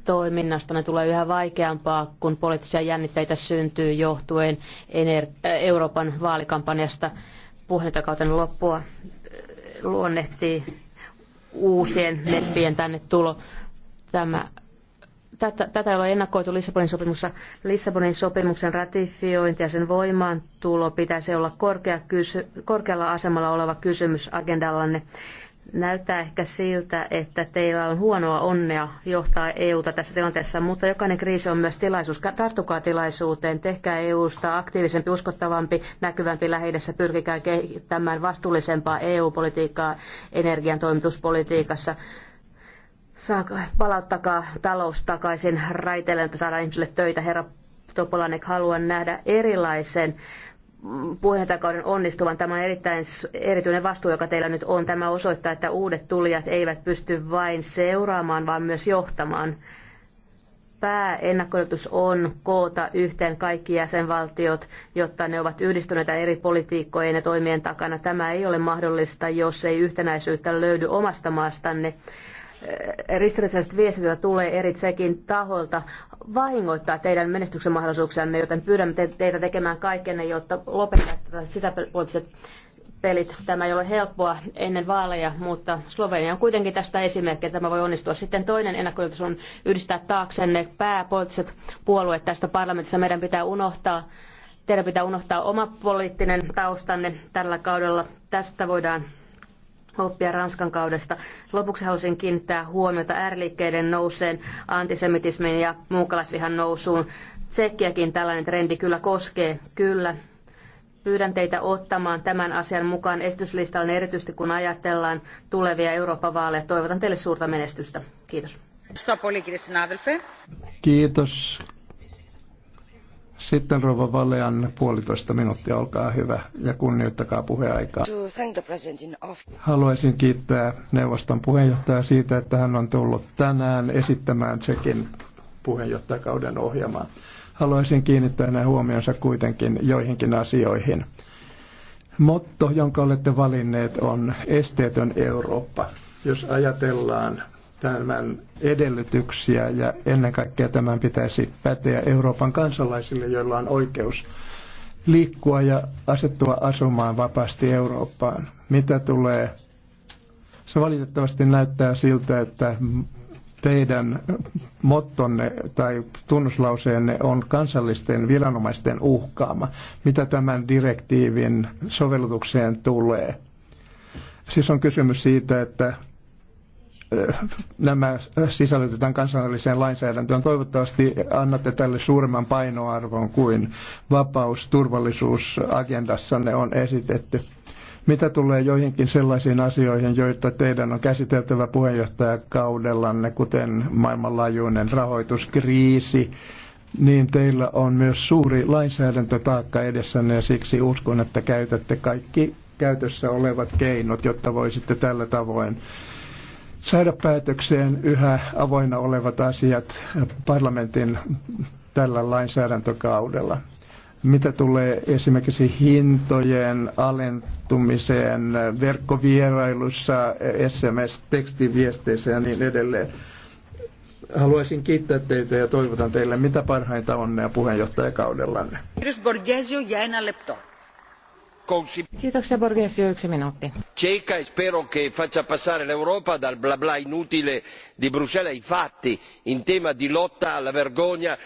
toiminnasta ne tulee yhä vaikeampaa, kun poliittisia jännitteitä syntyy johtuen Euroopan vaalikampanjasta puheenjohtajakauten loppua luonnehtii uusien meppien tänne tulo. Tämä, tätä, tätä ei ole ennakoitu Lissabonin sopimuksessa. Lissabonin sopimuksen ratifiointi ja sen voimaantulo pitäisi olla korkea kysy, korkealla asemalla oleva kysymys agendallanne. Näyttää ehkä siltä, että teillä on huonoa onnea johtaa EUta tässä tilanteessa, mutta jokainen kriisi on myös tilaisuus. Tarttukaa tilaisuuteen, tehkää EUsta aktiivisempi, uskottavampi, näkyvämpi lähidessä, pyrkikää kehittämään vastuullisempaa EU-politiikkaa energian toimituspolitiikassa. palauttakaa talous takaisin raiteille, että saadaan ihmisille töitä. Herra Topolanek, haluan nähdä erilaisen puheenjohtajakauden onnistuvan. Tämä on erittäin erityinen vastuu, joka teillä nyt on. Tämä osoittaa, että uudet tulijat eivät pysty vain seuraamaan, vaan myös johtamaan. Pääennakkoitus on koota yhteen kaikki jäsenvaltiot, jotta ne ovat yhdistyneitä eri politiikkojen ja toimien takana. Tämä ei ole mahdollista, jos ei yhtenäisyyttä löydy omasta maastanne ristiriitaiset viestit, joita tulee eri tsekin tahoilta, vahingoittaa teidän menestyksen mahdollisuuksianne, joten pyydämme te- teitä tekemään kaikenne, jotta lopetaisiin tällaiset sisäpoliittiset pelit. Tämä ei ole helppoa ennen vaaleja, mutta Slovenia on kuitenkin tästä esimerkki, että tämä voi onnistua. Sitten toinen ennakkoilta on yhdistää taaksenne pääpoliittiset puolueet tästä parlamentissa. Meidän pitää unohtaa Teidän pitää unohtaa oma poliittinen taustanne tällä kaudella. Tästä voidaan oppia Ranskan kaudesta. Lopuksi halusin kiinnittää huomiota ääriliikkeiden nouseen, antisemitismin ja muukalaisvihan nousuun. Tsekkiäkin tällainen trendi kyllä koskee, kyllä. Pyydän teitä ottamaan tämän asian mukaan esityslistalle niin erityisesti kun ajatellaan tulevia Euroopan vaaleja. Toivotan teille suurta menestystä. Kiitos. Kiitos sitten Rova Valean puolitoista minuuttia, olkaa hyvä ja kunnioittakaa puheaikaa. Haluaisin kiittää neuvoston puheenjohtajaa siitä, että hän on tullut tänään esittämään Tsekin puheenjohtajakauden ohjelmaa. Haluaisin kiinnittää hänen huomionsa kuitenkin joihinkin asioihin. Motto, jonka olette valinneet, on esteetön Eurooppa. Jos ajatellaan tämän edellytyksiä ja ennen kaikkea tämän pitäisi päteä Euroopan kansalaisille, joilla on oikeus liikkua ja asettua asumaan vapaasti Eurooppaan. Mitä tulee? Se valitettavasti näyttää siltä, että teidän mottonne tai tunnuslauseenne on kansallisten viranomaisten uhkaama. Mitä tämän direktiivin sovellutukseen tulee? Siis on kysymys siitä, että nämä sisällytetään kansalliseen lainsäädäntöön. Toivottavasti annatte tälle suuremman painoarvon kuin vapaus, turvallisuus agendassanne on esitetty. Mitä tulee joihinkin sellaisiin asioihin, joita teidän on käsiteltävä puheenjohtajakaudellanne, kuten maailmanlaajuinen rahoituskriisi, niin teillä on myös suuri lainsäädäntötaakka edessänne ja siksi uskon, että käytätte kaikki käytössä olevat keinot, jotta voisitte tällä tavoin saada päätökseen yhä avoinna olevat asiat parlamentin tällä lainsäädäntökaudella. Mitä tulee esimerkiksi hintojen alentumiseen, verkkovierailussa, SMS-tekstiviesteissä ja niin edelleen. Haluaisin kiittää teitä ja toivotan teille mitä parhainta onnea puheenjohtajakaudellanne. Kiitos Borgesio ja lepto. Kiitoksia Borgesio, yksi minuutti. Ceca e spero che faccia passare l'Europa dal bla bla inutile di Bruxelles ai fatti in tema di lotta alla vergogna.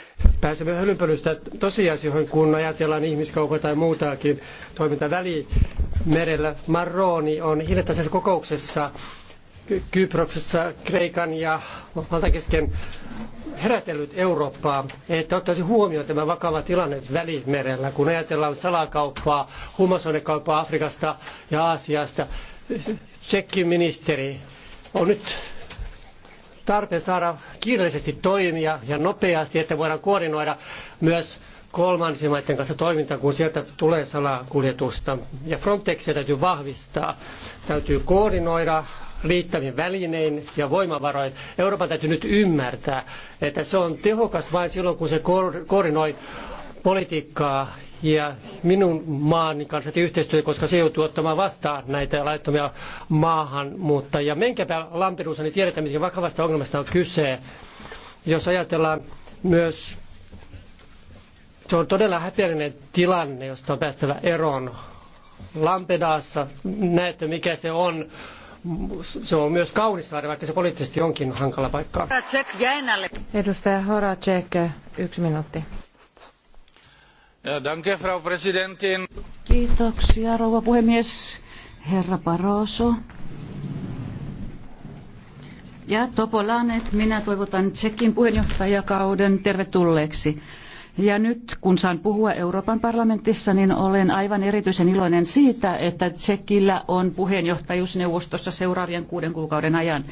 Pääsemme hölynpölystä tosiasioihin, kun ajatellaan ihmiskauppaa tai muutakin toimintaa välimerellä. Marroni on hiljattaisessa kokouksessa Kyproksessa Kreikan ja Maltan kesken herätellyt Eurooppaa, että ottaisi huomioon tämä vakava tilanne Välimerellä, kun ajatellaan salakauppaa, huumausainekauppaa Afrikasta ja Aasiasta. Tsekkin ministeri on nyt tarpeen saada kiireellisesti toimia ja nopeasti, että voidaan koordinoida myös kolmansien maiden kanssa toimintaa, kun sieltä tulee salakuljetusta. Ja Frontexia täytyy vahvistaa, täytyy koordinoida riittävin välinein ja voimavaroin. Euroopan täytyy nyt ymmärtää, että se on tehokas vain silloin, kun se koordinoi politiikkaa ja minun maani kanssa yhteistyötä, koska se joutuu ottamaan vastaan näitä laittomia maahanmuuttajia. Menkääpä Lampedusa, niin tiedetään, miten vakavasta ongelmasta on kyse. Jos ajatellaan myös, se on todella häpeällinen tilanne, josta on päästävä eroon. Lampedassa näette, mikä se on se on myös kaunis saari, vaikka se poliittisesti onkin hankala paikka. Edustaja Horacek, yksi minuutti. Danke, Frau Präsidentin. Kiitoksia, rouva puhemies. Herra Barroso. Ja Topolanet, minä toivotan Tsekin puheenjohtajakauden tervetulleeksi. Ja nyt kun saan puhua Euroopan parlamentissa, niin olen aivan erityisen iloinen siitä, että Tsekillä on puheenjohtajuusneuvostossa seuraavien kuuden kuukauden ajan.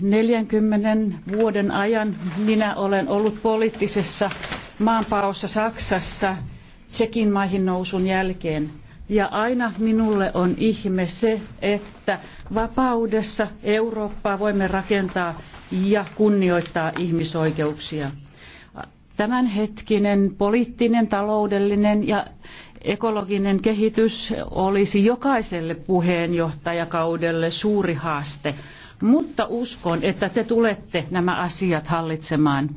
40 vuoden ajan minä olen ollut poliittisessa maanpaossa Saksassa Tsekin maihin nousun jälkeen. Ja aina minulle on ihme se, että vapaudessa Eurooppaa voimme rakentaa ja kunnioittaa ihmisoikeuksia tämänhetkinen poliittinen, taloudellinen ja ekologinen kehitys olisi jokaiselle puheenjohtajakaudelle suuri haaste. Mutta uskon, että te tulette nämä asiat hallitsemaan.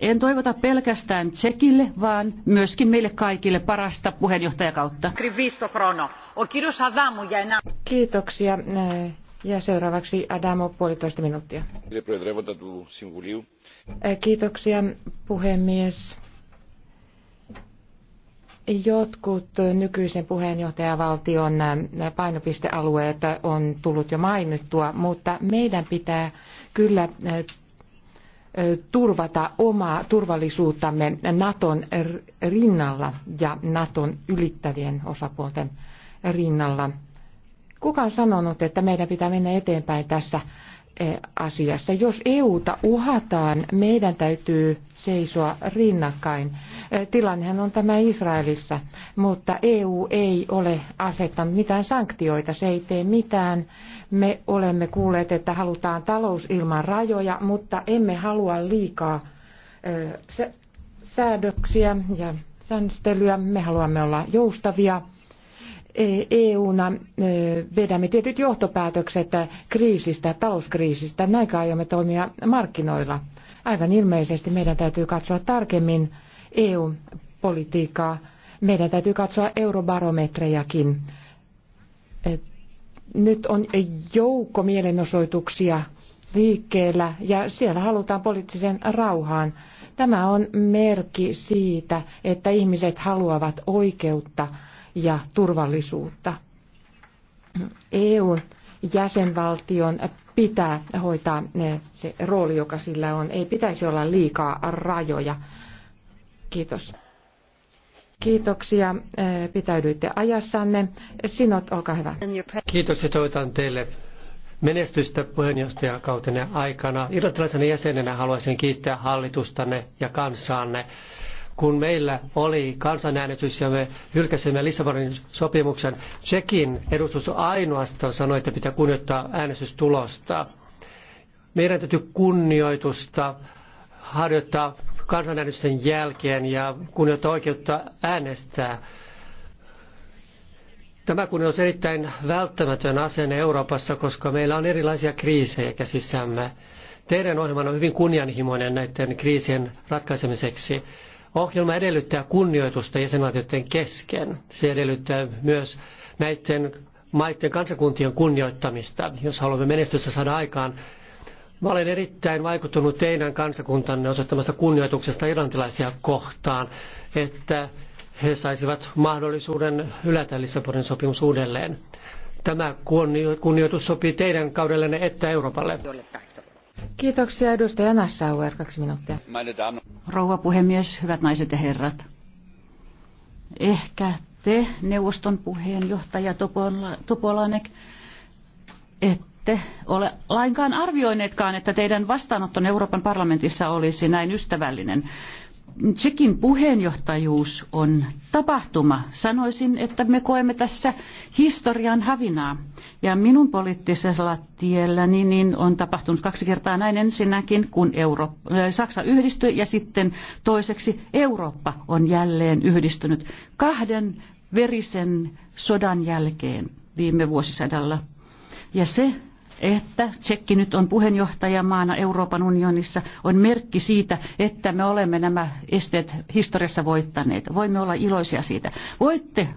En toivota pelkästään Tsekille, vaan myöskin meille kaikille parasta puheenjohtajakautta. Kiitoksia. Ja seuraavaksi Adamo, puolitoista minuuttia. Kiitoksia, puhemies. Jotkut nykyisen puheenjohtajavaltion painopistealueet on tullut jo mainittua, mutta meidän pitää kyllä turvata omaa turvallisuuttamme Naton rinnalla ja Naton ylittävien osapuolten rinnalla. Kuka on sanonut, että meidän pitää mennä eteenpäin tässä eh, asiassa? Jos EUta uhataan, meidän täytyy seisoa rinnakkain. Eh, tilannehan on tämä Israelissa, mutta EU ei ole asettanut mitään sanktioita, se ei tee mitään. Me olemme kuulleet, että halutaan talous ilman rajoja, mutta emme halua liikaa eh, säädöksiä ja säännöstelyä. Me haluamme olla joustavia EUna e e, vedämme tietyt johtopäätökset kriisistä, talouskriisistä. Näin aiomme toimia markkinoilla. Aivan ilmeisesti meidän täytyy katsoa tarkemmin EU-politiikkaa. Meidän täytyy katsoa eurobarometrejakin. E, nyt on joukko mielenosoituksia liikkeellä ja siellä halutaan poliittisen rauhaan. Tämä on merkki siitä, että ihmiset haluavat oikeutta ja turvallisuutta. EUn jäsenvaltion pitää hoitaa se rooli, joka sillä on. Ei pitäisi olla liikaa rajoja. Kiitos. Kiitoksia. Pitäydyitte ajassanne. Sinot, olkaa hyvä. Kiitos ja toivotan teille menestystä puheenjohtajakautenne aikana. Irlantilaisena jäsenenä haluaisin kiittää hallitustanne ja kansaanne kun meillä oli kansanäänestys ja me hylkäsimme Lissabonin sopimuksen, Tsekin edustus ainoastaan sanoi, että pitää kunnioittaa äänestystulosta. Meidän täytyy kunnioitusta harjoittaa kansanäänestysten jälkeen ja kunnioittaa oikeutta äänestää. Tämä kunnioitus on erittäin välttämätön asenne Euroopassa, koska meillä on erilaisia kriisejä käsissämme. Teidän ohjelmanne on hyvin kunnianhimoinen näiden kriisien ratkaisemiseksi. Ohjelma edellyttää kunnioitusta jäsenvaltioiden kesken. Se edellyttää myös näiden maiden kansakuntien kunnioittamista, jos haluamme menestystä saada aikaan. Mä olen erittäin vaikuttunut teidän kansakuntanne osoittamasta kunnioituksesta irlantilaisia kohtaan, että he saisivat mahdollisuuden ylätä Lissabonin sopimus uudelleen. Tämä kunnioitus sopii teidän kaudellenne että Euroopalle. Kiitoksia edustaja Nassauer, kaksi minuuttia. Rouva puhemies, hyvät naiset ja herrat. Ehkä te, neuvoston puheenjohtaja Topolanek, ette ole lainkaan arvioineetkaan, että teidän vastaanotton Euroopan parlamentissa olisi näin ystävällinen. Tsekin puheenjohtajuus on tapahtuma. Sanoisin, että me koemme tässä historian havinaa. Ja minun poliittisella tielläni niin on tapahtunut kaksi kertaa näin ensinnäkin, kun Euro- äh, Saksa yhdistyi ja sitten toiseksi Eurooppa on jälleen yhdistynyt kahden verisen sodan jälkeen viime vuosisadalla. Ja se että Tsekki nyt on puheenjohtajamaana Euroopan unionissa, on merkki siitä, että me olemme nämä esteet historiassa voittaneet. Voimme olla iloisia siitä. Voitte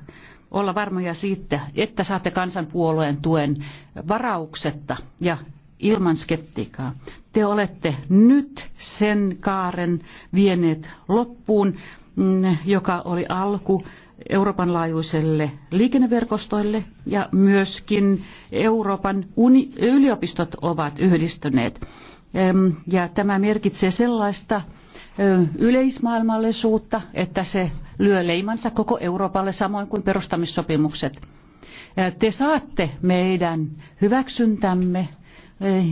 olla varmoja siitä, että saatte kansanpuolueen tuen varauksetta ja ilman skeptiikkaa. Te olette nyt sen kaaren vieneet loppuun, mm, joka oli alku Euroopan laajuiselle liikenneverkostoille ja myöskin Euroopan yliopistot ovat yhdistyneet. Ja tämä merkitsee sellaista yleismaailmallisuutta, että se lyö leimansa koko Euroopalle samoin kuin perustamissopimukset. Te saatte meidän hyväksyntämme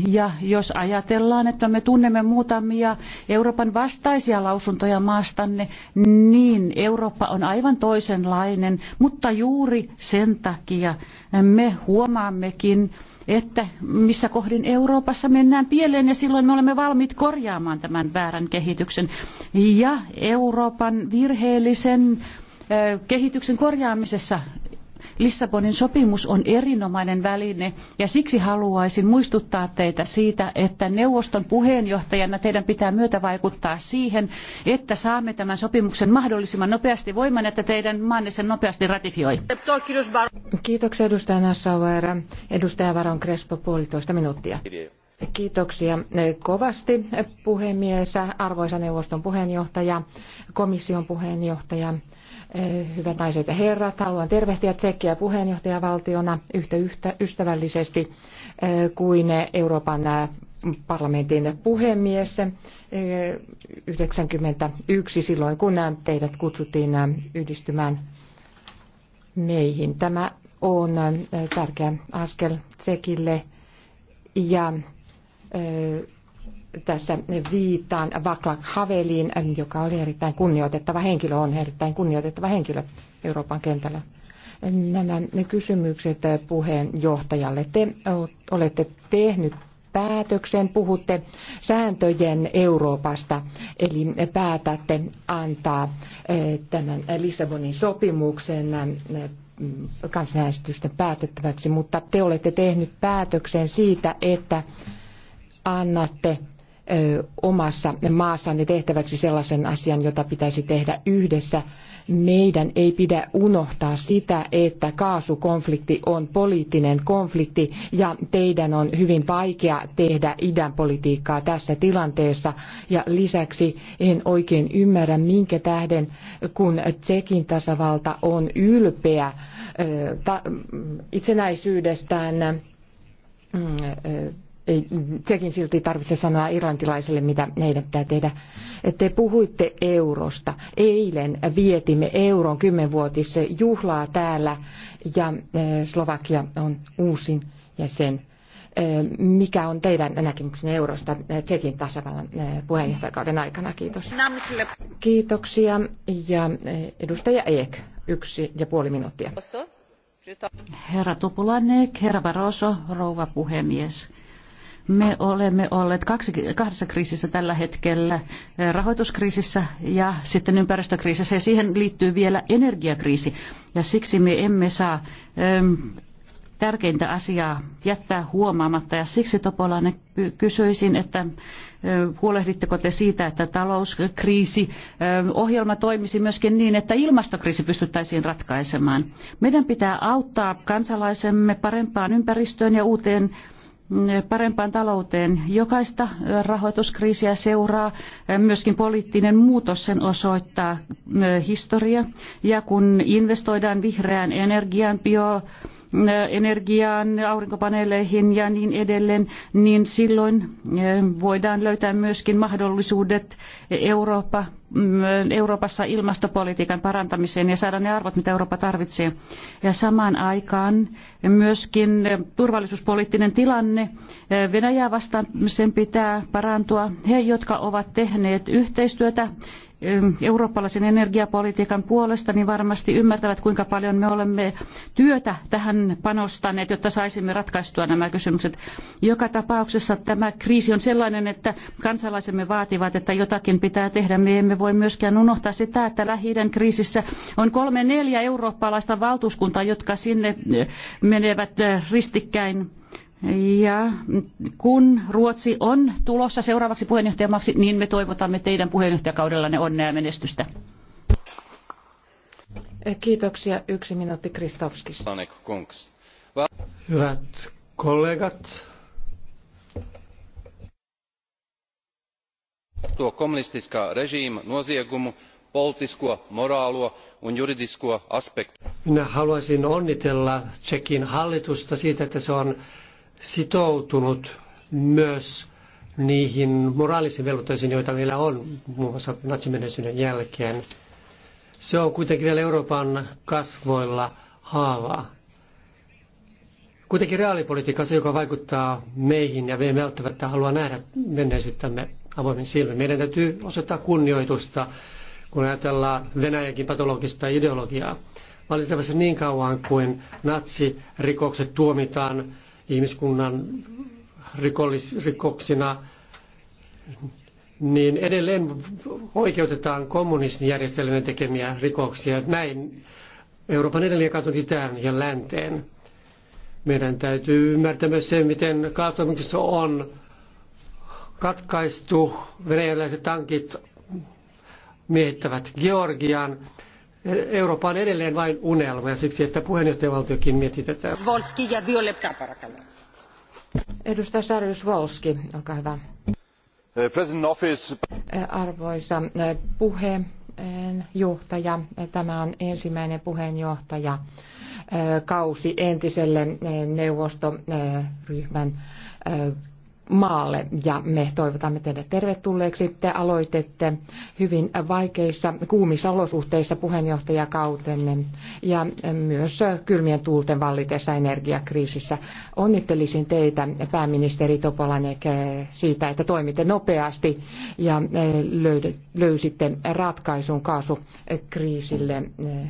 ja jos ajatellaan, että me tunnemme muutamia Euroopan vastaisia lausuntoja maastanne, niin Eurooppa on aivan toisenlainen, mutta juuri sen takia me huomaammekin, että missä kohdin Euroopassa mennään pieleen ja silloin me olemme valmiit korjaamaan tämän väärän kehityksen. Ja Euroopan virheellisen kehityksen korjaamisessa Lissabonin sopimus on erinomainen väline ja siksi haluaisin muistuttaa teitä siitä, että neuvoston puheenjohtajana teidän pitää myötävaikuttaa siihen, että saamme tämän sopimuksen mahdollisimman nopeasti voimaan, että teidän maanne sen nopeasti ratifioi. Kiitoksia edustaja Nassauer. Edustaja Varon Crespo, puolitoista minuuttia. Kiitoksia kovasti puhemies, arvoisa neuvoston puheenjohtaja, komission puheenjohtaja. Eh, hyvät naiset ja herrat, haluan tervehtiä Tsekkiä puheenjohtajavaltiona yhtä, yhtä ystävällisesti eh, kuin Euroopan eh, parlamentin puhemies 91 silloin, kun teidät kutsuttiin yhdistymään meihin. Tämä on tärkeä askel Tsekille ja tässä viitaan Vaklak Haveliin, joka oli erittäin kunnioitettava henkilö, on erittäin kunnioitettava henkilö Euroopan kentällä. Nämä kysymykset puheenjohtajalle. Te olette tehnyt päätöksen, puhutte sääntöjen Euroopasta, eli päätätte antaa eh, tämän Lissabonin sopimuksen eh, kansanäänestysten päätettäväksi, mutta te olette tehnyt päätöksen siitä, että annatte omassa maassanne tehtäväksi sellaisen asian, jota pitäisi tehdä yhdessä. Meidän ei pidä unohtaa sitä, että kaasukonflikti on poliittinen konflikti ja teidän on hyvin vaikea tehdä idän politiikkaa tässä tilanteessa. Ja lisäksi en oikein ymmärrä, minkä tähden, kun Tsekin tasavalta on ylpeä itsenäisyydestään, mm, sekin silti tarvitse sanoa irlantilaisille, mitä heidän pitää tehdä. Te puhuitte eurosta. Eilen vietimme euron kymmenvuotisjuhlaa täällä ja eh, Slovakia on uusin jäsen. Eh, mikä on teidän näkemyksenne eurosta eh, Tsekin tasavallan puheenjohtajakauden aikana? Kiitos. Kiitoksia. Ja edustaja Eek, yksi ja puoli minuuttia. Herra Tupulanek, herra Varoso, rouva puhemies. Me olemme olleet kaksi, kahdessa kriisissä tällä hetkellä, eh, rahoituskriisissä ja sitten ympäristökriisissä, ja siihen liittyy vielä energiakriisi. Ja siksi me emme saa äm, tärkeintä asiaa jättää huomaamatta. Ja siksi Topolainen kysyisin, että eh, huolehditteko te siitä, että talouskriisi, eh, ohjelma toimisi myöskin niin, että ilmastokriisi pystyttäisiin ratkaisemaan. Meidän pitää auttaa kansalaisemme parempaan ympäristöön ja uuteen parempaan talouteen. Jokaista rahoituskriisiä seuraa myöskin poliittinen muutos, sen osoittaa historia. Ja kun investoidaan vihreään energiaan, bio energiaan, aurinkopaneeleihin ja niin edelleen, niin silloin voidaan löytää myöskin mahdollisuudet Eurooppa, Euroopassa ilmastopolitiikan parantamiseen ja saada ne arvot, mitä Eurooppa tarvitsee. Ja samaan aikaan myöskin turvallisuuspoliittinen tilanne Venäjää vastaan sen pitää parantua. He, jotka ovat tehneet yhteistyötä eurooppalaisen energiapolitiikan puolesta, niin varmasti ymmärtävät, kuinka paljon me olemme työtä tähän panostaneet, jotta saisimme ratkaistua nämä kysymykset. Joka tapauksessa tämä kriisi on sellainen, että kansalaisemme vaativat, että jotakin pitää tehdä. Me emme voi myöskään unohtaa sitä, että lähi kriisissä on kolme neljä eurooppalaista valtuuskuntaa, jotka sinne menevät ristikkäin ja kun Ruotsi on tulossa seuraavaksi puheenjohtajamaksi, niin me toivotamme teidän puheenjohtajakaudellanne onnea ja menestystä. Kiitoksia. Yksi minuutti Kristovskis. Hyvät kollegat. Tuo kommunistiskā režīma noziegumu poltiskua, moraalua un juridisko aspektu. Minä haluaisin onnitella Tsekin hallitusta siitä, että se on sitoutunut myös niihin moraalisiin velvoitteisiin, joita meillä on muun muassa natsimenestyneen jälkeen. Se on kuitenkin vielä Euroopan kasvoilla haavaa. Kuitenkin reaalipolitiikka on se, joka vaikuttaa meihin ja me emme välttämättä halua nähdä menneisyyttämme avoimin silmin. Meidän täytyy osoittaa kunnioitusta, kun ajatellaan Venäjänkin patologista ideologiaa. Valitettavasti niin kauan kuin natsirikokset tuomitaan ihmiskunnan rikollis, rikoksina, niin edelleen oikeutetaan järjestelmän tekemiä rikoksia. Näin Euroopan edelleen katsot itään ja länteen. Meidän täytyy ymmärtää myös se, miten kaatomuksessa on katkaistu venäläiset tankit miehittävät Georgian Eurooppa on edelleen vain unelma ja siksi, että puheenjohtajavaltiokin miettii tätä. Volski ja Violepka, parakalla. Edustaja Sarjus Volski, olkaa hyvä. Eh, president Office. Eh, arvoisa eh, puhe, Tämä on ensimmäinen puheenjohtaja kausi entiselle neuvostoryhmän maalle ja me toivotamme teidät tervetulleeksi. Te aloitette hyvin vaikeissa, kuumissa olosuhteissa puheenjohtajakautenne ja myös kylmien tuulten vallitessa energiakriisissä. Onnittelisin teitä, pääministeri Topolanek, siitä, että toimitte nopeasti ja löysitte ratkaisun kaasukriisille eh,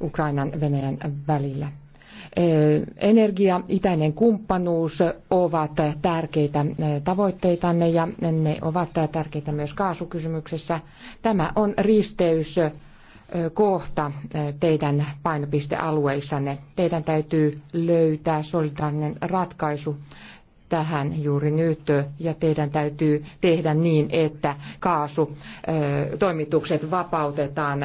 Ukrainan Venäjän välillä energia, itäinen kumppanuus ovat tärkeitä tavoitteitanne ja ne ovat tärkeitä myös kaasukysymyksessä. Tämä on risteys kohta teidän painopistealueissanne. Teidän täytyy löytää solidaarinen ratkaisu tähän juuri nyt ja teidän täytyy tehdä niin, että kaasutoimitukset vapautetaan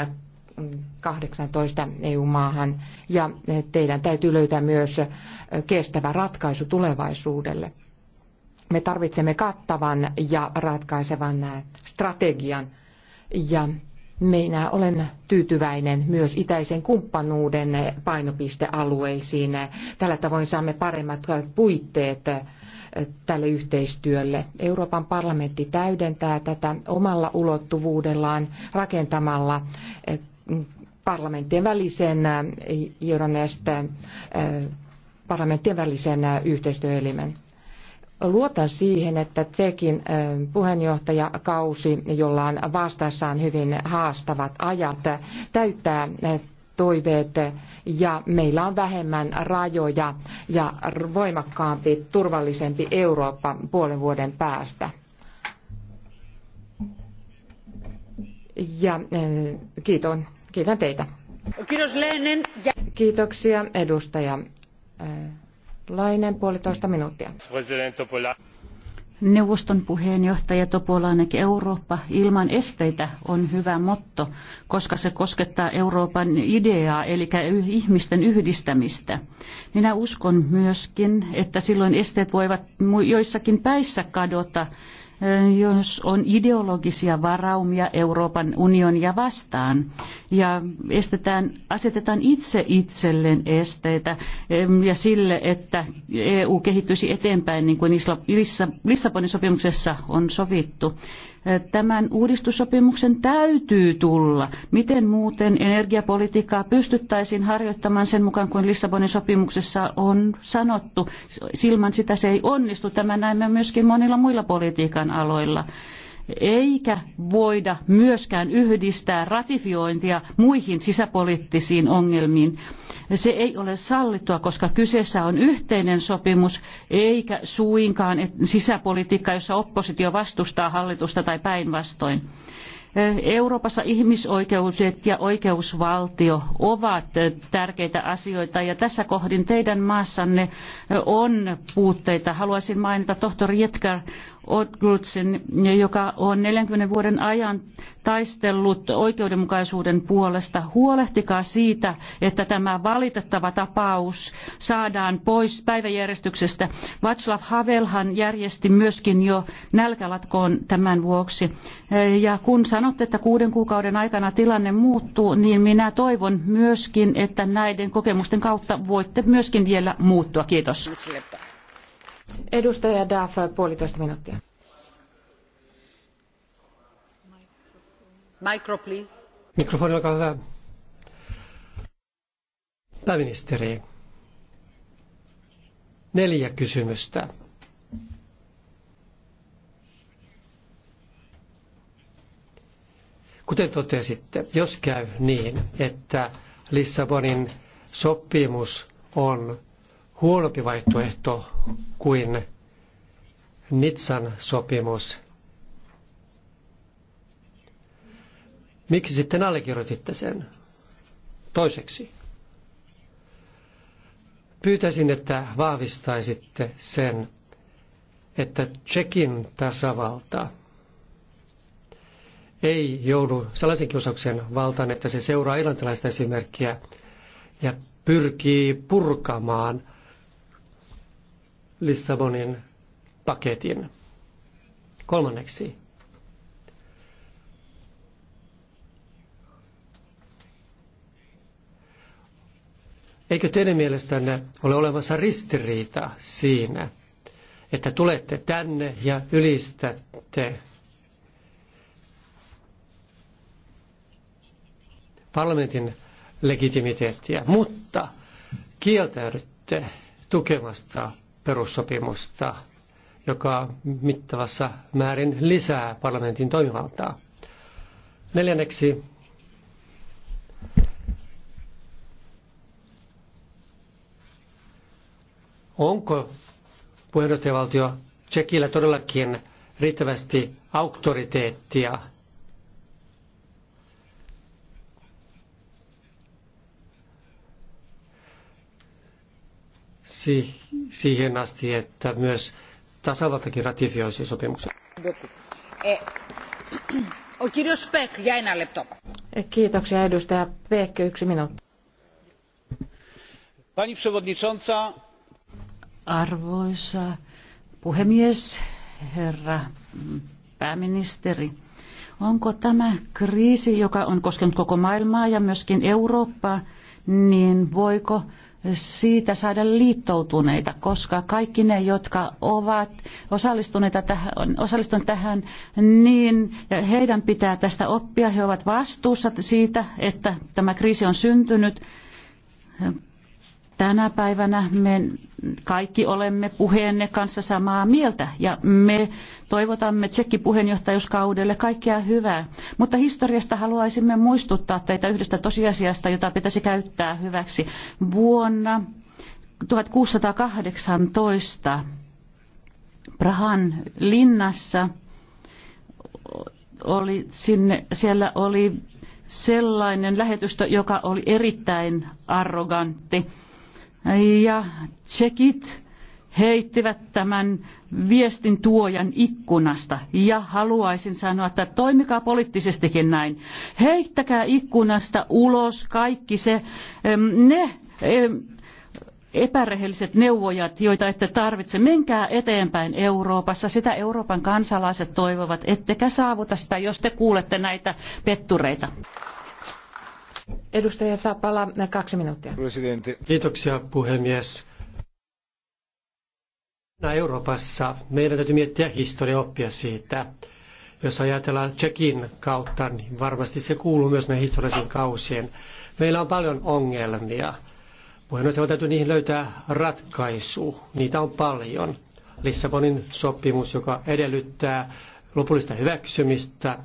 18 EU-maahan ja teidän täytyy löytää myös kestävä ratkaisu tulevaisuudelle. Me tarvitsemme kattavan ja ratkaisevan strategian ja minä olen tyytyväinen myös itäisen kumppanuuden painopistealueisiin. Tällä tavoin saamme paremmat puitteet tälle yhteistyölle. Euroopan parlamentti täydentää tätä omalla ulottuvuudellaan rakentamalla parlamenttien välisen, Euronest eh, eh, parlamenttien välisen eh, yhteistyöelimen. Luotan siihen, että Tsekin puheenjohtajakausi, jolla on vastassaan hyvin haastavat ajat, täyttää toiveet ja meillä on vähemmän rajoja ja voimakkaampi, turvallisempi Eurooppa puolen vuoden päästä. ja eh, kiiton, kiitän teitä. Kiitoksia edustaja eh, Lainen, puolitoista minuuttia. Neuvoston puheenjohtaja Topolainen Eurooppa ilman esteitä on hyvä motto, koska se koskettaa Euroopan ideaa, eli ihmisten yhdistämistä. Minä uskon myöskin, että silloin esteet voivat joissakin päissä kadota jos on ideologisia varaumia Euroopan unionia vastaan ja estetään, asetetaan itse itselleen esteitä ja sille, että EU kehittyisi eteenpäin niin kuin Lissabonin sopimuksessa on sovittu. Tämän uudistussopimuksen täytyy tulla. Miten muuten energiapolitiikkaa pystyttäisiin harjoittamaan sen mukaan kuin Lissabonin sopimuksessa on sanottu? Silman sitä se ei onnistu. Tämä näemme myöskin monilla muilla politiikan aloilla eikä voida myöskään yhdistää ratifiointia muihin sisäpoliittisiin ongelmiin. Se ei ole sallittua, koska kyseessä on yhteinen sopimus, eikä suinkaan sisäpolitiikka, jossa oppositio vastustaa hallitusta tai päinvastoin. Euroopassa ihmisoikeudet ja oikeusvaltio ovat tärkeitä asioita ja tässä kohdin teidän maassanne on puutteita. Haluaisin mainita tohtori Jetker Otgrutsin, joka on 40 vuoden ajan taistellut oikeudenmukaisuuden puolesta. Huolehtikaa siitä, että tämä valitettava tapaus saadaan pois päiväjärjestyksestä. Václav Havelhan järjesti myöskin jo nälkälatkoon tämän vuoksi. Ja kun sanotte, että kuuden kuukauden aikana tilanne muuttuu, niin minä toivon myöskin, että näiden kokemusten kautta voitte myöskin vielä muuttua. Kiitos. Edustaja Daff, puolitoista minuuttia. Micro, please. Mikrofoni, olkaa hyvä. Pääministeri, neljä kysymystä. Kuten totesitte, jos käy niin, että Lissabonin sopimus on huonompi vaihtoehto kuin Nitsan sopimus. Miksi sitten allekirjoititte sen? Toiseksi. Pyytäisin, että vahvistaisitte sen, että Tsekin tasavalta ei joudu sellaisen kiusauksen valtaan, että se seuraa irlantilaista esimerkkiä ja pyrkii purkamaan Lissabonin paketin. Kolmanneksi. Eikö teidän mielestänne ole olemassa ristiriita siinä, että tulette tänne ja ylistätte parlamentin legitimiteettiä, mutta kieltäydytte tukemasta perussopimusta, joka mittavassa määrin lisää parlamentin toimivaltaa. Neljänneksi onko puheenjohtajavaltio Tsekillä todellakin riittävästi auktoriteettia siihen asti, että myös tasavaltakin ratifioisi sopimuksen. Eh, eh, kiitoksia edustaja Beck, yksi minuutti. Pani przewodnicząca. Arvoisa puhemies, herra pääministeri. Onko tämä kriisi, joka on koskenut koko maailmaa ja myöskin Eurooppaa, niin voiko siitä saada liittoutuneita, koska kaikki ne, jotka ovat osallistuneita tähän, osallistuneet tähän, niin heidän pitää tästä oppia. He ovat vastuussa siitä, että tämä kriisi on syntynyt tänä päivänä me kaikki olemme puheenne kanssa samaa mieltä ja me toivotamme Tsekki puheenjohtajuuskaudelle kaikkea hyvää. Mutta historiasta haluaisimme muistuttaa teitä yhdestä tosiasiasta, jota pitäisi käyttää hyväksi. Vuonna 1618 Prahan linnassa oli sinne, siellä oli sellainen lähetystö, joka oli erittäin arrogantti ja tsekit heittivät tämän viestin tuojan ikkunasta ja haluaisin sanoa, että toimikaa poliittisestikin näin. Heittäkää ikkunasta ulos kaikki se, ne epärehelliset neuvojat, joita ette tarvitse. Menkää eteenpäin Euroopassa. Sitä Euroopan kansalaiset toivovat. Ettekä saavuta sitä, jos te kuulette näitä pettureita. Edustaja Sapala, kaksi minuuttia. Presidentti. Kiitoksia puhemies. Euroopassa meidän täytyy miettiä historia oppia siitä. Jos ajatellaan Tsekin kautta, niin varmasti se kuuluu myös näihin historiallisiin kausiin. Meillä on paljon ongelmia. Puheenjohtajan täytyy niihin löytää ratkaisu. Niitä on paljon. Lissabonin sopimus, joka edellyttää lopullista hyväksymistä.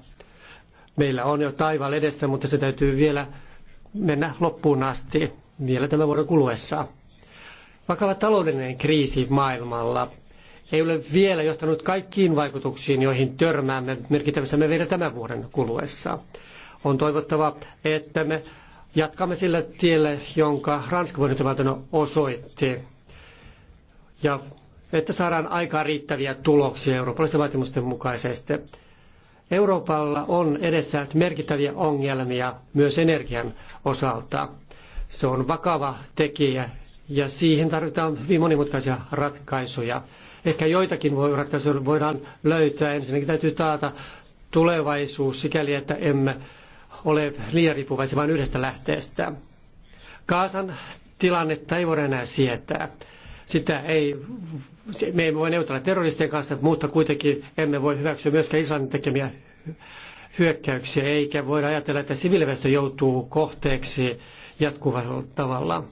Meillä on jo taivaalla edessä, mutta se täytyy vielä mennä loppuun asti vielä tämän vuoden kuluessa. Vakava taloudellinen kriisi maailmalla ei ole vielä johtanut kaikkiin vaikutuksiin, joihin törmäämme me vielä tämän vuoden kuluessa. On toivottava, että me jatkamme sillä tiellä, jonka Ranska puheenjohtajavaltiona osoitti. Ja että saadaan aikaa riittäviä tuloksia eurooppalaisten vaatimusten mukaisesti. Euroopalla on edessä merkittäviä ongelmia myös energian osalta. Se on vakava tekijä ja siihen tarvitaan hyvin monimutkaisia ratkaisuja. Ehkä joitakin ratkaisuja voidaan löytää. Ensinnäkin täytyy taata tulevaisuus sikäli, että emme ole liian riippuvaisia vain yhdestä lähteestä. Kaasan tilannetta ei voida enää sietää. Sitä ei me emme voi neuvotella terroristien kanssa, mutta kuitenkin emme voi hyväksyä myöskään Islannin tekemiä hyökkäyksiä, eikä voida ajatella, että siviiliväestö joutuu kohteeksi jatkuvalla tavalla.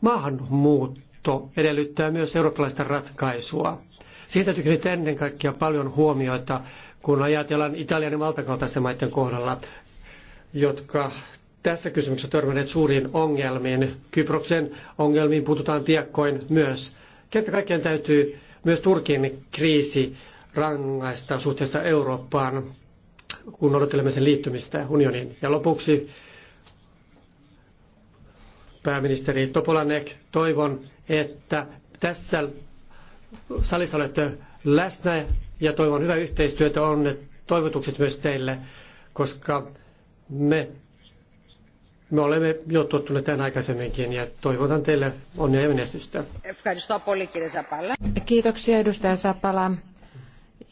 Maahanmuutto edellyttää myös eurooppalaista ratkaisua. Siihen täytyy kiinnittää ennen kaikkea paljon huomiota, kun ajatellaan Italian ja valtakaltaisten maiden kohdalla, jotka tässä kysymyksessä törmänneet suuriin ongelmiin. Kyproksen ongelmiin puututaan piakkoin myös. Kerta kaikkiaan täytyy myös Turkin kriisi rangaista suhteessa Eurooppaan, kun odottelemme sen liittymistä unioniin. Ja lopuksi pääministeri Topolanek, toivon, että tässä salissa olette läsnä ja toivon hyvää yhteistyötä. On toivotukset myös teille, koska me me olemme jo tottuneet tämän aikaisemminkin ja toivotan teille onnea ja menestystä. Kiitoksia edustaja Sapala.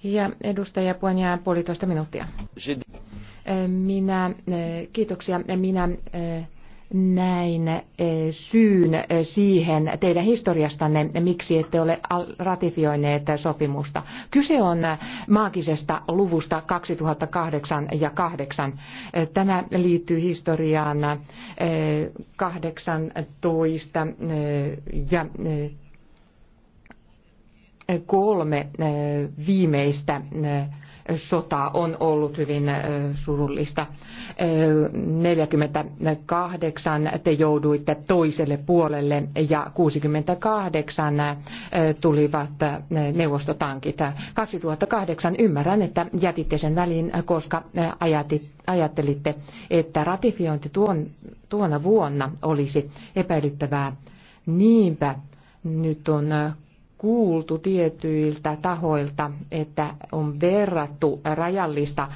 Ja edustaja Puenjää puolitoista minuuttia. Minä, eh, kiitoksia. Minä eh, näin eh, syyn eh, siihen teidän historiastanne, miksi ette ole ratifioineet sopimusta. Kyse on eh, maagisesta luvusta 2008 ja 8. Tämä liittyy historiaan 18 ja kolme viimeistä sota on ollut hyvin surullista. 48 te jouduitte toiselle puolelle ja 68 tulivat neuvostotankit. 2008 ymmärrän, että jätitte sen väliin, koska ajattelitte, että ratifiointi tuon, tuona vuonna olisi epäilyttävää. Niinpä nyt on kuultu tietyiltä tahoilta, että on verrattu rajallista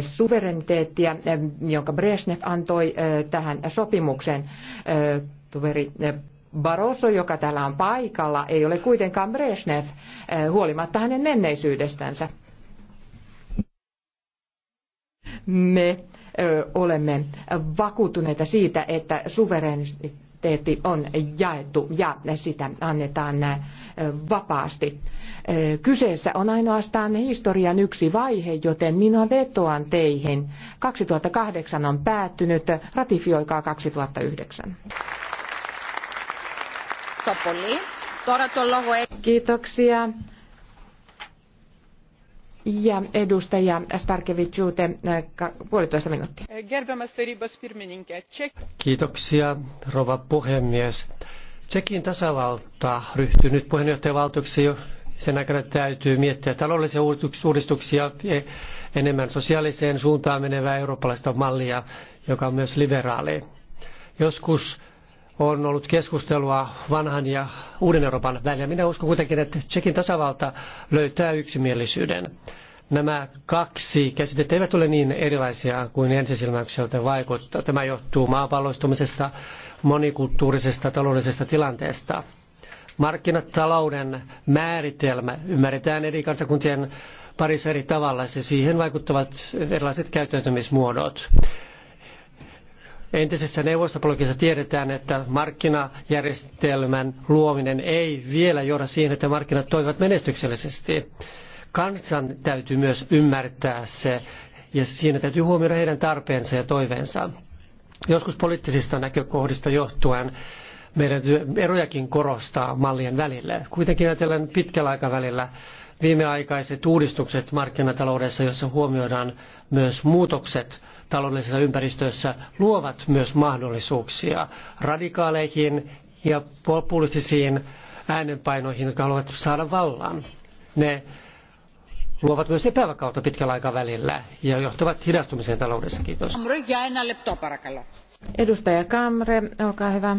suvereniteettia, jonka Brezhnev antoi tähän sopimukseen. Tuveri Barroso, joka täällä on paikalla, ei ole kuitenkaan Brezhnev, huolimatta hänen menneisyydestänsä. Me olemme vakuuttuneita siitä, että suvereniteetti kapasiteetti on jaettu ja sitä annetaan äh, vapaasti. Äh, kyseessä on ainoastaan historian yksi vaihe, joten minä vetoan teihin. 2008 on päättynyt, ratifioikaa 2009. Kiitoksia. Ja edustaja Starkevičiute, äh, puolitoista minuuttia. Kiitoksia, rova puhemies. Tsekin tasavalta ryhtyy nyt puheenjohtajavaltuuksi jo sen aikana täytyy miettiä taloudellisia uudistuksia, e- enemmän sosiaaliseen suuntaan menevää eurooppalaista mallia, joka on myös liberaali. Joskus on ollut keskustelua vanhan ja uuden Euroopan välillä. Minä uskon kuitenkin, että Tsekin tasavalta löytää yksimielisyyden. Nämä kaksi käsitettä eivät ole niin erilaisia kuin ensisilmäykseltä vaikuttaa. Tämä johtuu maapalloistumisesta, monikulttuurisesta taloudellisesta tilanteesta. Markkinatalouden määritelmä ymmärretään eri kansakuntien parissa eri tavalla ja siihen vaikuttavat erilaiset käyttäytymismuodot. Entisessä neuvostopolitiikassa tiedetään, että markkinajärjestelmän luominen ei vielä johda siihen, että markkinat toimivat menestyksellisesti. Kansan täytyy myös ymmärtää se, ja siinä täytyy huomioida heidän tarpeensa ja toiveensa. Joskus poliittisista näkökohdista johtuen meidän erojakin korostaa mallien välillä. Kuitenkin ajatellen pitkällä aikavälillä viimeaikaiset uudistukset markkinataloudessa, jossa huomioidaan myös muutokset taloudellisessa ympäristössä luovat myös mahdollisuuksia radikaaleihin ja populistisiin äänenpainoihin, jotka haluavat saada vallan. Ne luovat myös epävakautta pitkällä aikavälillä ja johtavat hidastumiseen taloudessa. Kiitos. Edustaja Kamre, olkaa hyvä.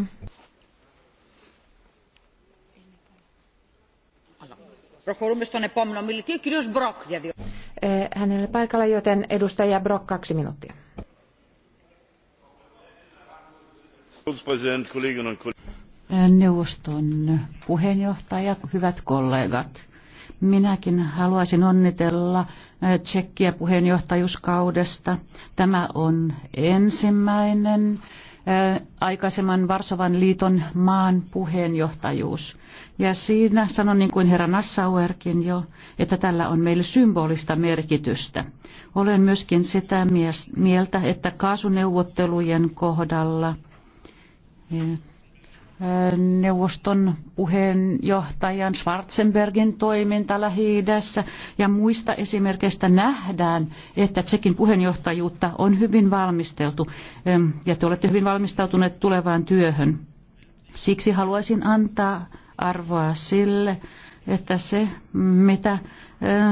Προχωρούμε στον επόμενο μιλητή, ο κύριος Μπροκ διαδιώκει. Eh, hänelle paikalla, joten edustaja Brock kaksi minuuttia. Neuvoston puheenjohtaja, hyvät kollegat. Minäkin haluaisin onnitella eh, Tsekkiä puheenjohtajuuskaudesta. Tämä on ensimmäinen aikaisemman Varsovan liiton maan puheenjohtajuus. Ja siinä sanon niin kuin herra Nassauerkin jo, että tällä on meille symbolista merkitystä. Olen myöskin sitä mieltä, että kaasuneuvottelujen kohdalla neuvoston puheenjohtajan Schwarzenbergin toiminta lähi ja muista esimerkeistä nähdään, että Tsekin puheenjohtajuutta on hyvin valmisteltu ja te olette hyvin valmistautuneet tulevaan työhön. Siksi haluaisin antaa arvoa sille, että se, mitä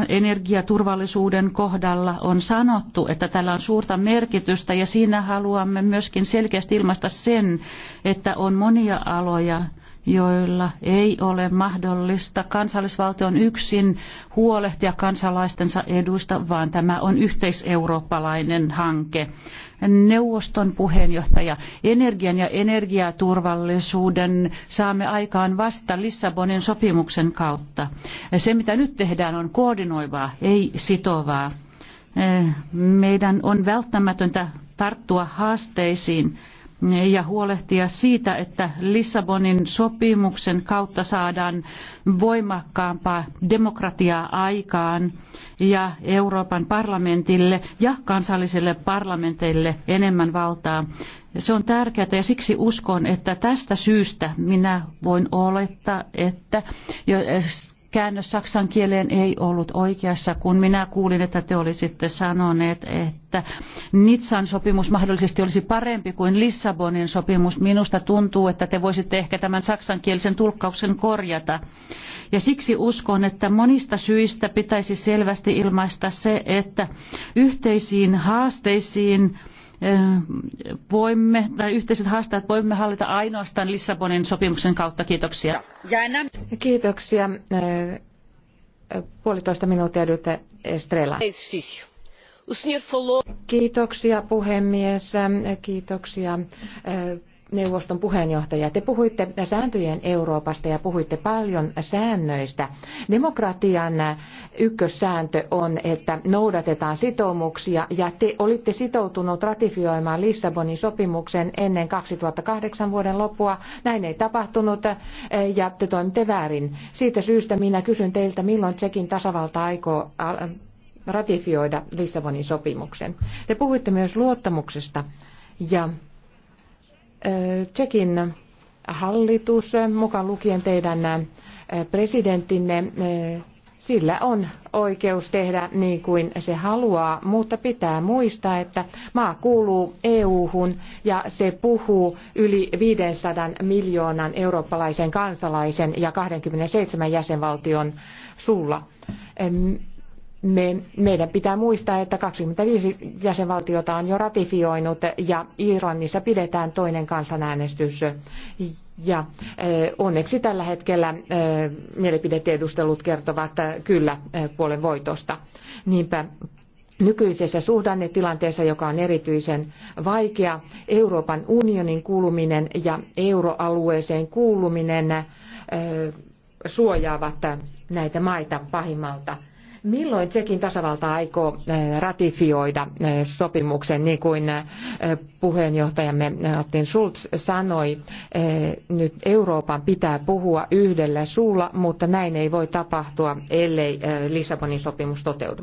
energiaturvallisuuden kohdalla on sanottu, että tällä on suurta merkitystä ja siinä haluamme myöskin selkeästi ilmaista sen, että on monia aloja, joilla ei ole mahdollista kansallisvaltion yksin huolehtia kansalaistensa eduista, vaan tämä on yhteiseurooppalainen hanke. Neuvoston puheenjohtaja, energian ja energiaturvallisuuden saamme aikaan vasta Lissabonin sopimuksen kautta. Se, mitä nyt tehdään, on koordinoivaa, ei sitovaa. Meidän on välttämätöntä tarttua haasteisiin ja huolehtia siitä, että Lissabonin sopimuksen kautta saadaan voimakkaampaa demokratiaa aikaan ja Euroopan parlamentille ja kansallisille parlamenteille enemmän valtaa. Se on tärkeää ja siksi uskon, että tästä syystä minä voin olettaa, että käännös saksan kieleen ei ollut oikeassa, kun minä kuulin, että te olisitte sanoneet, että Nitsan sopimus mahdollisesti olisi parempi kuin Lissabonin sopimus. Minusta tuntuu, että te voisitte ehkä tämän saksankielisen tulkkauksen korjata. Ja siksi uskon, että monista syistä pitäisi selvästi ilmaista se, että yhteisiin haasteisiin voimme, tai yhteiset haasteet voimme hallita ainoastaan Lissabonin sopimuksen kautta. Kiitoksia. Kiitoksia. Puolitoista minuuttia edustaja Estrella. Kiitoksia puhemies. Kiitoksia neuvoston puheenjohtaja, te puhuitte sääntöjen Euroopasta ja puhuitte paljon säännöistä. Demokratian ykkössääntö on, että noudatetaan sitoumuksia ja te olitte sitoutunut ratifioimaan Lissabonin sopimuksen ennen 2008 vuoden loppua. Näin ei tapahtunut eh, ja te toimitte väärin. Siitä syystä minä kysyn teiltä, milloin Tsekin tasavalta aikoo äh, ratifioida Lissabonin sopimuksen. Te puhuitte myös luottamuksesta ja Tsekin hallitus, mukaan lukien teidän presidenttinne, sillä on oikeus tehdä niin kuin se haluaa, mutta pitää muistaa, että maa kuuluu EU-hun ja se puhuu yli 500 miljoonan eurooppalaisen kansalaisen ja 27 jäsenvaltion suulla me, meidän pitää muistaa, että 25 jäsenvaltiota on jo ratifioinut ja Irlannissa pidetään toinen kansanäänestys. Ja e, onneksi tällä hetkellä e, mielipidetiedustelut kertovat e, kyllä puolen voitosta. Niinpä nykyisessä suhdannetilanteessa, joka on erityisen vaikea, Euroopan unionin kuuluminen ja euroalueeseen kuuluminen suojaavat näitä maita pahimmalta Milloin Tsekin tasavalta aikoo eh, ratifioida eh, sopimuksen, niin kuin eh, puheenjohtajamme Attin Schulz sanoi, nyt Euroopan pitää puhua yhdellä suulla, mutta näin ei voi tapahtua, ellei Lissabonin sopimus toteudu.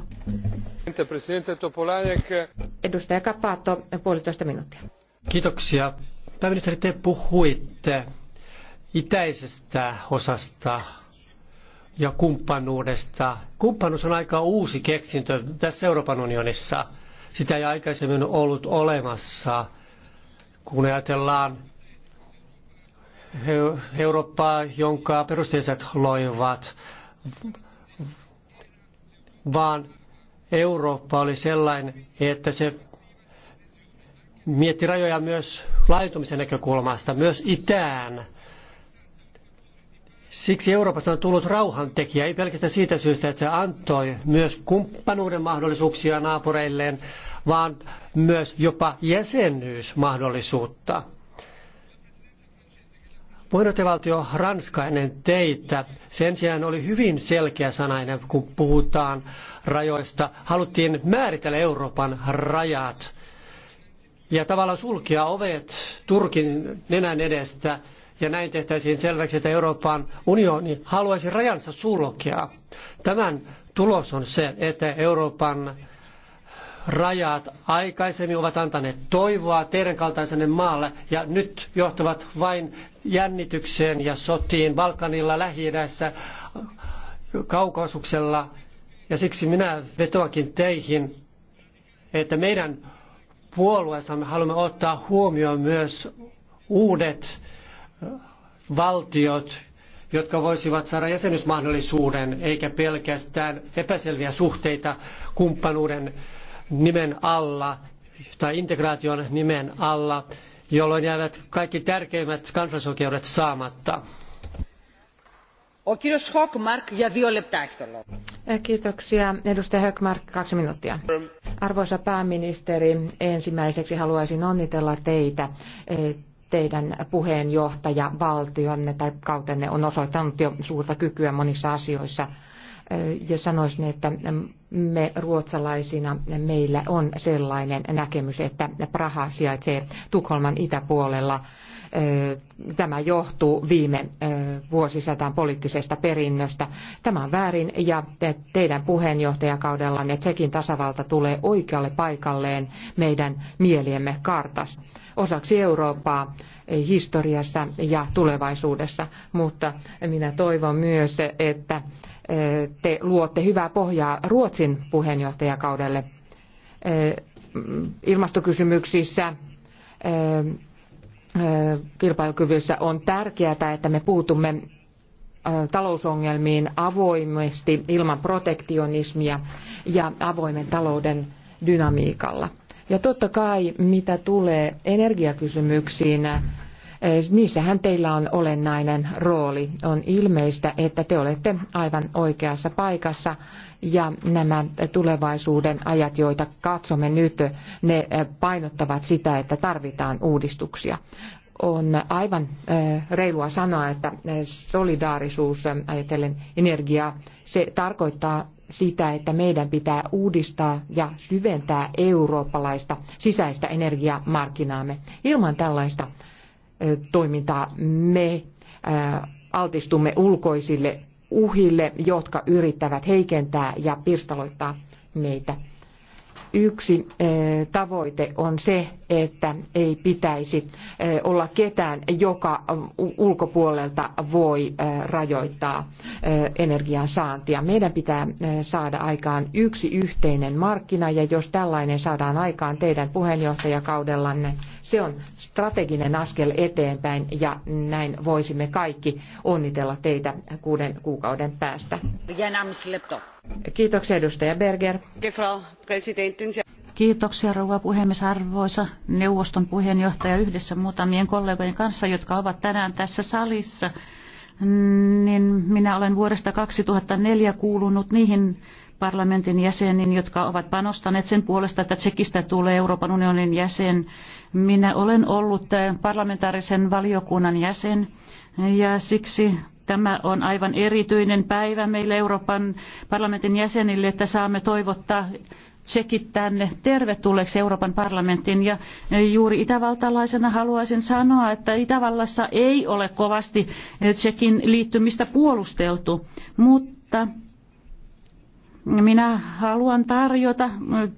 Edustaja Kapato, puolitoista minuuttia. Kiitoksia. Pääministeri, te puhuitte itäisestä osasta ja kumppanuudesta. Kumppanuus on aika uusi keksintö tässä Euroopan unionissa. Sitä ei aikaisemmin ollut olemassa. Kun ajatellaan Eurooppaa, jonka perusteiset loivat, vaan Eurooppa oli sellainen, että se mietti rajoja myös laajentumisen näkökulmasta, myös itään. Siksi Euroopasta on tullut rauhantekijä, ei pelkästään siitä syystä, että se antoi myös kumppanuuden mahdollisuuksia naapureilleen, vaan myös jopa jäsenyysmahdollisuutta. Puheenjohtajavaltio Ranska ennen teitä sen sijaan oli hyvin selkeä sanainen, kun puhutaan rajoista. Haluttiin määritellä Euroopan rajat ja tavallaan sulkea ovet Turkin nenän edestä ja näin tehtäisiin selväksi, että Euroopan unioni haluaisi rajansa sulkea. Tämän tulos on se, että Euroopan rajat aikaisemmin ovat antaneet toivoa teidän kaltaisenne maalle ja nyt johtavat vain jännitykseen ja sotiin Balkanilla, lähi kaukaisuksella. Ja siksi minä vetoankin teihin, että meidän puolueessamme haluamme ottaa huomioon myös uudet valtiot, jotka voisivat saada jäsenyysmahdollisuuden, eikä pelkästään epäselviä suhteita kumppanuuden nimen alla tai integraation nimen alla, jolloin jäävät kaikki tärkeimmät kansallisoikeudet saamatta. Kiitoksia. Edustaja Höckmark, kaksi minuuttia. Arvoisa pääministeri, ensimmäiseksi haluaisin onnitella teitä teidän puheenjohtaja valtionne tai kautenne on osoittanut jo suurta kykyä monissa asioissa. Ja sanoisin, että me ruotsalaisina, meillä on sellainen näkemys, että Praha sijaitsee Tukholman itäpuolella. Tämä johtuu viime vuosisadan poliittisesta perinnöstä. Tämä on väärin ja teidän puheenjohtajakaudellanne Tsekin tasavalta tulee oikealle paikalleen meidän mieliemme kartassa osaksi Eurooppaa historiassa ja tulevaisuudessa. Mutta minä toivon myös, että eh, te luotte hyvää pohjaa Ruotsin puheenjohtajakaudelle eh, ilmastokysymyksissä eh, kilpailukyvyssä on tärkeää, että me puutumme talousongelmiin avoimesti ilman protektionismia ja avoimen talouden dynamiikalla. Ja totta kai, mitä tulee energiakysymyksiin, eh, niissähän teillä on olennainen rooli. On ilmeistä, että te olette aivan oikeassa paikassa ja nämä tulevaisuuden ajat, joita katsomme nyt, ne eh, painottavat sitä, että tarvitaan uudistuksia. On aivan eh, reilua sanoa, että solidaarisuus ajatellen energiaa, se tarkoittaa sitä, että meidän pitää uudistaa ja syventää eurooppalaista sisäistä energiamarkkinaamme. Ilman tällaista toimintaa me altistumme ulkoisille uhille, jotka yrittävät heikentää ja pirstaloittaa meitä yksi eh, tavoite on se, että ei pitäisi eh, olla ketään, joka ulkopuolelta voi eh, rajoittaa energian saantia. Meidän pitää saada aikaan yksi yhteinen markkina ja jos tällainen saadaan aikaan teidän puheenjohtajakaudellanne, se on strateginen askel eteenpäin ja näin voisimme kaikki onnitella teitä kuuden kuukauden päästä. Kiitoksia edustaja Berger. Kiitoksia rouva puhemies arvoisa neuvoston puheenjohtaja yhdessä muutamien kollegojen kanssa, jotka ovat tänään tässä salissa. Niin minä olen vuodesta 2004 kuulunut niihin parlamentin jäseniin, jotka ovat panostaneet sen puolesta, että Tsekistä tulee Euroopan unionin jäsen minä olen ollut eh, parlamentaarisen valiokunnan jäsen ja siksi tämä on aivan erityinen päivä meille Euroopan parlamentin jäsenille, että saamme toivottaa tsekit tänne tervetulleeksi Euroopan parlamenttiin. Ja eh, juuri itävaltalaisena haluaisin sanoa, että Itävallassa ei ole kovasti eh, tsekin liittymistä puolusteltu, mutta minä haluan tarjota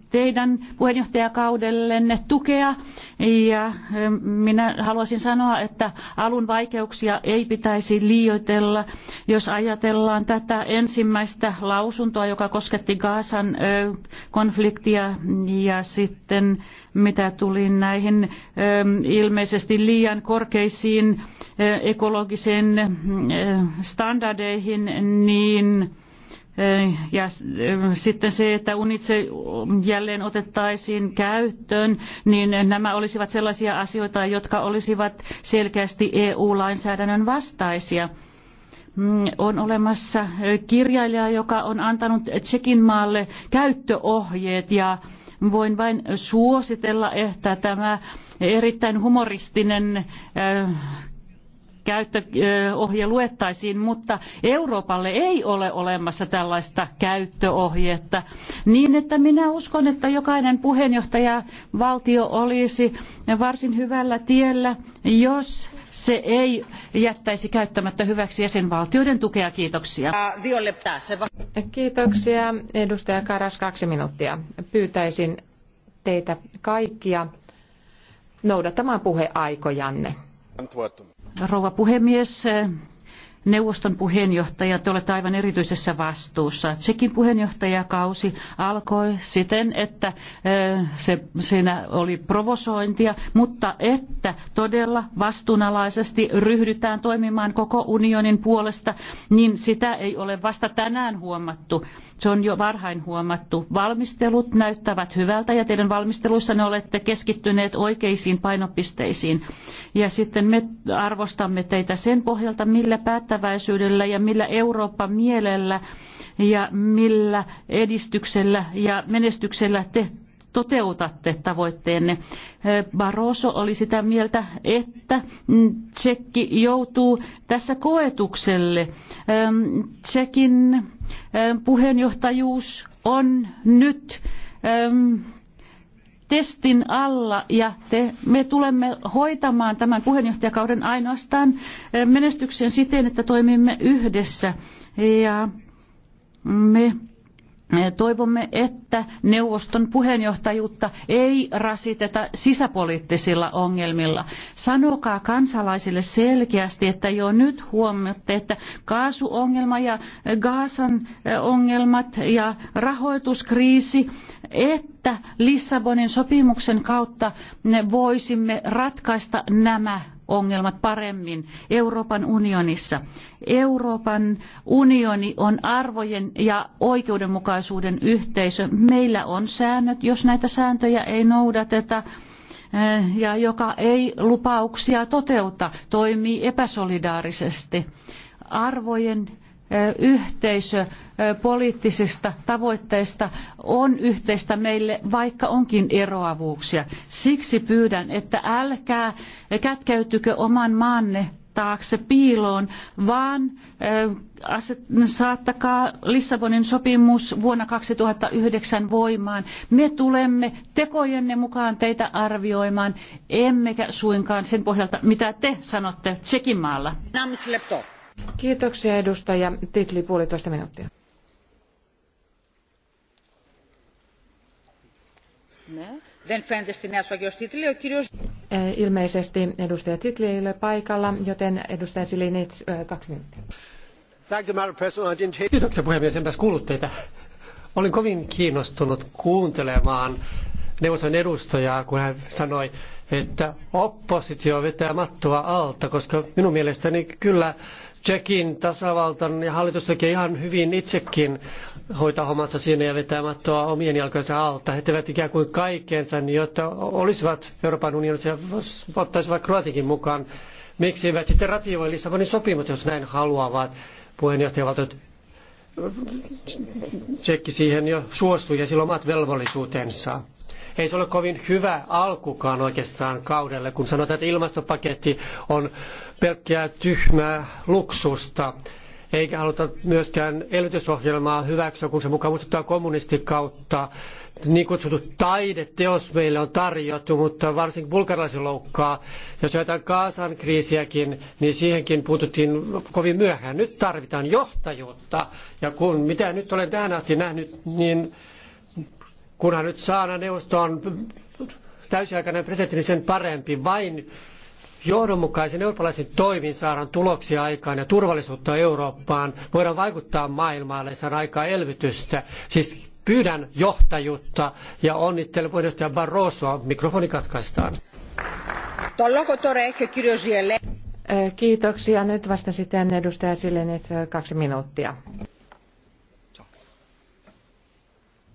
teidän puheenjohtajakaudellenne tukea ja minä haluaisin sanoa, että alun vaikeuksia ei pitäisi liioitella. Jos ajatellaan tätä ensimmäistä lausuntoa, joka kosketti Gaasan konfliktia ja sitten mitä tuli näihin ilmeisesti liian korkeisiin ekologisiin standardeihin, niin ja sitten se, että UNICE jälleen otettaisiin käyttöön, niin nämä olisivat sellaisia asioita, jotka olisivat selkeästi EU-lainsäädännön vastaisia mm, on olemassa kirjailija, joka on antanut Tsekin maalle käyttöohjeet ja voin vain suositella, että tämä erittäin humoristinen äh, käyttöohje luettaisiin, mutta Euroopalle ei ole olemassa tällaista käyttöohjetta. Niin että minä uskon, että jokainen puheenjohtaja valtio olisi varsin hyvällä tiellä, jos se ei jättäisi käyttämättä hyväksi jäsenvaltioiden tukea. Kiitoksia. Kiitoksia. Edustaja Karas, kaksi minuuttia. Pyytäisin teitä kaikkia noudattamaan puheaikojanne rouva puhemies. Neuvoston puheenjohtaja, te olette aivan erityisessä vastuussa. Tsekin puheenjohtajakausi alkoi siten, että se, siinä oli provosointia, mutta että todella vastuunalaisesti ryhdytään toimimaan koko unionin puolesta, niin sitä ei ole vasta tänään huomattu. Se on jo varhain huomattu. Valmistelut näyttävät hyvältä ja teidän valmisteluissanne olette keskittyneet oikeisiin painopisteisiin. Ja sitten me arvostamme teitä sen pohjalta, millä päättäväisyydellä ja millä Eurooppa mielellä ja millä edistyksellä ja menestyksellä te toteutatte tavoitteenne. Barroso oli sitä mieltä, että Tsekki joutuu tässä koetukselle. Tsekin puheenjohtajuus on nyt testin alla ja te, me tulemme hoitamaan tämän puheenjohtajakauden ainoastaan menestyksen siten, että toimimme yhdessä ja me Toivomme, että neuvoston puheenjohtajuutta ei rasiteta sisäpoliittisilla ongelmilla. Sanokaa kansalaisille selkeästi, että jo nyt huomioitte, että kaasuongelma ja Gaasan e, ongelmat ja rahoituskriisi, että Lissabonin sopimuksen kautta voisimme ratkaista nämä ongelmat paremmin Euroopan unionissa. Euroopan unioni on arvojen ja oikeudenmukaisuuden yhteisö. Meillä on säännöt, jos näitä sääntöjä ei noudateta eh, ja joka ei lupauksia toteuta, toimii epäsolidaarisesti. Arvojen yhteisö poliittisista tavoitteista on yhteistä meille, vaikka onkin eroavuuksia. Siksi pyydän, että älkää kätkeytykö oman maanne taakse piiloon, vaan saattakaa Lissabonin sopimus vuonna 2009 voimaan. Me tulemme tekojenne mukaan teitä arvioimaan, emmekä suinkaan sen pohjalta, mitä te sanotte Tsekin maalla. Kiitoksia edustaja. Titli puolitoista minuuttia. Ilmeisesti edustaja Titli ei ole paikalla, joten edustaja Silinits, kaksi minuuttia. Kiitoksia puhemies, enpäs kuullut teitä. Olin kovin kiinnostunut kuuntelemaan neuvoston edustajaa, kun hän sanoi, että oppositio vetää mattoa alta, koska minun mielestäni kyllä Tsekin tasavaltan ja hallitus tekee ihan hyvin itsekin hoitaa hommansa siinä ja vetää mattoa omien jalkojensa alta. He tekevät ikään kuin kaikkeensa, niin jotta olisivat Euroopan unionissa ja ottaisivat Kroatikin mukaan. Miksi eivät sitten ratioi Lissabonin sopimus, jos näin haluavat puheenjohtajavaltiot tsekki siihen jo suostui ja sillä omat velvollisuutensa. Ei se ole kovin hyvä alkukaan oikeastaan kaudelle, kun sanotaan, että ilmastopaketti on pelkkää tyhmää luksusta. Eikä haluta myöskään elvytysohjelmaa hyväksyä, kun se mukaan muistuttaa kommunistikautta. Niin kutsuttu taideteos meille on tarjottu, mutta varsinkin bulgarilaisen loukkaa. Jos ajatellaan Kaasan kriisiäkin, niin siihenkin puututtiin kovin myöhään. Nyt tarvitaan johtajuutta. Ja kun mitä nyt olen tähän asti nähnyt, niin kunhan nyt saana neuvosto on täysiaikainen presidentti, niin sen parempi. Vain johdonmukaisen eurooppalaisen toimin saadaan tuloksia aikaan ja turvallisuutta Eurooppaan. Voidaan vaikuttaa maailmalle ja saada aikaa elvytystä. Siis pyydän johtajuutta ja onnittelen puheenjohtaja Barrosoa. Mikrofoni katkaistaan. Kiitoksia. Nyt vasta sitten edustaja Silenets kaksi minuuttia.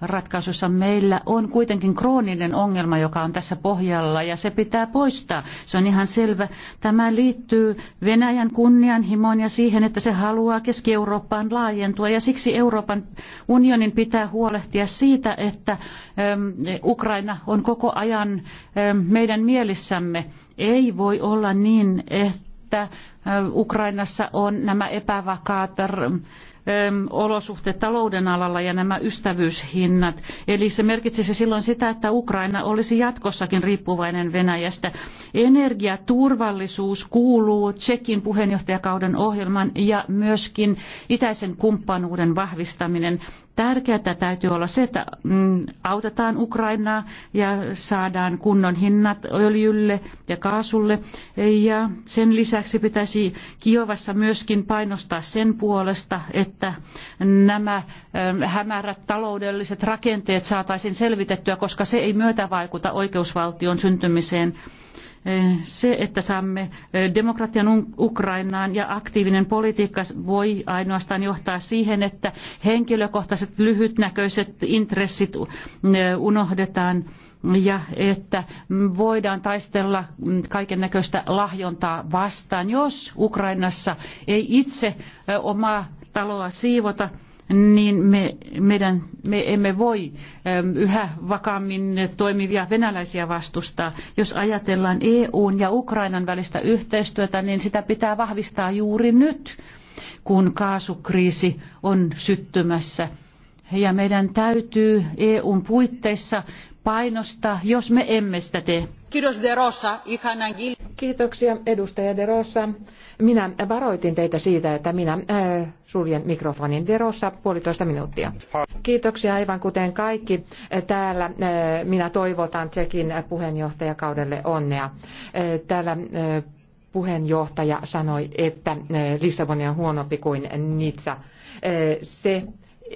ratkaisussa meillä on kuitenkin krooninen ongelma, joka on tässä pohjalla ja se pitää poistaa. Se on ihan selvä. Tämä liittyy Venäjän kunnianhimoon ja siihen, että se haluaa Keski-Eurooppaan laajentua ja siksi Euroopan unionin pitää huolehtia siitä, että ähm, Ukraina on koko ajan ähm, meidän mielissämme. Ei voi olla niin, että äh, Ukrainassa on nämä epävakaat olosuhteet talouden alalla ja nämä ystävyyshinnat. Eli se merkitsisi silloin sitä, että Ukraina olisi jatkossakin riippuvainen Venäjästä. Energiaturvallisuus kuuluu Tsekin puheenjohtajakauden ohjelman ja myöskin itäisen kumppanuuden vahvistaminen. Tärkeää täytyy olla se, että mm, autetaan Ukrainaa ja saadaan kunnon hinnat öljylle ja kaasulle. Ja sen lisäksi pitäisi Kiovassa myöskin painostaa sen puolesta, että nämä ähm, hämärät taloudelliset rakenteet saataisiin selvitettyä, koska se ei myötävaikuta oikeusvaltion syntymiseen. Se, että saamme demokratian Ukrainaan ja aktiivinen politiikka voi ainoastaan johtaa siihen, että henkilökohtaiset lyhytnäköiset intressit unohdetaan ja että voidaan taistella mm, kaiken näköistä lahjontaa vastaan, jos Ukrainassa ei itse omaa taloa siivota niin me, meidän, me emme voi ähm, yhä vakaammin toimivia venäläisiä vastustaa. Jos ajatellaan EUn ja Ukrainan välistä yhteistyötä, niin sitä pitää vahvistaa juuri nyt, kun kaasukriisi on syttymässä. Ja meidän täytyy EUn puitteissa painostaa, jos me emme sitä tee. Kiitos De Rosa, ihan Kiitoksia edustaja De Rossa. Minä varoitin teitä siitä, että minä äh, suljen mikrofonin De Rossa puolitoista minuuttia. Kiitoksia aivan kuten kaikki äh, täällä. Äh, minä toivotan Tsekin puheenjohtajakaudelle onnea. Äh, täällä äh, puheenjohtaja sanoi, että äh, Lissaboni on huonompi kuin Nizza. Se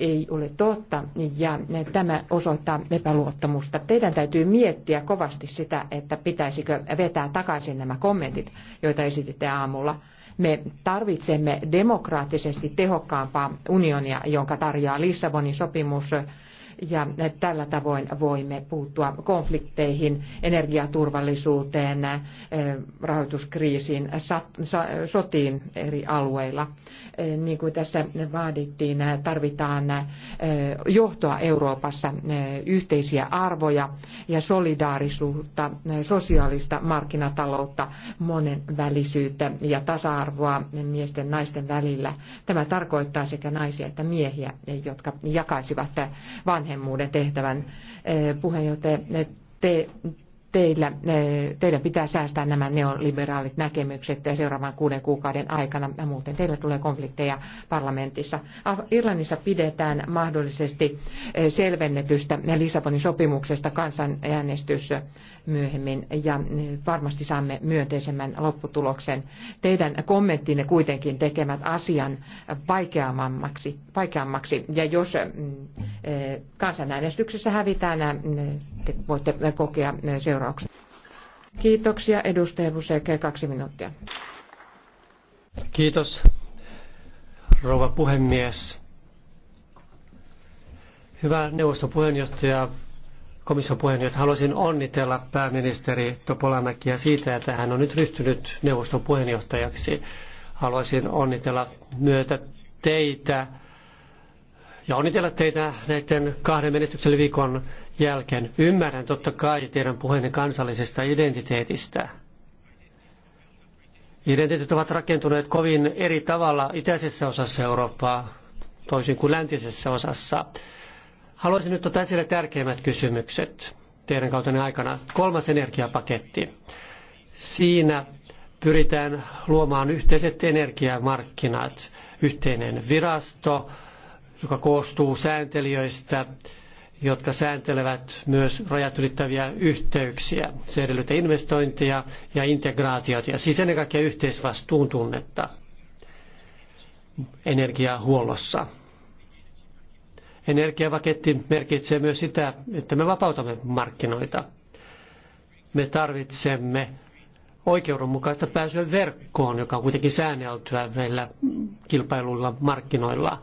ei ole totta ja tämä osoittaa epäluottamusta. Teidän täytyy miettiä kovasti sitä, että pitäisikö vetää takaisin nämä kommentit, joita esititte aamulla. Me tarvitsemme demokraattisesti tehokkaampaa unionia, jonka tarjoaa Lissabonin sopimus ja tällä tavoin voimme puuttua konflikteihin, energiaturvallisuuteen, eh, rahoituskriisiin, sotiin eri alueilla. Eh, niin kuin tässä vaadittiin, eh, tarvitaan johtoa Euroopassa, yhteisiä arvoja ja solidaarisuutta, sosiaalista markkinataloutta, monenvälisyyttä ja tasa-arvoa miesten naisten välillä. Tämä tarkoittaa sekä naisia että miehiä, jotka jakaisivat vanhemmuutta vanhemmuuden tehtävän. Eh, puheenjohtaja, eh, te teillä, eh, teidän pitää säästää nämä neoliberaalit näkemykset seuraavan kuuden kuukauden aikana, muuten teillä tulee konflikteja parlamentissa. Irlannissa pidetään mahdollisesti eh, selvennetystä Lissabonin sopimuksesta kansanäänestys myöhemmin ja eh, varmasti saamme myönteisemmän lopputuloksen. Teidän kommenttinne kuitenkin tekevät asian vaikeammaksi, vaikeammaksi. ja jos mm, kansanäänestyksessä hävitään, te voitte kokea seuraavaa seurauksena. Kiitoksia edustaja Buseke, kaksi minuuttia. Kiitos, rouva puhemies. Hyvä neuvoston puheenjohtaja, komission puheenjohtaja, haluaisin onnitella pääministeri Topolamäkiä siitä, että hän on nyt ryhtynyt neuvoston puheenjohtajaksi. Haluaisin onnitella myötä teitä ja onnitella teitä näiden kahden menestyksen viikon jälkeen. Ymmärrän totta kai teidän puheenne kansallisesta identiteetistä. Identiteetit ovat rakentuneet kovin eri tavalla itäisessä osassa Eurooppaa, toisin kuin läntisessä osassa. Haluaisin nyt ottaa esille tärkeimmät kysymykset teidän kautta aikana. Kolmas energiapaketti. Siinä pyritään luomaan yhteiset energiamarkkinat, yhteinen virasto, joka koostuu sääntelijöistä, jotka sääntelevät myös rajat ylittäviä yhteyksiä. Se edellyttää investointeja ja integraatiota ja siis ennen kaikkea yhteisvastuun tunnetta energiahuollossa. Energiapaketti merkitsee myös sitä, että me vapautamme markkinoita. Me tarvitsemme oikeudenmukaista pääsyä verkkoon, joka on kuitenkin säänneltyä meillä kilpailulla markkinoilla.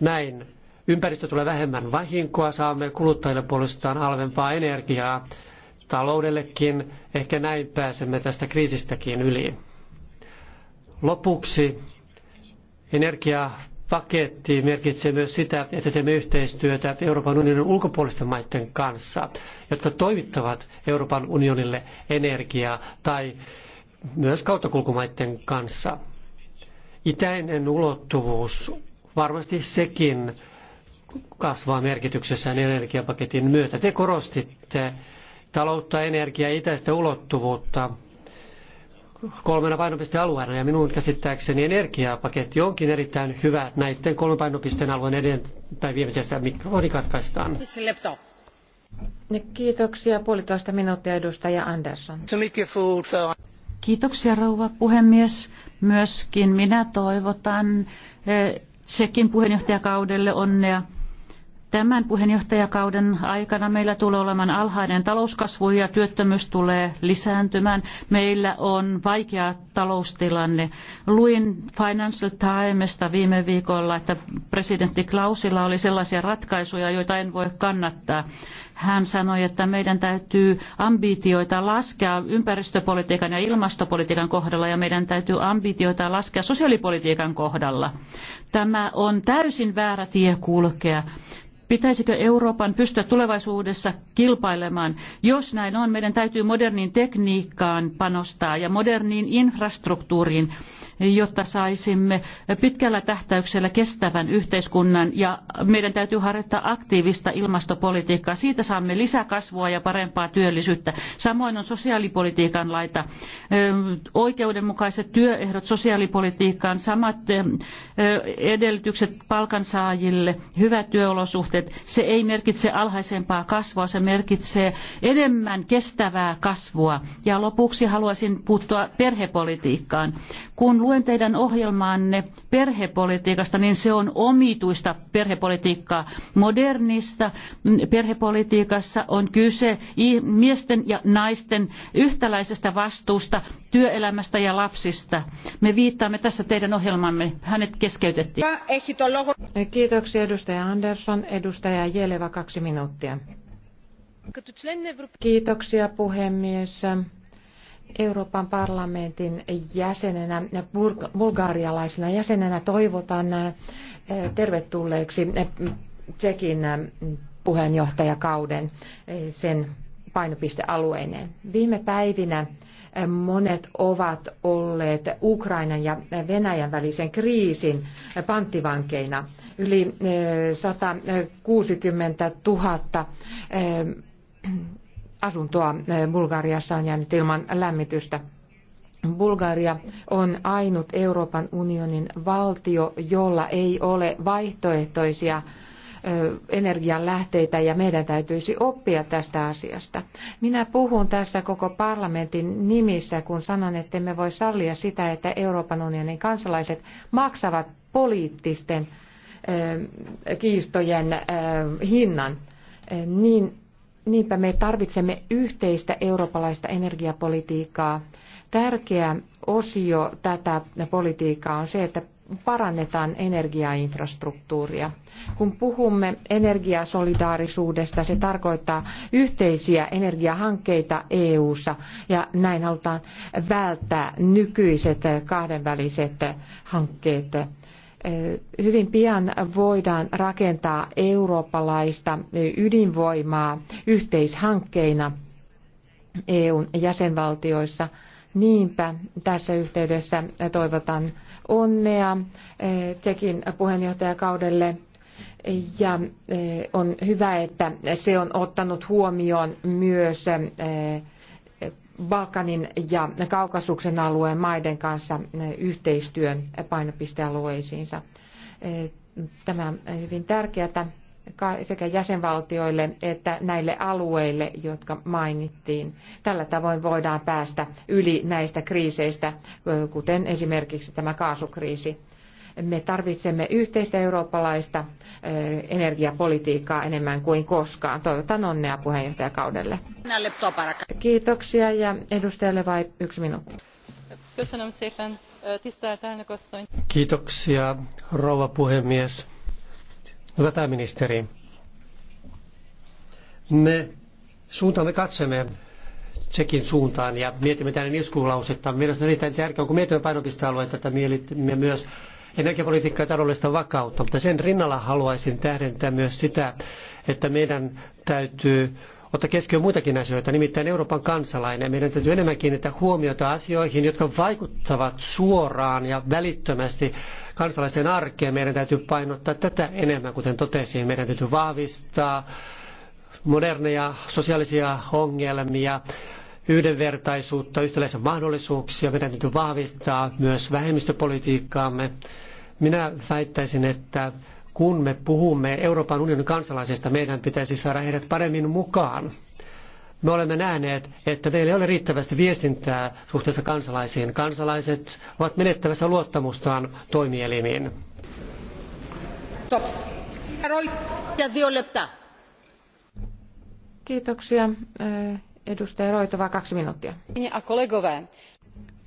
Näin Ympäristö tulee vähemmän vahinkoa, saamme kuluttajille puolestaan halvempaa energiaa, taloudellekin. Ehkä näin pääsemme tästä kriisistäkin yli. Lopuksi energiapaketti merkitsee myös sitä, että teemme yhteistyötä Euroopan unionin ulkopuolisten maiden kanssa, jotka Euroopan unionille energiaa tai myös kauttakulkumaiden kanssa. Itäinen ulottuvuus varmasti sekin kasvaa merkityksessään energiapaketin myötä. Te korostitte taloutta, energiaa ja itäistä ulottuvuutta kolmena painopistealueena ja minun käsittääkseni energiapaketti onkin erittäin hyvä näiden kolmen painopisteen alueen eteenpäin viemisessä. Mikrofoni katkaistaan. Kiitoksia. Puolitoista minuuttia edustaja Andersson. Kiitoksia rouva puhemies. Myöskin minä toivotan eh, Tsekin puheenjohtajakaudelle onnea Tämän puheenjohtajakauden aikana meillä tulee olemaan alhainen talouskasvu ja työttömyys tulee lisääntymään. Meillä on vaikea taloustilanne. Luin Financial Timesta viime viikolla, että presidentti Klausilla oli sellaisia ratkaisuja, joita en voi kannattaa. Hän sanoi, että meidän täytyy ambitioita laskea ympäristöpolitiikan ja ilmastopolitiikan kohdalla ja meidän täytyy ambitioita laskea sosiaalipolitiikan kohdalla. Tämä on täysin väärä tie kulkea. Pitäisikö Euroopan pystyä tulevaisuudessa kilpailemaan? Jos näin on, meidän täytyy moderniin tekniikkaan panostaa ja moderniin infrastruktuuriin jotta saisimme pitkällä tähtäyksellä kestävän yhteiskunnan ja meidän täytyy harjoittaa aktiivista ilmastopolitiikkaa. Siitä saamme lisäkasvua ja parempaa työllisyyttä. Samoin on sosiaalipolitiikan laita oikeudenmukaiset työehdot sosiaalipolitiikkaan, samat edellytykset palkansaajille, hyvät työolosuhteet. Se ei merkitse alhaisempaa kasvua, se merkitsee enemmän kestävää kasvua. Ja lopuksi haluaisin puuttua perhepolitiikkaan. Kun luen teidän ohjelmaanne perhepolitiikasta, niin se on omituista perhepolitiikkaa. Modernista perhepolitiikassa on kyse miesten ja naisten yhtäläisestä vastuusta työelämästä ja lapsista. Me viittaamme tässä teidän ohjelmamme. Hänet keskeytettiin. Kiitoksia edustaja Andersson. Edustaja Jeleva kaksi minuuttia. Kiitoksia puhemies. Euroopan parlamentin jäsenenä, bulgarialaisena jäsenenä toivotan eh, tervetulleeksi eh, Tsekin eh, puheenjohtajakauden sen painopistealueineen. Viime päivinä monet ovat olleet Ukrainan ja Venäjän välisen kriisin panttivankeina. Yli 160 000 asuntoa eh, Bulgariassa on jäänyt ilman lämmitystä. Bulgaria on ainut Euroopan unionin valtio, jolla ei ole vaihtoehtoisia eh, energianlähteitä ja meidän täytyisi oppia tästä asiasta. Minä puhun tässä koko parlamentin nimissä, kun sanon, että me voi sallia sitä, että Euroopan unionin kansalaiset maksavat poliittisten eh, kiistojen hinnan. Niin Niinpä me tarvitsemme yhteistä eurooppalaista energiapolitiikkaa. Tärkeä osio tätä politiikkaa on se, että parannetaan energiainfrastruktuuria. Kun puhumme energiasolidaarisuudesta, se tarkoittaa yhteisiä energiahankkeita EU-ssa ja näin halutaan välttää nykyiset kahdenväliset hankkeet Hyvin pian voidaan rakentaa eurooppalaista ydinvoimaa yhteishankkeina EUn jäsenvaltioissa. Niinpä tässä yhteydessä toivotan onnea Tsekin puheenjohtajakaudelle ja on hyvä, että se on ottanut huomioon myös Balkanin ja Kaukasuksen alueen maiden kanssa eh, yhteistyön painopistealueisiinsa. Eh, tämä on hyvin tärkeää sekä jäsenvaltioille että näille alueille, jotka mainittiin. Tällä tavoin voidaan päästä yli näistä kriiseistä, eh, kuten esimerkiksi tämä kaasukriisi. Me tarvitsemme yhteistä eurooppalaista eh, energiapolitiikkaa enemmän kuin koskaan. Toivotan onnea puheenjohtajakaudelle. Kiitoksia ja edustajalle vain yksi minuutti. Eh, Kiitoksia, rouva puhemies. Hyvä pääministeri, me suuntaamme katsemme Tsekin suuntaan ja mietimme tänne iskulausetta. Mielestäni on erittäin tärkeää, kun mietimme painopistealueita, että mietimme myös energiapolitiikkaa ja taloudellista vakautta, mutta sen rinnalla haluaisin tähdentää myös sitä, että meidän täytyy ottaa keskiöön muitakin asioita, nimittäin Euroopan kansalainen. Meidän täytyy enemmän kiinnittää huomiota asioihin, jotka vaikuttavat suoraan ja välittömästi kansalaisen arkeen. Meidän täytyy painottaa tätä enemmän, kuten totesin. Meidän täytyy vahvistaa moderneja sosiaalisia ongelmia, yhdenvertaisuutta, yhtäläisiä mahdollisuuksia. Meidän täytyy vahvistaa myös vähemmistöpolitiikkaamme. Minä väittäisin, että kun me puhumme Euroopan unionin kansalaisista, meidän pitäisi saada heidät paremmin mukaan. Me olemme nähneet, että meillä ei ole riittävästi viestintää suhteessa kansalaisiin. Kansalaiset ovat menettävässä luottamustaan toimielimiin. Kiitoksia. Edustaja Roitova, kaksi minuuttia. Ja kollegove,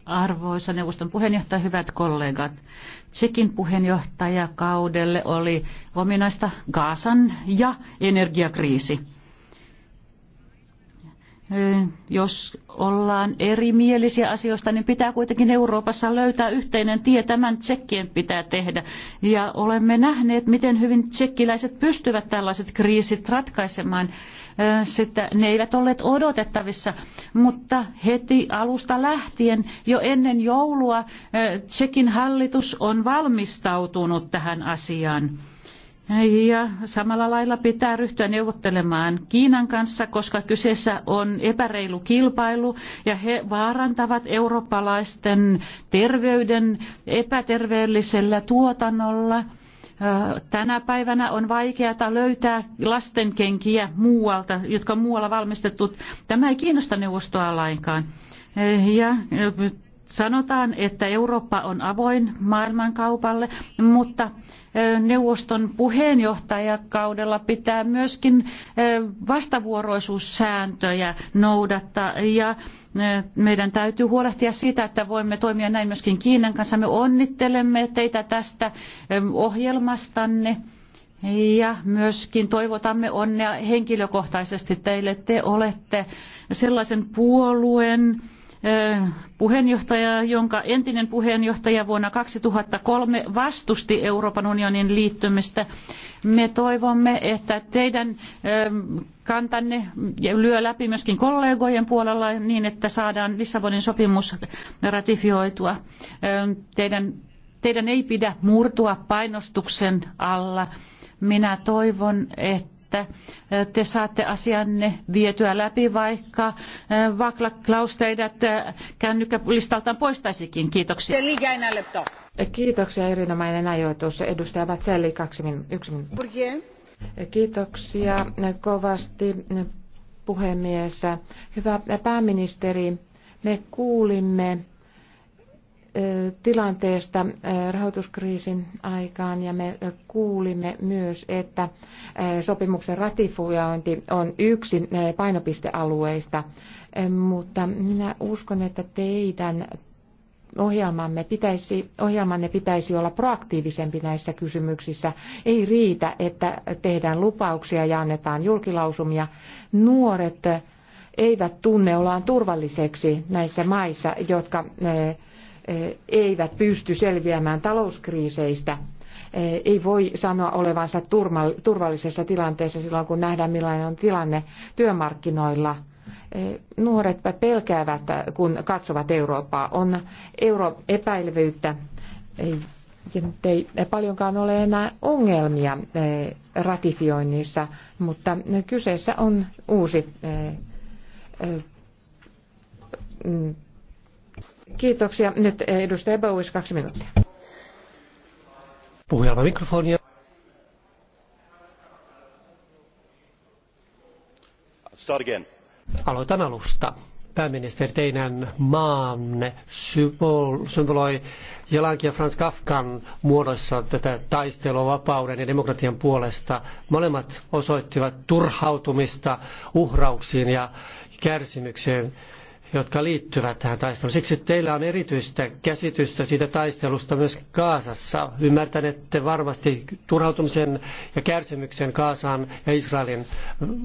Arvoisa neuvoston puheenjohtaja, hyvät kollegat. Tsekin puheenjohtajakaudelle oli ominaista Gaasan ja energiakriisi. Jos ollaan erimielisiä asioista, niin pitää kuitenkin Euroopassa löytää yhteinen tie. Tämän tsekkien pitää tehdä. Ja olemme nähneet, miten hyvin tsekkiläiset pystyvät tällaiset kriisit ratkaisemaan. Sitten ne eivät olleet odotettavissa, mutta heti alusta lähtien jo ennen joulua Tsekin hallitus on valmistautunut tähän asiaan. Ja samalla lailla pitää ryhtyä neuvottelemaan Kiinan kanssa, koska kyseessä on epäreilu kilpailu ja he vaarantavat eurooppalaisten terveyden epäterveellisellä tuotannolla – Tänä päivänä on vaikeata löytää lastenkenkiä muualta, jotka on muualla valmistettu. Tämä ei kiinnosta neuvostoa lainkaan. Ja sanotaan, että Eurooppa on avoin maailmankaupalle, mutta neuvoston puheenjohtajakaudella pitää myöskin vastavuoroisuussääntöjä noudattaa ja meidän täytyy huolehtia siitä, että voimme toimia näin myöskin Kiinan kanssa. Me onnittelemme teitä tästä ohjelmastanne. Ja myöskin toivotamme onnea henkilökohtaisesti teille. Te olette sellaisen puolueen, puheenjohtaja, jonka entinen puheenjohtaja vuonna 2003 vastusti Euroopan unionin liittymistä. Me toivomme, että teidän kantanne lyö läpi myöskin kollegojen puolella niin, että saadaan Lissabonin sopimus ratifioitua. Teidän, teidän ei pidä murtua painostuksen alla. Minä toivon, että että te saatte asianne vietyä läpi, vaikka Vakla Klaus teidät kännykkälistaltaan poistaisikin. Kiitoksia. Kiitoksia, erinomainen ajoitus. Edustaja Vatselli, kaksi min- yksi minuutti. Kiitoksia kovasti puhemies. Hyvä pääministeri, me kuulimme tilanteesta rahoituskriisin aikaan ja me kuulimme myös, että sopimuksen ratifiointi on yksi painopistealueista, mutta minä uskon, että teidän ohjelmamme pitäisi, ohjelmanne pitäisi olla proaktiivisempi näissä kysymyksissä. Ei riitä, että tehdään lupauksia ja annetaan julkilausumia. Nuoret eivät tunne oloaan turvalliseksi näissä maissa, jotka Eh, eivät pysty selviämään talouskriiseistä. Eh, ei voi sanoa olevansa turvallisessa tilanteessa silloin, kun nähdään millainen on tilanne työmarkkinoilla. Eh, nuoret pelkäävät, kun katsovat Eurooppaa. On euroepäilevyyttä, epäilevyyttä ei paljonkaan ole enää ongelmia ratifioinnissa, mutta kyseessä on uusi mm, Kiitoksia. Nyt eh, edustaja Bowis, kaksi minuuttia. Puhujelma mikrofonia. Start again. Aloitan alusta. Pääministeri, teidän maanne symboloi Jalankin ja Franz Kafkan muodossa tätä taistelua vapauden ja demokratian puolesta. Molemmat osoittivat turhautumista uhrauksiin ja kärsimykseen jotka liittyvät tähän taisteluun. Siksi teillä on erityistä käsitystä siitä taistelusta myös Kaasassa. Ymmärtänette varmasti turhautumisen ja kärsimyksen Kaasan ja Israelin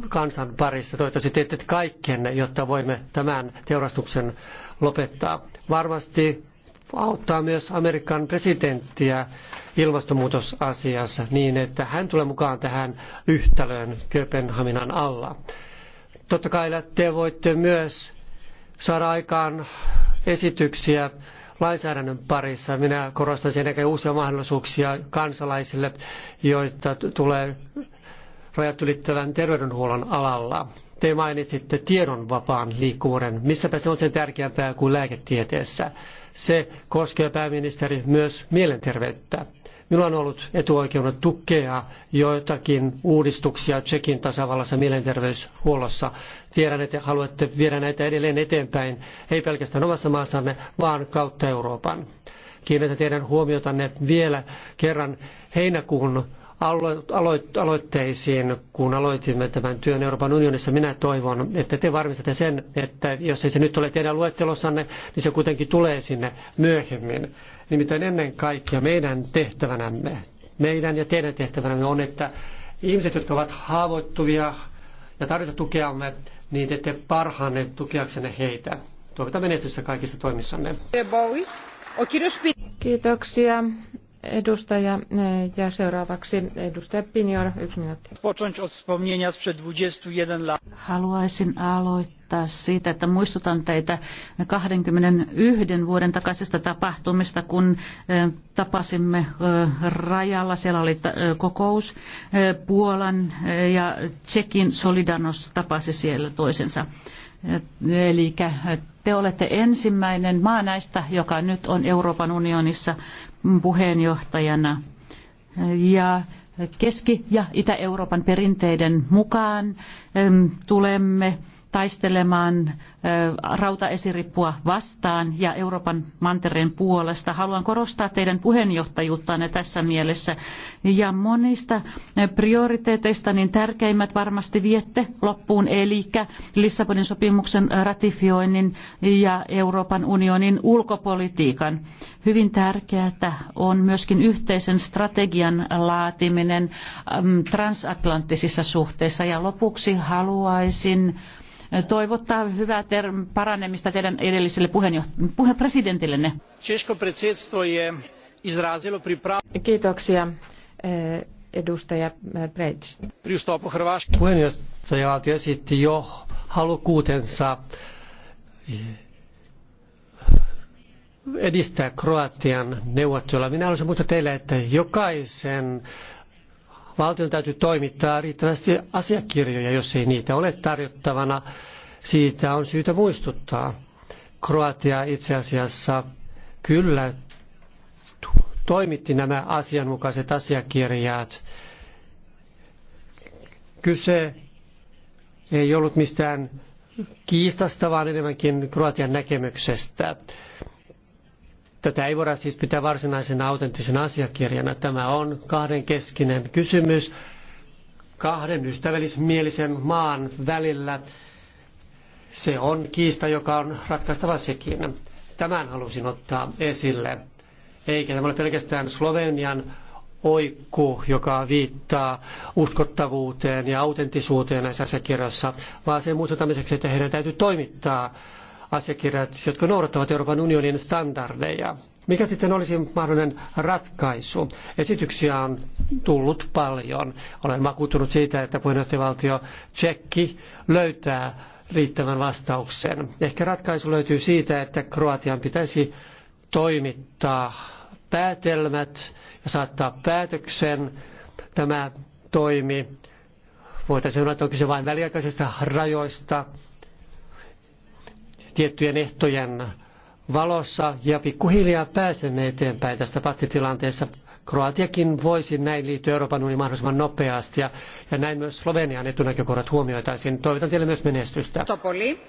kansan parissa. Toivottavasti teette kaikkenne, jotta voimme tämän teurastuksen lopettaa. Varmasti auttaa myös Amerikan presidenttiä ilmastonmuutosasiassa niin, että hän tulee mukaan tähän yhtälöön Kööpenhaminan alla. Totta kai te voitte myös saada aikaan esityksiä lainsäädännön parissa. Minä korostaisin ennen uusia mahdollisuuksia kansalaisille, joita tulee rajat ylittävän terveydenhuollon alalla. Te mainitsitte tiedon vapaan liikkuvuuden. Missäpä se on sen tärkeämpää kuin lääketieteessä. Se koskee pääministeri myös mielenterveyttä. Minulla on ollut etuoikeuden tukea joitakin uudistuksia Tsekin tasavallassa mielenterveyshuollossa. Tiedän, että haluatte viedä näitä edelleen eteenpäin, ei pelkästään omassa maassanne, vaan kautta Euroopan. Kiinnitän teidän huomiotanne vielä kerran heinäkuun aloitteisiin, kun aloitimme tämän työn Euroopan unionissa. Minä toivon, että te varmistatte sen, että jos ei se nyt ole teidän luettelossanne, niin se kuitenkin tulee sinne myöhemmin. Nimittäin ennen kaikkea meidän tehtävänämme, meidän ja teidän tehtävänämme on, että ihmiset, jotka ovat haavoittuvia ja tarvitsevat tukeamme, niin teette parhaanne tukeaksenne heitä. Toivotan menestystä kaikissa toimissanne. Kiitoksia edustaja eh, ja seuraavaksi edustaja Pinior, yksi minuutti. Haluaisin aloittaa siitä, että muistutan teitä 21 vuoden takaisesta tapahtumista, kun eh, tapasimme eh, rajalla. Siellä oli kokous Puolan ja Tsekin Solidanos tapasi siellä toisensa. Eli te olette ensimmäinen maa näistä, joka nyt on Euroopan unionissa puheenjohtajana. Ja Keski- ja Itä-Euroopan perinteiden mukaan tulemme taistelemaan rautaesirippua vastaan ja Euroopan mantereen puolesta. Haluan korostaa teidän puheenjohtajuuttanne tässä mielessä. Ja monista prioriteeteista niin tärkeimmät varmasti viette loppuun, eli Lissabonin sopimuksen ratifioinnin ja Euroopan unionin ulkopolitiikan. Hyvin tärkeää on myöskin yhteisen strategian laatiminen transatlanttisissa suhteissa. Ja lopuksi haluaisin toivottaa hyvää ter- paranemista teidän edelliselle puheenjoht- puhe- presidentillenne. Kiitoksia eh, edustaja Brejc. Eh, Puheenjohtajavaltio esitti jo halukkuutensa edistää Kroatian neuvottelua. Minä haluaisin muistaa teille, että jokaisen valtion täytyy toimittaa riittävästi asiakirjoja, jos ei niitä ole tarjottavana. Siitä on syytä muistuttaa. Kroatia itse asiassa kyllä toimitti nämä asianmukaiset asiakirjat. Kyse ei ollut mistään kiistasta, vaan enemmänkin Kroatian näkemyksestä. Tätä ei voida siis pitää varsinaisena autenttisena asiakirjana. Tämä on kahdenkeskinen kysymys kahden ystävällismielisen maan välillä. Se on kiista, joka on ratkaistava sekin. Tämän halusin ottaa esille. Eikä tämä ole pelkästään Slovenian oikku, joka viittaa uskottavuuteen ja autenttisuuteen näissä asiakirjoissa, vaan sen muistuttamiseksi, että heidän täytyy toimittaa asiakirjat, jotka noudattavat Euroopan unionin standardeja. Mikä sitten olisi mahdollinen ratkaisu? Esityksiä on tullut paljon. Olen vakuuttunut siitä, että puheenjohtajavaltio Tsekki löytää riittävän vastauksen. Ehkä ratkaisu löytyy siitä, että Kroatian pitäisi toimittaa päätelmät ja saattaa päätöksen tämä toimi. Voitaisiin sanoa, että on kyse vain väliaikaisista rajoista, tiettyjen ehtojen valossa ja pikkuhiljaa pääsemme eteenpäin tästä pattitilanteessa. Kroatiakin voisi näin liittyä Euroopan unioniin mahdollisimman nopeasti ja, ja näin myös Slovenian etunäkökohdat huomioitaisiin. Toivotan teille myös menestystä. Topoli.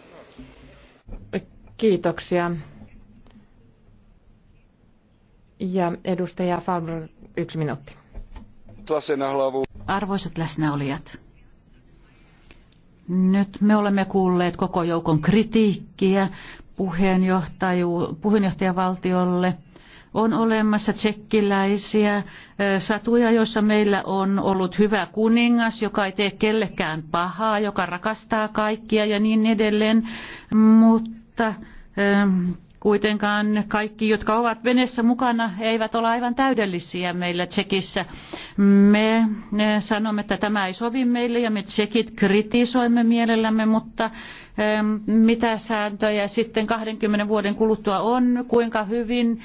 Kiitoksia. Ja edustaja Falmer, yksi minuutti. Arvoisat läsnäolijat, nyt me olemme kuulleet koko joukon kritiikkiä puheenjohtajavaltiolle. On olemassa tsekkiläisiä satuja, joissa meillä on ollut hyvä kuningas, joka ei tee kellekään pahaa, joka rakastaa kaikkia ja niin edelleen. Mutta Kuitenkaan kaikki, jotka ovat veneessä mukana, eivät ole aivan täydellisiä meillä Tsekissä. Me sanomme, että tämä ei sovi meille ja me Tsekit kritisoimme mielellämme, mutta mitä sääntöjä sitten 20 vuoden kuluttua on, kuinka hyvin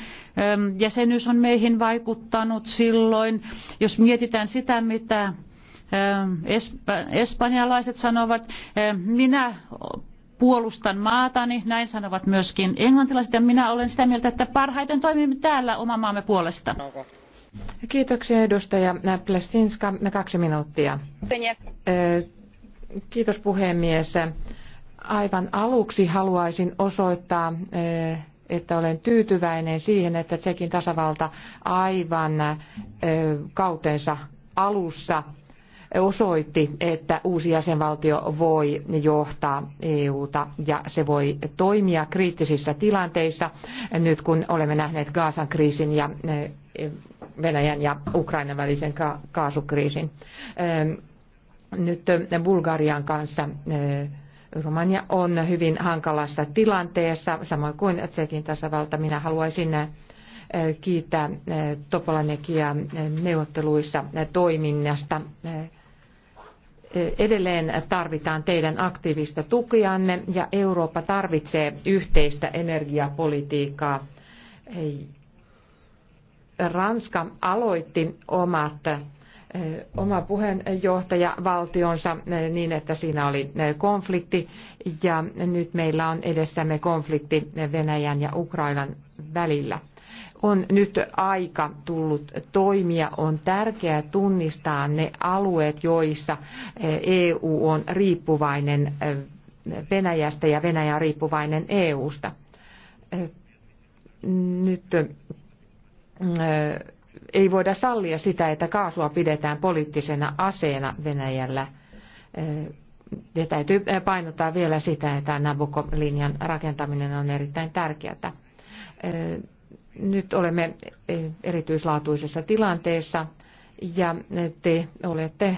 jäsenyys on meihin vaikuttanut silloin. Jos mietitään sitä, mitä espanjalaiset sanovat, minä puolustan maatani, näin sanovat myöskin englantilaiset, ja minä olen sitä mieltä, että parhaiten toimimme täällä oman maamme puolesta. Kiitoksia edustaja Plestinska, kaksi minuuttia. Kiitos puhemies. Aivan aluksi haluaisin osoittaa, että olen tyytyväinen siihen, että Tsekin tasavalta aivan kautensa alussa – osoitti, että uusi jäsenvaltio voi johtaa EUta ja se voi toimia kriittisissä tilanteissa, nyt kun olemme nähneet Gaasan kriisin ja eh, Venäjän ja Ukrainan välisen kaasukriisin. Eh, nyt Bulgarian kanssa eh, Romania on hyvin hankalassa tilanteessa, samoin kuin Tsekin tasavalta. Minä haluaisin kiittää Topolanekia neuvotteluissa toiminnasta edelleen tarvitaan teidän aktiivista tukianne ja Eurooppa tarvitsee yhteistä energiapolitiikkaa. Ranska aloitti omat oma puheenjohtajavaltionsa niin, että siinä oli konflikti ja nyt meillä on edessämme konflikti Venäjän ja Ukrainan välillä on nyt aika tullut toimia. On tärkeää tunnistaa ne alueet, joissa EU eh, e on riippuvainen eh, Venäjästä ja Venäjä on riippuvainen EUsta. Eh, nyt ei voida sallia sitä, että kaasua pidetään poliittisena aseena Venäjällä. Ja täytyy painottaa vielä sitä, että Nabucco-linjan rakentaminen on erittäin tärkeää nyt olemme eh, erityislaatuisessa tilanteessa ja te olette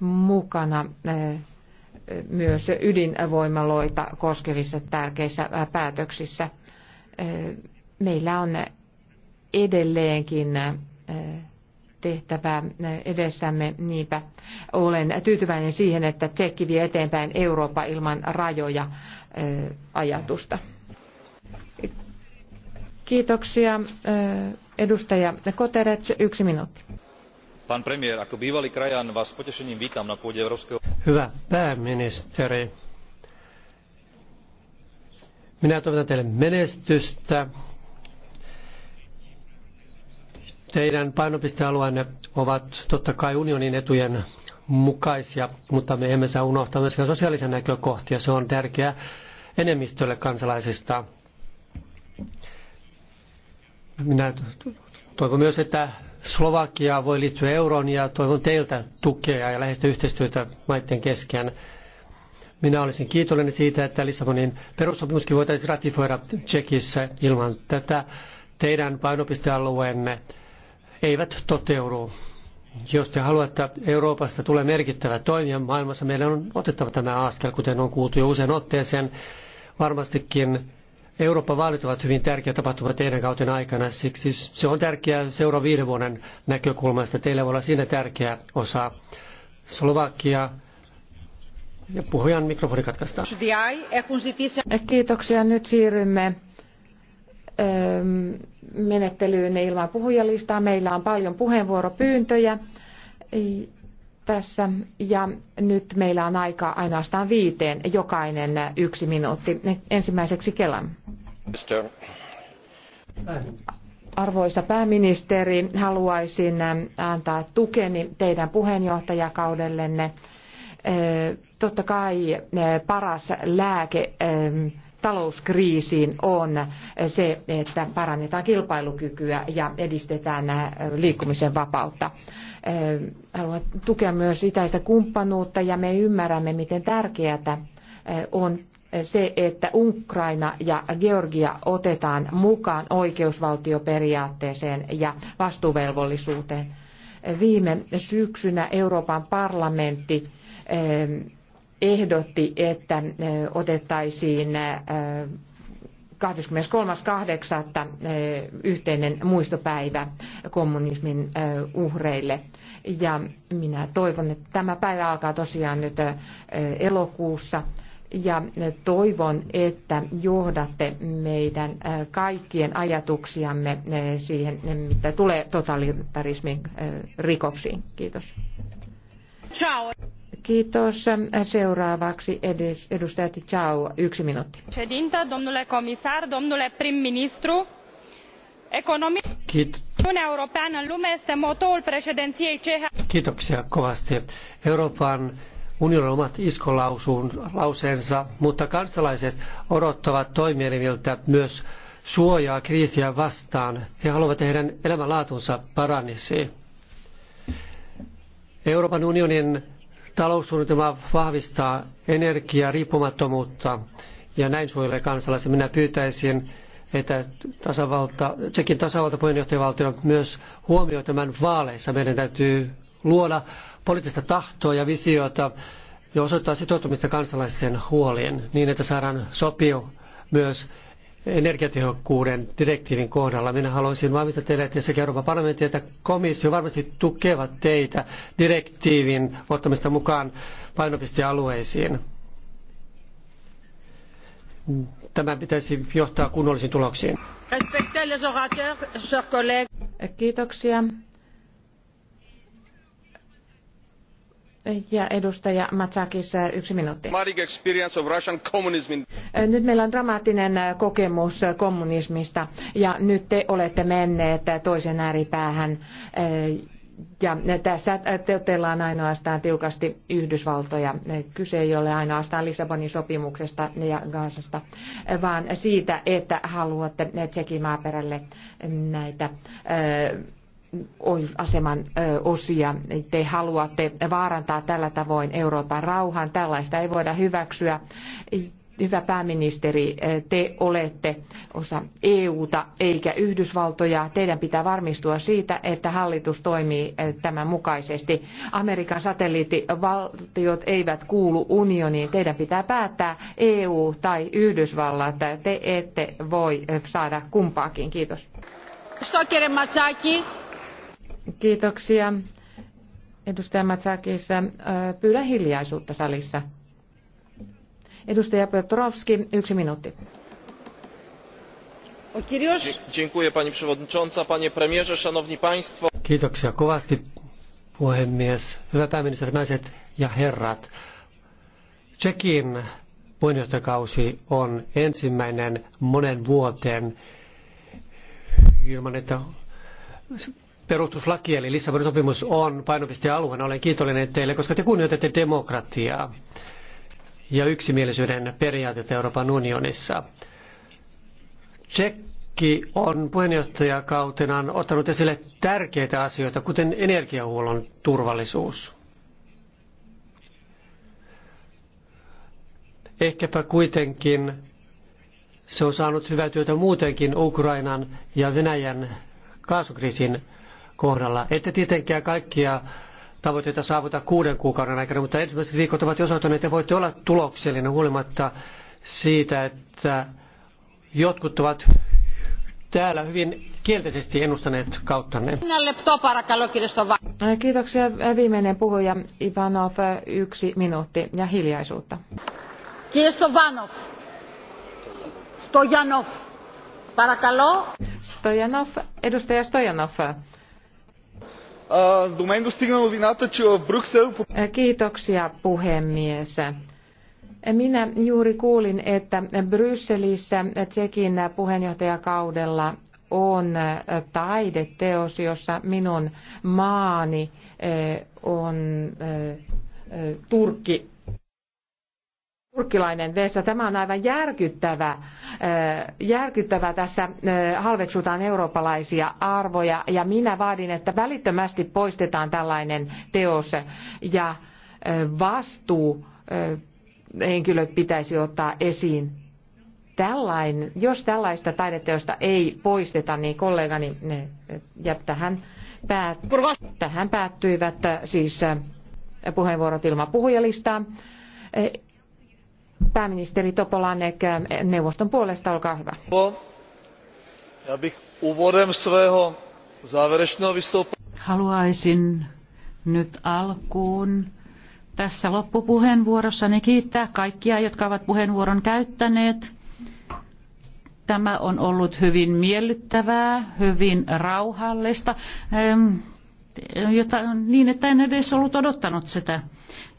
mukana eh, myös ydinvoimaloita koskevissa tärkeissä eh, päätöksissä. Meillä on edelleenkin tehtävää edessämme. Niinpä olen tyytyväinen siihen, että Tsekki vie eteenpäin Eurooppa ilman rajoja ajatusta. Kiitoksia. Edustaja Koterec, yksi minuutti. Pan premier, ako bývalý krajan vás potešením vítam na pôde Európskeho... Hyvä pääministeri, minä toivotan teille menestystä. Teidän painopistealueenne ovat totta kai unionin etujen mukaisia, mutta me emme saa unohtaa myöskään sosiaalisia näkökohtia. Se on tärkeää enemmistölle kansalaisista. Minä toivon myös, että Slovakia voi liittyä euroon ja toivon teiltä tukea ja läheistä yhteistyötä maiden kesken. Minä olisin kiitollinen siitä, että Lissabonin perussopimuskin voitaisiin ratifoida Tsekissä ilman tätä. Teidän painopistealueenne eivät toteudu. Jos te haluatte, että Euroopasta tulee merkittävä toimija maailmassa, meidän on otettava tämä askel, kuten on kuultu jo usein otteeseen. Varmastikin Euroopan vaalit ovat hyvin tärkeä tapahtuma teidän kauten aikana, siksi se on tärkeää seuraavan viiden vuoden näkökulmasta. Teillä voi olla siinä tärkeä osa. Slovakia ja puhujan mikrofoni katkaistaan. Kiitoksia. Nyt siirrymme ähm, menettelyyn ilman puhujalistaa. Meillä on paljon puheenvuoropyyntöjä tässä ja nyt meillä on aikaa ainoastaan viiteen, jokainen yksi minuutti. Ensimmäiseksi Kelan. Arvoisa pääministeri, haluaisin äh, antaa tukeni teidän puheenjohtajakaudellenne. Äh, totta kai äh, paras lääke ähm, talouskriisiin on se, että parannetaan kilpailukykyä ja edistetään liikkumisen vapautta haluan tukea myös itäistä kumppanuutta ja me ymmärrämme, miten tärkeää on se, että Ukraina ja Georgia otetaan mukaan oikeusvaltioperiaatteeseen ja vastuuvelvollisuuteen. Viime syksynä Euroopan parlamentti ehdotti, että otettaisiin 23.8. Eh, yhteinen muistopäivä kommunismin eh, uhreille. Ja minä toivon, että tämä päivä alkaa tosiaan nyt eh, elokuussa. Ja toivon, että johdatte meidän kaikkien ajatuksiamme siihen, mitä tulee totalitarismin rikoksiin. Kiitos. Ciao. Kiitos. Seuraavaksi edustaja Tichau, yksi minuutti. domnule comisar, domnule prim-ministru, ekonomi... Kiitos. lume este președinției Kiitoksia kovasti. Euroopan unionin omat iskolausuun lauseensa, mutta kansalaiset odottavat toimielimiltä myös suojaa kriisiä vastaan. He haluavat, tehdä heidän elämänlaatunsa paranisi. Euroopan unionin Taloussuunnitelma vahvistaa energiariippumattomuutta riippumattomuutta ja näin suojelee kansalaisia. Minä pyytäisin, että tasavalta, Tsekin tasavalta puheenjohtajavaltio myös huomioi tämän vaaleissa. Meidän täytyy luoda poliittista tahtoa ja visiota ja osoittaa sitoutumista kansalaisten huolien niin, että saadaan sopiu myös energiatehokkuuden direktiivin kohdalla. Minä haluaisin vahvistaa teille, että sekä Euroopan parlamentti että komissio varmasti tukevat teitä direktiivin ottamista mukaan painopistealueisiin. Tämä pitäisi johtaa kunnollisiin tuloksiin. Kiitoksia. Ja edustaja Matsakis, eh, yksi minuutti. Eh, nyt meillä on dramaattinen eh, kokemus kommunismista ja nyt te olette menneet toisen ääripäähän ja tässä teotellaan ainoastaan tiukasti Yhdysvaltoja. Kyse ei ole ainoastaan Lissabonin sopimuksesta ja Gaasasta, vaan siitä, että haluatte Tsekin maaperälle näitä aseman osia. Te haluatte vaarantaa tällä tavoin Euroopan rauhan. Tällaista ei voida hyväksyä. Hyvä pääministeri, te olette osa EUta eikä Yhdysvaltoja. Teidän pitää varmistua siitä, että hallitus toimii tämän mukaisesti. Amerikan satelliittivaltiot eivät kuulu unioniin. Teidän pitää päättää EU tai Yhdysvallat. Te ette voi saada kumpaakin. Kiitos. Kiitos, Kiitoksia. Edustaja Matsakis, äh, pyydän hiljaisuutta salissa. Edustaja Petrovski, yksi minuutti. Dziękuję pani przewodnicząca, panie premierze, szanowni państwo. Kiitoksia kovasti puhemies. Hyvä pääministeri, naiset ja herrat. Tsekin puheenjohtajakausi on ensimmäinen monen vuoteen ilman, että perustuslaki eli Lissabonin sopimus on painopistealueena. Olen kiitollinen teille, koska te kunnioitatte demokratiaa ja yksimielisyyden periaatetta Euroopan unionissa. Tsekki on puheenjohtajakautenaan ottanut esille tärkeitä asioita, kuten energiahuollon turvallisuus. Ehkäpä kuitenkin se on saanut hyvää työtä muutenkin Ukrainan ja Venäjän kaasukriisin kohdalla. Ette tietenkään kaikkia tavoitteita saavuta kuuden kuukauden aikana, mutta ensimmäiset viikot ovat osoittaneet, että voitte olla tuloksellinen huolimatta siitä, että jotkut ovat täällä hyvin kielteisesti ennustaneet kauttanne. Kiitoksia. Viimeinen puhuja Ivanov, yksi minuutti ja hiljaisuutta. Stovanov. Stojanov. Parakalo. Stojanov, edustaja Stojanov. До мен достигна новината, че в Брюксел... Kiitoksia puhemies. Minä juuri kuulin, että Brysselissä Tsekin puheenjohtajakaudella on taideteos, jossa minun maani on turkki turkkilainen vessa. Tämä on aivan järkyttävä, järkyttävä. Tässä halveksutaan eurooppalaisia arvoja ja minä vaadin, että välittömästi poistetaan tällainen teos ja vastuu henkilöt pitäisi ottaa esiin. Tällain, jos tällaista taideteosta ei poisteta, niin kollegani ja tähän, päät, tähän päättyivät siis puheenvuorot ilman puhujalistaa. Pääministeri Topolanek neuvoston puolesta, olkaa hyvä. Haluaisin nyt alkuun tässä loppupuheenvuorossani kiittää kaikkia, jotka ovat puheenvuoron käyttäneet. Tämä on ollut hyvin miellyttävää, hyvin rauhallista, ehm, jota, niin että en edes ollut odottanut sitä.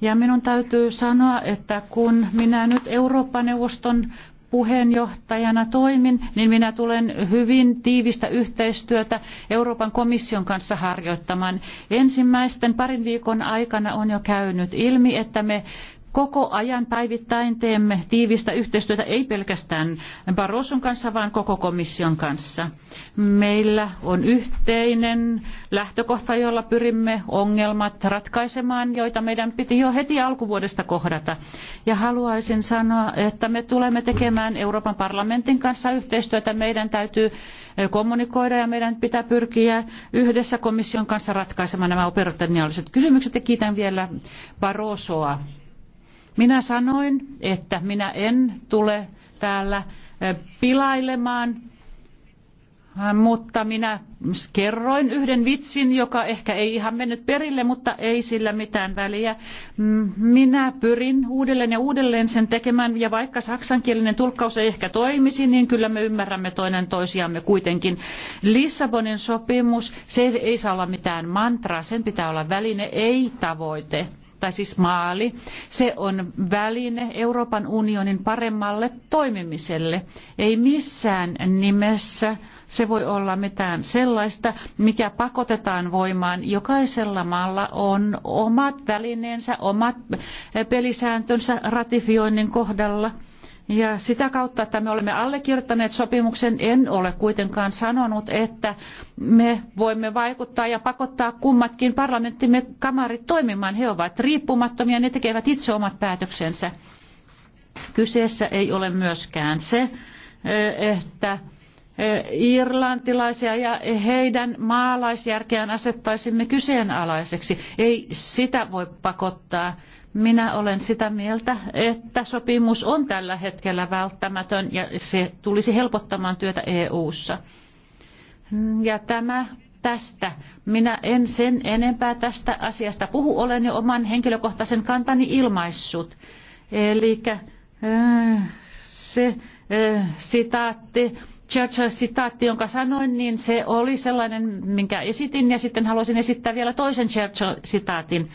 Ja minun täytyy sanoa, että kun minä nyt Eurooppa-neuvoston puheenjohtajana toimin, niin minä tulen hyvin tiivistä yhteistyötä Euroopan komission kanssa harjoittamaan. Ensimmäisten parin viikon aikana on jo käynyt ilmi, että me Koko ajan päivittäin teemme tiivistä yhteistyötä ei pelkästään Barroson kanssa, vaan koko komission kanssa. Meillä on yhteinen lähtökohta, jolla pyrimme ongelmat ratkaisemaan, joita meidän piti jo heti alkuvuodesta kohdata. Ja haluaisin sanoa, että me tulemme tekemään Euroopan parlamentin kanssa yhteistyötä. Meidän täytyy kommunikoida ja meidän pitää pyrkiä yhdessä komission kanssa ratkaisemaan nämä operationaaliset kysymykset. Ja kiitän vielä Barrosoa minä sanoin, että minä en tule täällä pilailemaan, mutta minä kerroin yhden vitsin, joka ehkä ei ihan mennyt perille, mutta ei sillä mitään väliä. Minä pyrin uudelleen ja uudelleen sen tekemään, ja vaikka saksankielinen tulkkaus ei ehkä toimisi, niin kyllä me ymmärrämme toinen toisiamme kuitenkin. Lissabonin sopimus, se ei saa olla mitään mantraa, sen pitää olla väline, ei tavoite tai siis maali, se on väline Euroopan unionin paremmalle toimimiselle. Ei missään nimessä se voi olla mitään sellaista, mikä pakotetaan voimaan. Jokaisella maalla on omat välineensä, omat pelisääntönsä ratifioinnin kohdalla – ja sitä kautta, että me olemme allekirjoittaneet sopimuksen, en ole kuitenkaan sanonut, että me voimme vaikuttaa ja pakottaa kummatkin parlamenttimme kamarit toimimaan. He ovat riippumattomia, ne tekevät itse omat päätöksensä. Kyseessä ei ole myöskään se, että irlantilaisia ja heidän maalaisjärkeään asettaisimme kyseenalaiseksi. Ei sitä voi pakottaa minä olen sitä mieltä, että sopimus on tällä hetkellä välttämätön ja se tulisi helpottamaan työtä EU:ssa. Ja tämä tästä. Minä en sen enempää tästä asiasta puhu, olen jo oman henkilökohtaisen kantani ilmaissut. Eli äh, se äh, sitaatti, Churchill-sitaatti, jonka sanoin, niin se oli sellainen, minkä esitin, ja sitten haluaisin esittää vielä toisen Churchill-sitaatin.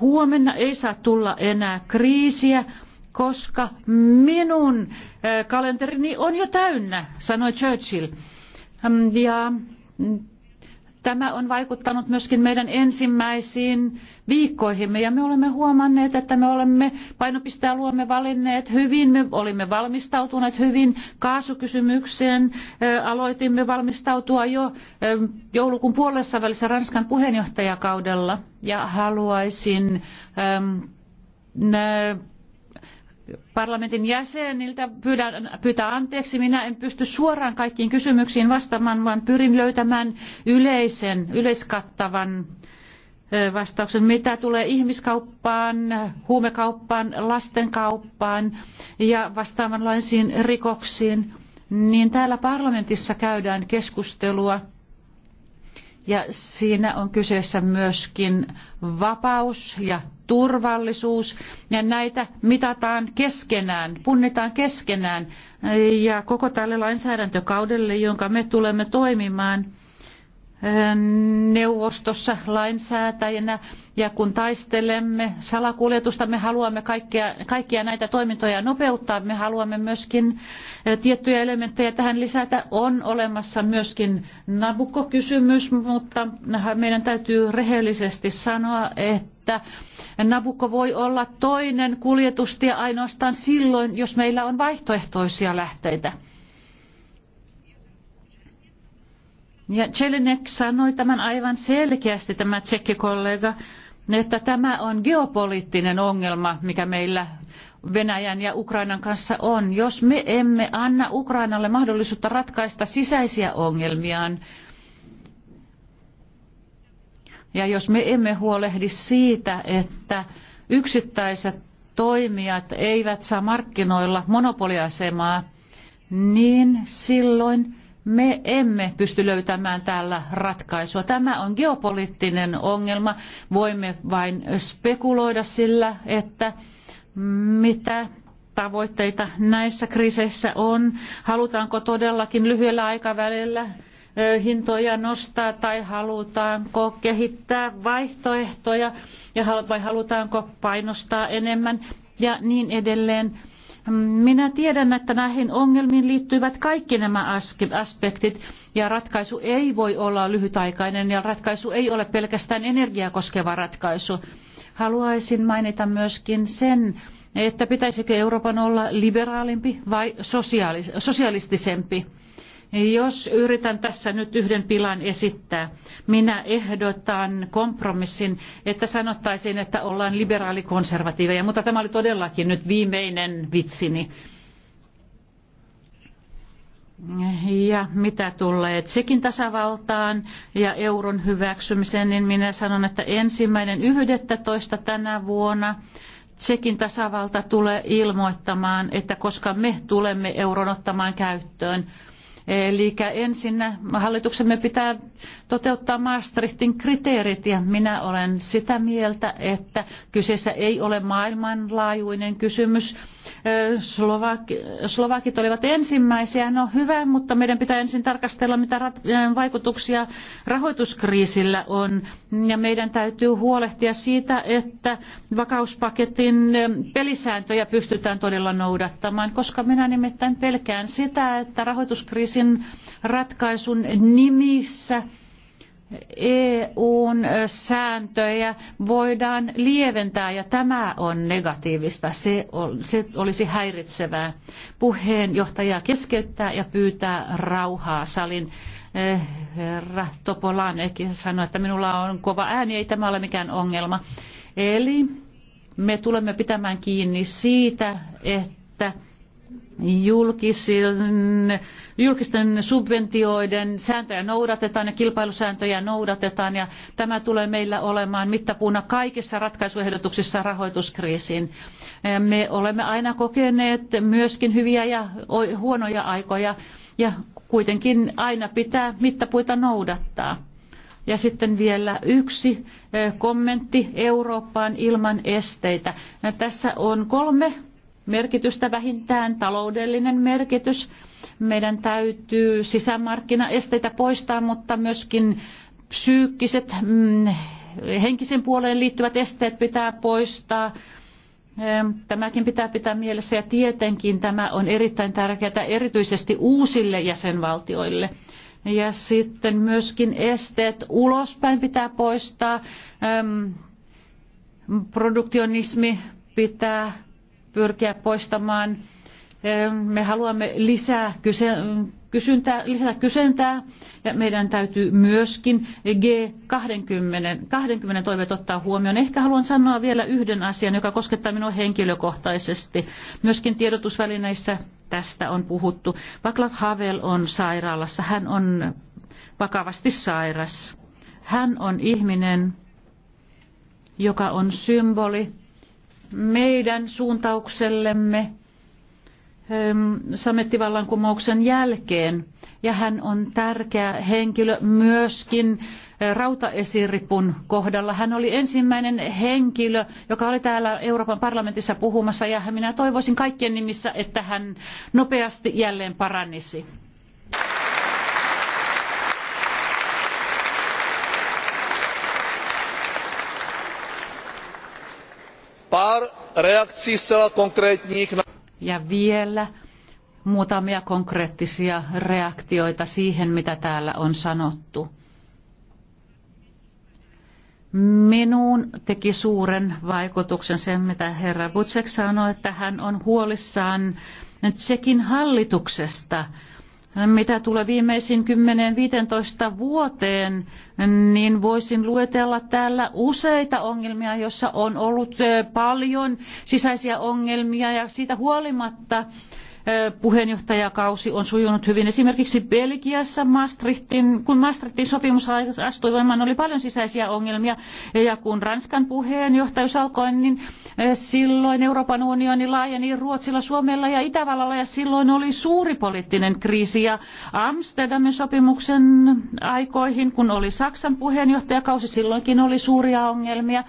Huomenna ei saa tulla enää kriisiä, koska minun äh, kalenterini on jo täynnä, sanoi Churchill. Ja mm, Tämä on vaikuttanut myöskin meidän ensimmäisiin viikkoihimme ja me olemme huomanneet, että me olemme painopisteen luomme valinneet hyvin, me olimme valmistautuneet hyvin kaasukysymykseen, aloitimme valmistautua jo joulukuun puolessa välissä Ranskan puheenjohtajakaudella ja haluaisin parlamentin jäseniltä pyydän, pyytää anteeksi. Minä en pysty suoraan kaikkiin kysymyksiin vastaamaan, vaan pyrin löytämään yleisen, yleiskattavan vastauksen, mitä tulee ihmiskauppaan, huumekauppaan, lastenkauppaan ja vastaavanlaisiin rikoksiin, niin täällä parlamentissa käydään keskustelua – ja siinä on kyseessä myöskin vapaus ja turvallisuus. Ja näitä mitataan keskenään, punnitaan keskenään. Ja koko tälle lainsäädäntökaudelle, jonka me tulemme toimimaan – neuvostossa lainsäätäjänä ja kun taistelemme salakuljetusta, me haluamme kaikkia, kaikkia näitä toimintoja nopeuttaa. Me haluamme myöskin eh, tiettyjä elementtejä tähän lisätä. On olemassa myöskin Nabukko-kysymys, mutta meidän täytyy rehellisesti sanoa, että Nabukko voi olla toinen kuljetustie ainoastaan silloin, jos meillä on vaihtoehtoisia lähteitä Ja Jelinek sanoi tämän aivan selkeästi, tämä tsekkikollega, että tämä on geopoliittinen ongelma, mikä meillä Venäjän ja Ukrainan kanssa on. Jos me emme anna Ukrainalle mahdollisuutta ratkaista sisäisiä ongelmiaan, ja jos me emme huolehdi siitä, että yksittäiset toimijat eivät saa markkinoilla monopoliasemaa, niin silloin me emme pysty löytämään täällä ratkaisua. Tämä on geopoliittinen ongelma. Voimme vain spekuloida sillä, että mitä tavoitteita näissä kriiseissä on. Halutaanko todellakin lyhyellä aikavälillä hintoja nostaa tai halutaanko kehittää vaihtoehtoja ja vai halutaanko painostaa enemmän ja niin edelleen. Minä tiedän, että näihin ongelmiin liittyvät kaikki nämä aspektit ja ratkaisu ei voi olla lyhytaikainen ja ratkaisu ei ole pelkästään energiaa koskeva ratkaisu. Haluaisin mainita myöskin sen, että pitäisikö Euroopan olla liberaalimpi vai sosialistisempi? Jos yritän tässä nyt yhden pilan esittää, minä ehdotan kompromissin, että sanottaisiin, että ollaan liberaalikonservatiiveja, mutta tämä oli todellakin nyt viimeinen vitsini. Ja mitä tulee Tsekin tasavaltaan ja euron hyväksymiseen, niin minä sanon, että ensimmäinen 11. tänä vuonna Tsekin tasavalta tulee ilmoittamaan, että koska me tulemme euron ottamaan käyttöön, Eli ensinnä hallituksemme pitää toteuttaa Maastrichtin kriteerit ja minä olen sitä mieltä, että kyseessä ei ole maailmanlaajuinen kysymys, Slovakit olivat ensimmäisiä. No hyvä, mutta meidän pitää ensin tarkastella, mitä vaikutuksia rahoituskriisillä on. Ja meidän täytyy huolehtia siitä, että vakauspaketin pelisääntöjä pystytään todella noudattamaan, koska minä nimittäin pelkään sitä, että rahoituskriisin ratkaisun nimissä – EUn sääntöjä voidaan lieventää ja tämä on negatiivista. Se, on, se olisi häiritsevää. Puheenjohtaja keskeyttää ja pyytää rauhaa salin. Herra Topolanekin sanoi, että minulla on kova ääni, ei tämä ole mikään ongelma. Eli me tulemme pitämään kiinni siitä, että julkisen, julkisten subventioiden sääntöjä noudatetaan ja kilpailusääntöjä noudatetaan ja tämä tulee meillä olemaan mittapuuna kaikissa ratkaisuehdotuksissa rahoituskriisiin. Me olemme aina kokeneet myöskin hyviä ja huonoja aikoja ja kuitenkin aina pitää mittapuita noudattaa. Ja sitten vielä yksi eh, kommentti Eurooppaan ilman esteitä. Tässä on kolme merkitystä, vähintään taloudellinen merkitys. Meidän täytyy sisämarkkinaesteitä poistaa, mutta myöskin psyykkiset, mm, henkisen puoleen liittyvät esteet pitää poistaa. Tämäkin pitää pitää mielessä ja tietenkin tämä on erittäin tärkeää erityisesti uusille jäsenvaltioille. Ja sitten myöskin esteet ulospäin pitää poistaa, ähm, produktionismi pitää pyrkiä poistamaan. Me haluamme lisää kysyntää, lisätä kysyntää ja meidän täytyy myöskin G20 20 toiveet ottaa huomioon. Ehkä haluan sanoa vielä yhden asian, joka koskettaa minua henkilökohtaisesti. Myöskin tiedotusvälineissä tästä on puhuttu. Vaklav Havel on sairaalassa. Hän on vakavasti sairas. Hän on ihminen, joka on symboli meidän suuntauksellemme ehm, samettivallankumouksen jälkeen. Ja hän on tärkeä henkilö myöskin eh, rautaesiripun kohdalla. Hän oli ensimmäinen henkilö, joka oli täällä Euroopan parlamentissa puhumassa ja minä toivoisin kaikkien nimissä, että hän nopeasti jälleen paranisi. pár reakcí zcela konkrétních na... Ja vielä muutamia konkreettisia reaktioita siihen, mitä täällä on sanottu. Minuun teki suuren vaikutuksen sen, mitä herra Butsek sanoi, että hän on huolissaan Tsekin hallituksesta – mitä tulee viimeisiin 10-15 vuoteen, niin voisin luetella täällä useita ongelmia, joissa on ollut paljon sisäisiä ongelmia ja siitä huolimatta puheenjohtajakausi on sujunut hyvin. Esimerkiksi Belgiassa Maastrichtin, kun Maastrichtin sopimus astui voimaan, oli paljon sisäisiä ongelmia ja kun Ranskan puheenjohtajuus alkoi, niin Silloin Euroopan unioni laajeni Ruotsilla, Suomella ja Itävallalla ja silloin oli suuri poliittinen kriisi. Ja Amsterdamin sopimuksen aikoihin, kun oli Saksan puheenjohtajakausi, silloinkin oli suuria ongelmia.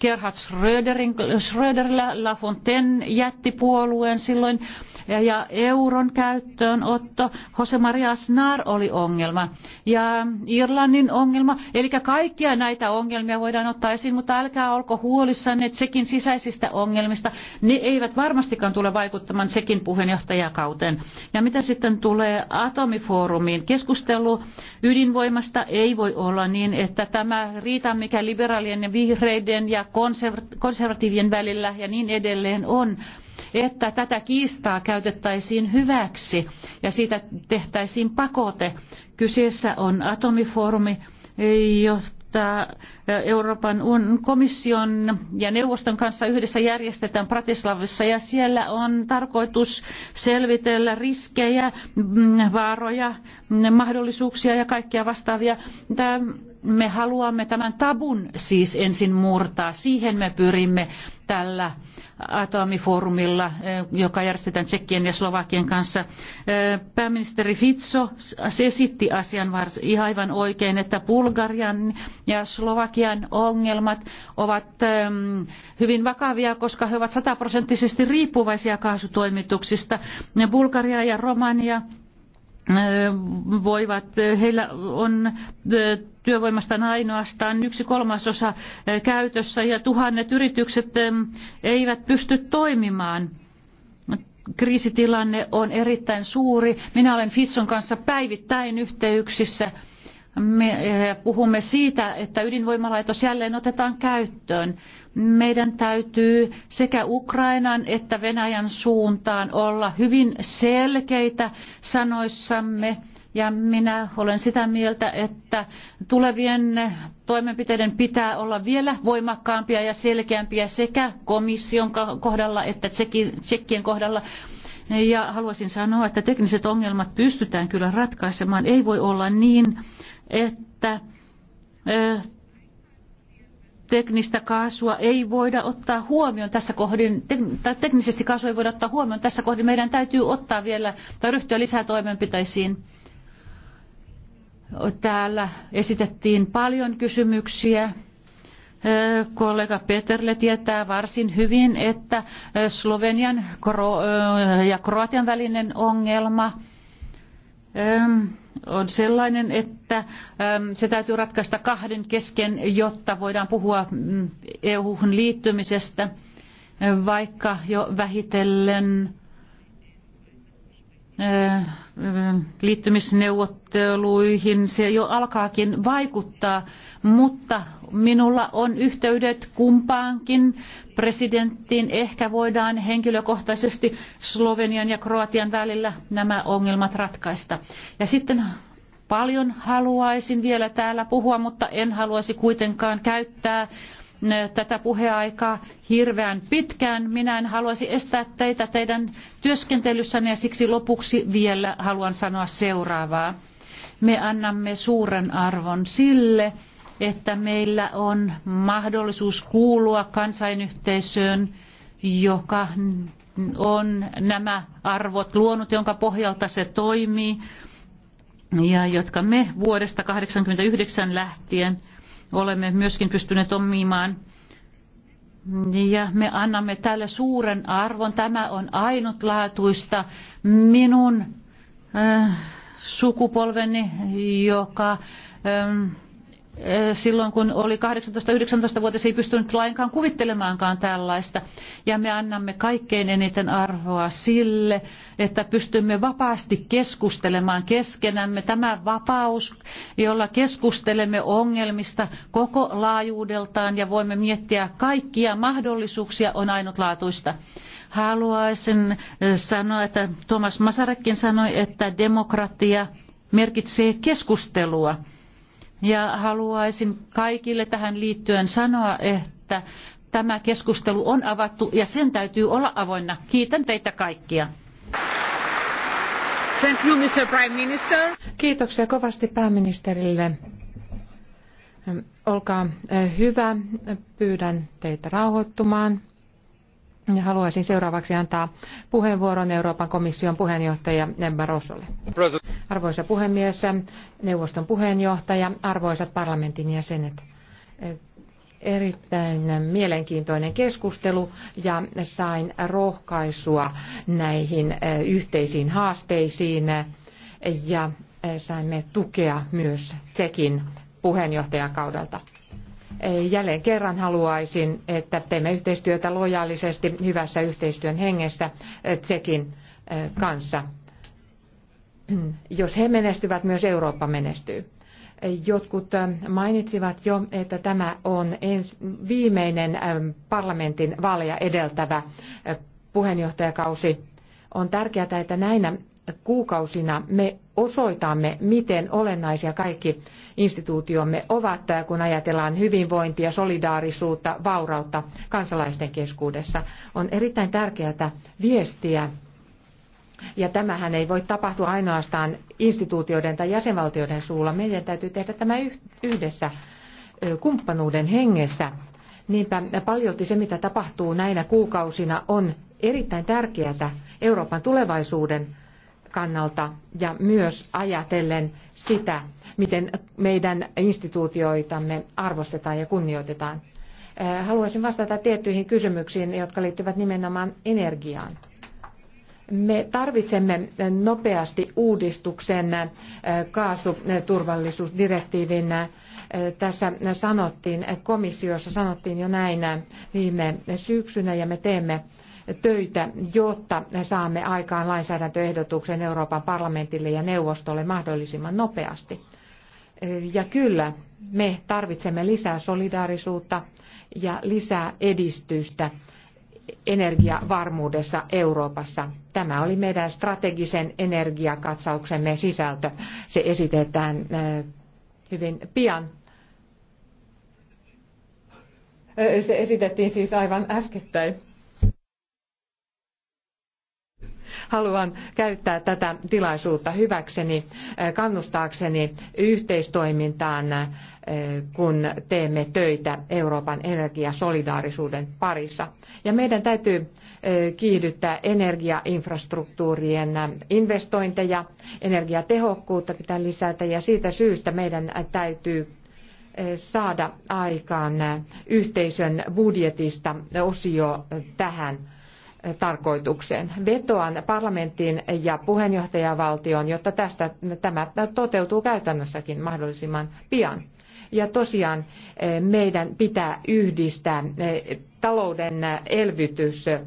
Gerhard Schröderin, Schröderillä La Fontaine jätti puolueen silloin ja euron käyttöönotto. Jose Maria Snar oli ongelma ja Irlannin ongelma. Eli kaikkia näitä ongelmia voidaan ottaa esiin, mutta älkää olko huolissanne Tsekin sisäisistä ongelmista. Ne eivät varmastikaan tule vaikuttamaan Tsekin puheenjohtajakauteen. Ja mitä sitten tulee atomifoorumiin? Keskustelu ydinvoimasta ei voi olla niin, että tämä riita, mikä liberaalien ja vihreiden ja konservatiivien välillä ja niin edelleen on, että tätä kiistaa käytettäisiin hyväksi ja siitä tehtäisiin pakote. Kyseessä on atomifoorumi, jota Euroopan komission ja neuvoston kanssa yhdessä järjestetään Pratislavissa ja siellä on tarkoitus selvitellä riskejä, mm, vaaroja, mm, mahdollisuuksia ja kaikkia vastaavia. Me haluamme tämän tabun siis ensin murtaa. Siihen me pyrimme tällä atomifoorumilla, eh, joka järjestetään Tsekkien ja Slovakian kanssa. Eh, pääministeri Fitso esitti asian ihan aivan oikein, että Bulgarian ja Slovakian ongelmat ovat ehm, hyvin vakavia, koska he ovat sataprosenttisesti riippuvaisia kaasutoimituksista. Bulgaria ja Romania voivat, heillä on työvoimasta ainoastaan yksi kolmasosa käytössä ja tuhannet yritykset eivät pysty toimimaan. Kriisitilanne on erittäin suuri. Minä olen Fitson kanssa päivittäin yhteyksissä me eh, puhumme siitä, että ydinvoimalaitos jälleen otetaan käyttöön. Meidän täytyy sekä Ukrainan että Venäjän suuntaan olla hyvin selkeitä sanoissamme. Ja minä olen sitä mieltä, että tulevien toimenpiteiden pitää olla vielä voimakkaampia ja selkeämpiä sekä komission kohdalla että tsekkien kohdalla. Ja haluaisin sanoa, että tekniset ongelmat pystytään kyllä ratkaisemaan. Ei voi olla niin, että teknistä kaasua ei voida ottaa huomioon tässä kohdin, tai teknisesti kaasua ei voida ottaa huomioon tässä kohdin. Meidän täytyy ottaa vielä tai ryhtyä lisää toimenpiteisiin. Täällä esitettiin paljon kysymyksiä. Kollega Peterle tietää varsin hyvin, että Slovenian ja Kroatian välinen ongelma on sellainen, että ähm, se täytyy ratkaista kahden kesken, jotta voidaan puhua mm, EU-hun liittymisestä, äh, vaikka jo vähitellen äh, liittymisneuvotteluihin se jo alkaakin vaikuttaa, mutta Minulla on yhteydet kumpaankin presidenttiin. Ehkä voidaan henkilökohtaisesti Slovenian ja Kroatian välillä nämä ongelmat ratkaista. Ja sitten paljon haluaisin vielä täällä puhua, mutta en haluaisi kuitenkaan käyttää eh, tätä puheaikaa hirveän pitkään. Minä en haluaisi estää teitä teidän työskentelyssänne ja siksi lopuksi vielä haluan sanoa seuraavaa. Me annamme suuren arvon sille, että meillä on mahdollisuus kuulua kansainyhteisöön, joka on nämä arvot luonut, jonka pohjalta se toimii, ja jotka me vuodesta 1989 lähtien olemme myöskin pystyneet omimaan. Ja me annamme tälle suuren arvon. Tämä on ainutlaatuista minun äh, sukupolveni, joka ähm, silloin kun oli 18-19-vuotias, ei pystynyt lainkaan kuvittelemaankaan tällaista. Ja me annamme kaikkein eniten arvoa sille, että pystymme vapaasti keskustelemaan keskenämme. Tämä vapaus, jolla keskustelemme ongelmista koko laajuudeltaan ja voimme miettiä kaikkia mahdollisuuksia, on ainutlaatuista haluaisin sanoa, että Thomas Masarekin sanoi, että demokratia merkitsee keskustelua. Ja haluaisin kaikille tähän liittyen sanoa, että tämä keskustelu on avattu ja sen täytyy olla avoinna. Kiitän teitä kaikkia. Thank you, Mr. Prime Minister. Kiitoksia kovasti pääministerille. Olkaa eh, hyvä. Pyydän teitä rauhoittumaan. Haluaisin seuraavaksi antaa puheenvuoron Euroopan komission puheenjohtaja Barrosolle. Arvoisa puhemies, neuvoston puheenjohtaja, arvoisat parlamentin jäsenet. Erittäin mielenkiintoinen keskustelu ja sain rohkaisua näihin yhteisiin haasteisiin ja saimme tukea myös Tsekin puheenjohtajakaudelta. Jälleen kerran haluaisin, että teemme yhteistyötä lojaalisesti hyvässä yhteistyön hengessä eh, Tsekin eh, kanssa. Jos he menestyvät, myös Eurooppa menestyy. Jotkut eh, mainitsivat jo, että tämä on ens, viimeinen parlamentin vaaleja edeltävä puheenjohtajakausi. On tärkeää, että näinä kuukausina me osoitamme, miten olennaisia kaikki instituutiomme ovat, kun ajatellaan hyvinvointia, solidaarisuutta, vaurautta kansalaisten keskuudessa. On erittäin tärkeää viestiä ja tämähän ei voi tapahtua ainoastaan instituutioiden tai jäsenvaltioiden suulla. Meidän täytyy tehdä tämä yhdessä kumppanuuden hengessä. Niinpä paljolti se, mitä tapahtuu näinä kuukausina, on erittäin tärkeää Euroopan tulevaisuuden kannalta ja myös ajatellen sitä, miten meidän instituutioitamme arvostetaan ja kunnioitetaan. Eh, haluaisin vastata tiettyihin kysymyksiin, jotka liittyvät nimenomaan energiaan. Me tarvitsemme nopeasti uudistuksen eh, kaasuturvallisuusdirektiivin. Eh, tässä sanottiin, komissiossa sanottiin jo näin viime syksynä ja me teemme töitä, jotta saamme aikaan lainsäädäntöehdotuksen Euroopan parlamentille ja neuvostolle mahdollisimman nopeasti. Ja kyllä, me tarvitsemme lisää solidaarisuutta ja lisää edistystä energiavarmuudessa Euroopassa. Tämä oli meidän strategisen energiakatsauksemme sisältö. Se esitetään hyvin pian. Se esitettiin siis aivan äskettäin. Haluan käyttää tätä tilaisuutta hyväkseni, eh, kannustaakseni yhteistoimintaan, eh, kun teemme töitä Euroopan energiasolidaarisuuden parissa. Ja meidän täytyy eh, kiihdyttää energiainfrastruktuurien investointeja, energiatehokkuutta pitää lisätä ja siitä syystä meidän täytyy saada aikaan yhteisön budjetista osio tähän tarkoitukseen. Vetoan parlamenttiin ja puheenjohtajavaltioon, jotta tästä, tämä toteutuu käytännössäkin mahdollisimman pian. Ja tosiaan eh, meidän pitää yhdistää eh, talouden elvytys eh,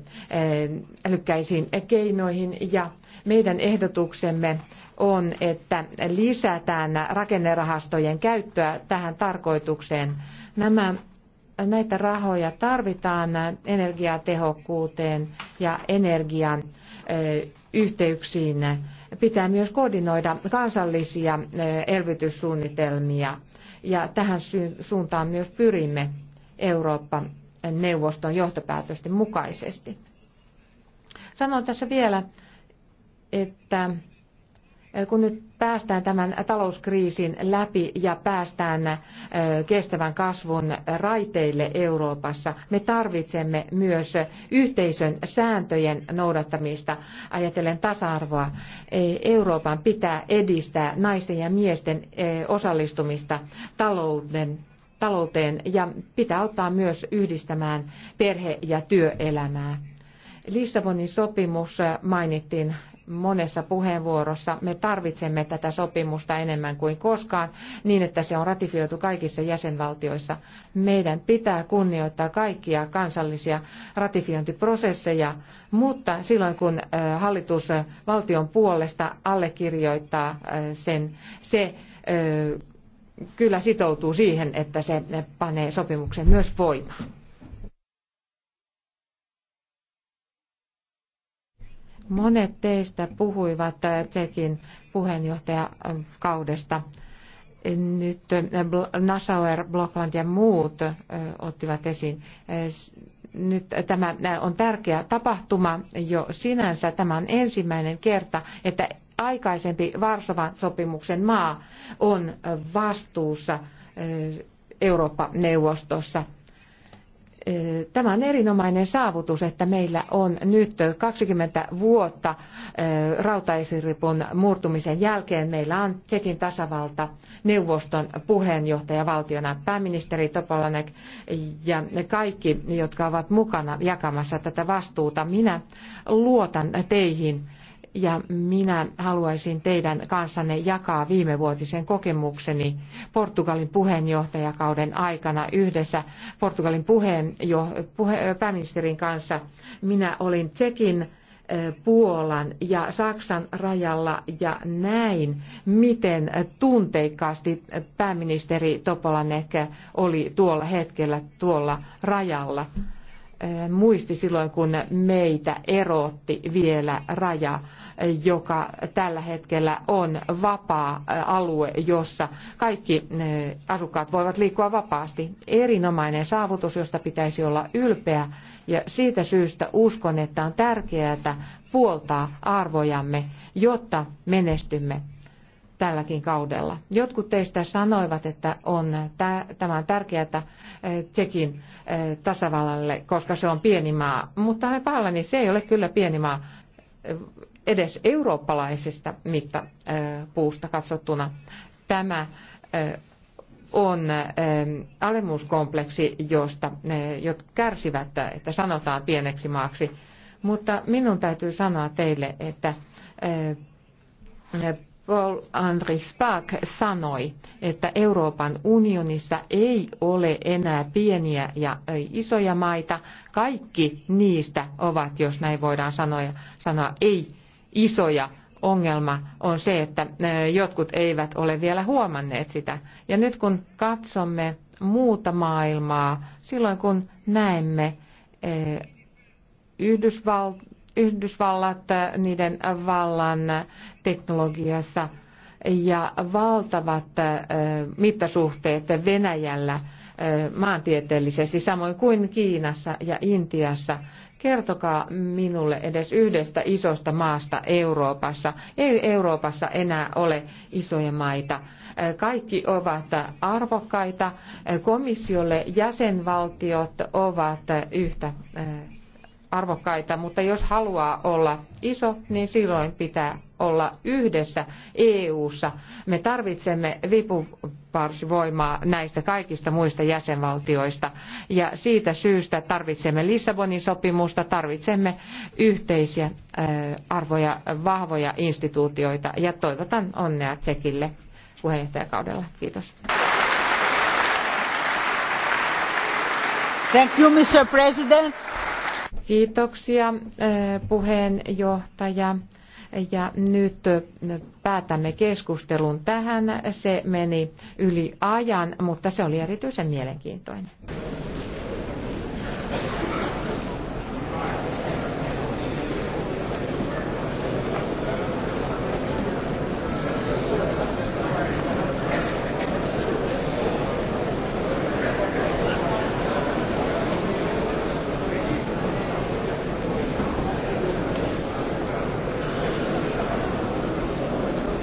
älykkäisiin keinoihin ja meidän ehdotuksemme on, että lisätään rakennerahastojen käyttöä tähän tarkoitukseen. Nämä näitä rahoja tarvitaan energiatehokkuuteen ja energian yhteyksiin. Pitää myös koordinoida kansallisia elvytyssuunnitelmia ja tähän suuntaan myös pyrimme Eurooppa-neuvoston johtopäätösten mukaisesti. Sanon tässä vielä, että Äh, kun nyt päästään tämän talouskriisin läpi ja päästään äh, kestävän kasvun raiteille Euroopassa, me tarvitsemme myös yhteisön sääntöjen noudattamista. Ajatellen tasa-arvoa, e, Euroopan pitää edistää naisten ja miesten e, osallistumista talouden, talouteen ja pitää ottaa myös yhdistämään perhe- ja työelämää. Lissabonin sopimus äh, mainittiin monessa puheenvuorossa. Me tarvitsemme tätä sopimusta enemmän kuin koskaan niin, että se on ratifioitu kaikissa jäsenvaltioissa. Meidän pitää kunnioittaa kaikkia kansallisia ratifiointiprosesseja, mutta silloin kun hallitus valtion puolesta allekirjoittaa sen, se kyllä sitoutuu siihen, että se panee sopimuksen myös voimaan. Monet teistä puhuivat äh, Tsekin puheenjohtajakaudesta. Nyt äh, Nassauer, Blokland ja muut äh, ottivat esiin. Nyt tämä on tärkeä tapahtuma jo sinänsä. Tämä on ensimmäinen kerta, että aikaisempi Varsovan sopimuksen maa on vastuussa Eurooppa-neuvostossa Tämä on erinomainen saavutus, että meillä on nyt 20 vuotta rautaisiripun murtumisen jälkeen. Meillä on Tsekin tasavalta neuvoston puheenjohtajavaltiona pääministeri Topolanek ja kaikki, jotka ovat mukana jakamassa tätä vastuuta. Minä luotan teihin ja minä haluaisin teidän kanssanne jakaa viimevuotisen kokemukseni Portugalin puheenjohtajakauden aikana yhdessä Portugalin puheen, puhe, pääministerin kanssa. Minä olin Tsekin, Puolan ja Saksan rajalla ja näin, miten tunteikkaasti pääministeri Topolanek oli tuolla hetkellä tuolla rajalla muisti silloin, kun meitä erotti vielä raja joka tällä hetkellä on vapaa alue, jossa kaikki asukkaat voivat liikkua vapaasti. Erinomainen saavutus, josta pitäisi olla ylpeä ja siitä syystä uskon, että on tärkeää puoltaa arvojamme, jotta menestymme tälläkin kaudella. Jotkut teistä sanoivat, että on, tämä on tärkeää Tsekin tasavallalle, koska se on pieni maa. Mutta olen pahallani, se ei ole kyllä pieni maa edes eurooppalaisesta mittapuusta katsottuna. Tämä on alemmuuskompleksi, josta, jotka kärsivät, että sanotaan pieneksi maaksi. Mutta minun täytyy sanoa teille, että Paul Andri Spaak sanoi, että Euroopan unionissa ei ole enää pieniä ja isoja maita. Kaikki niistä ovat, jos näin voidaan sanoa, sanoa ei isoja ongelma on se, että jotkut eivät ole vielä huomanneet sitä. Ja nyt kun katsomme muuta maailmaa, silloin kun näemme Yhdysval- Yhdysvallat niiden vallan teknologiassa ja valtavat mittasuhteet Venäjällä maantieteellisesti, samoin kuin Kiinassa ja Intiassa, Kertokaa minulle edes yhdestä isosta maasta Euroopassa. Ei Euroopassa enää ole isoja maita. Kaikki ovat arvokkaita. Komissiolle jäsenvaltiot ovat yhtä arvokkaita, mutta jos haluaa olla iso, niin silloin pitää olla yhdessä EU-ssa. Me tarvitsemme vipuvarsivoimaa näistä kaikista muista jäsenvaltioista ja siitä syystä tarvitsemme Lissabonin sopimusta, tarvitsemme yhteisiä äh, arvoja, vahvoja instituutioita ja toivotan onnea Tsekille puheenjohtajakaudella. Kiitos. Thank you, Mr. President. Kiitoksia eh, puheenjohtaja. Ja nyt päätämme keskustelun tähän. Se meni yli ajan, mutta se oli erityisen mielenkiintoinen.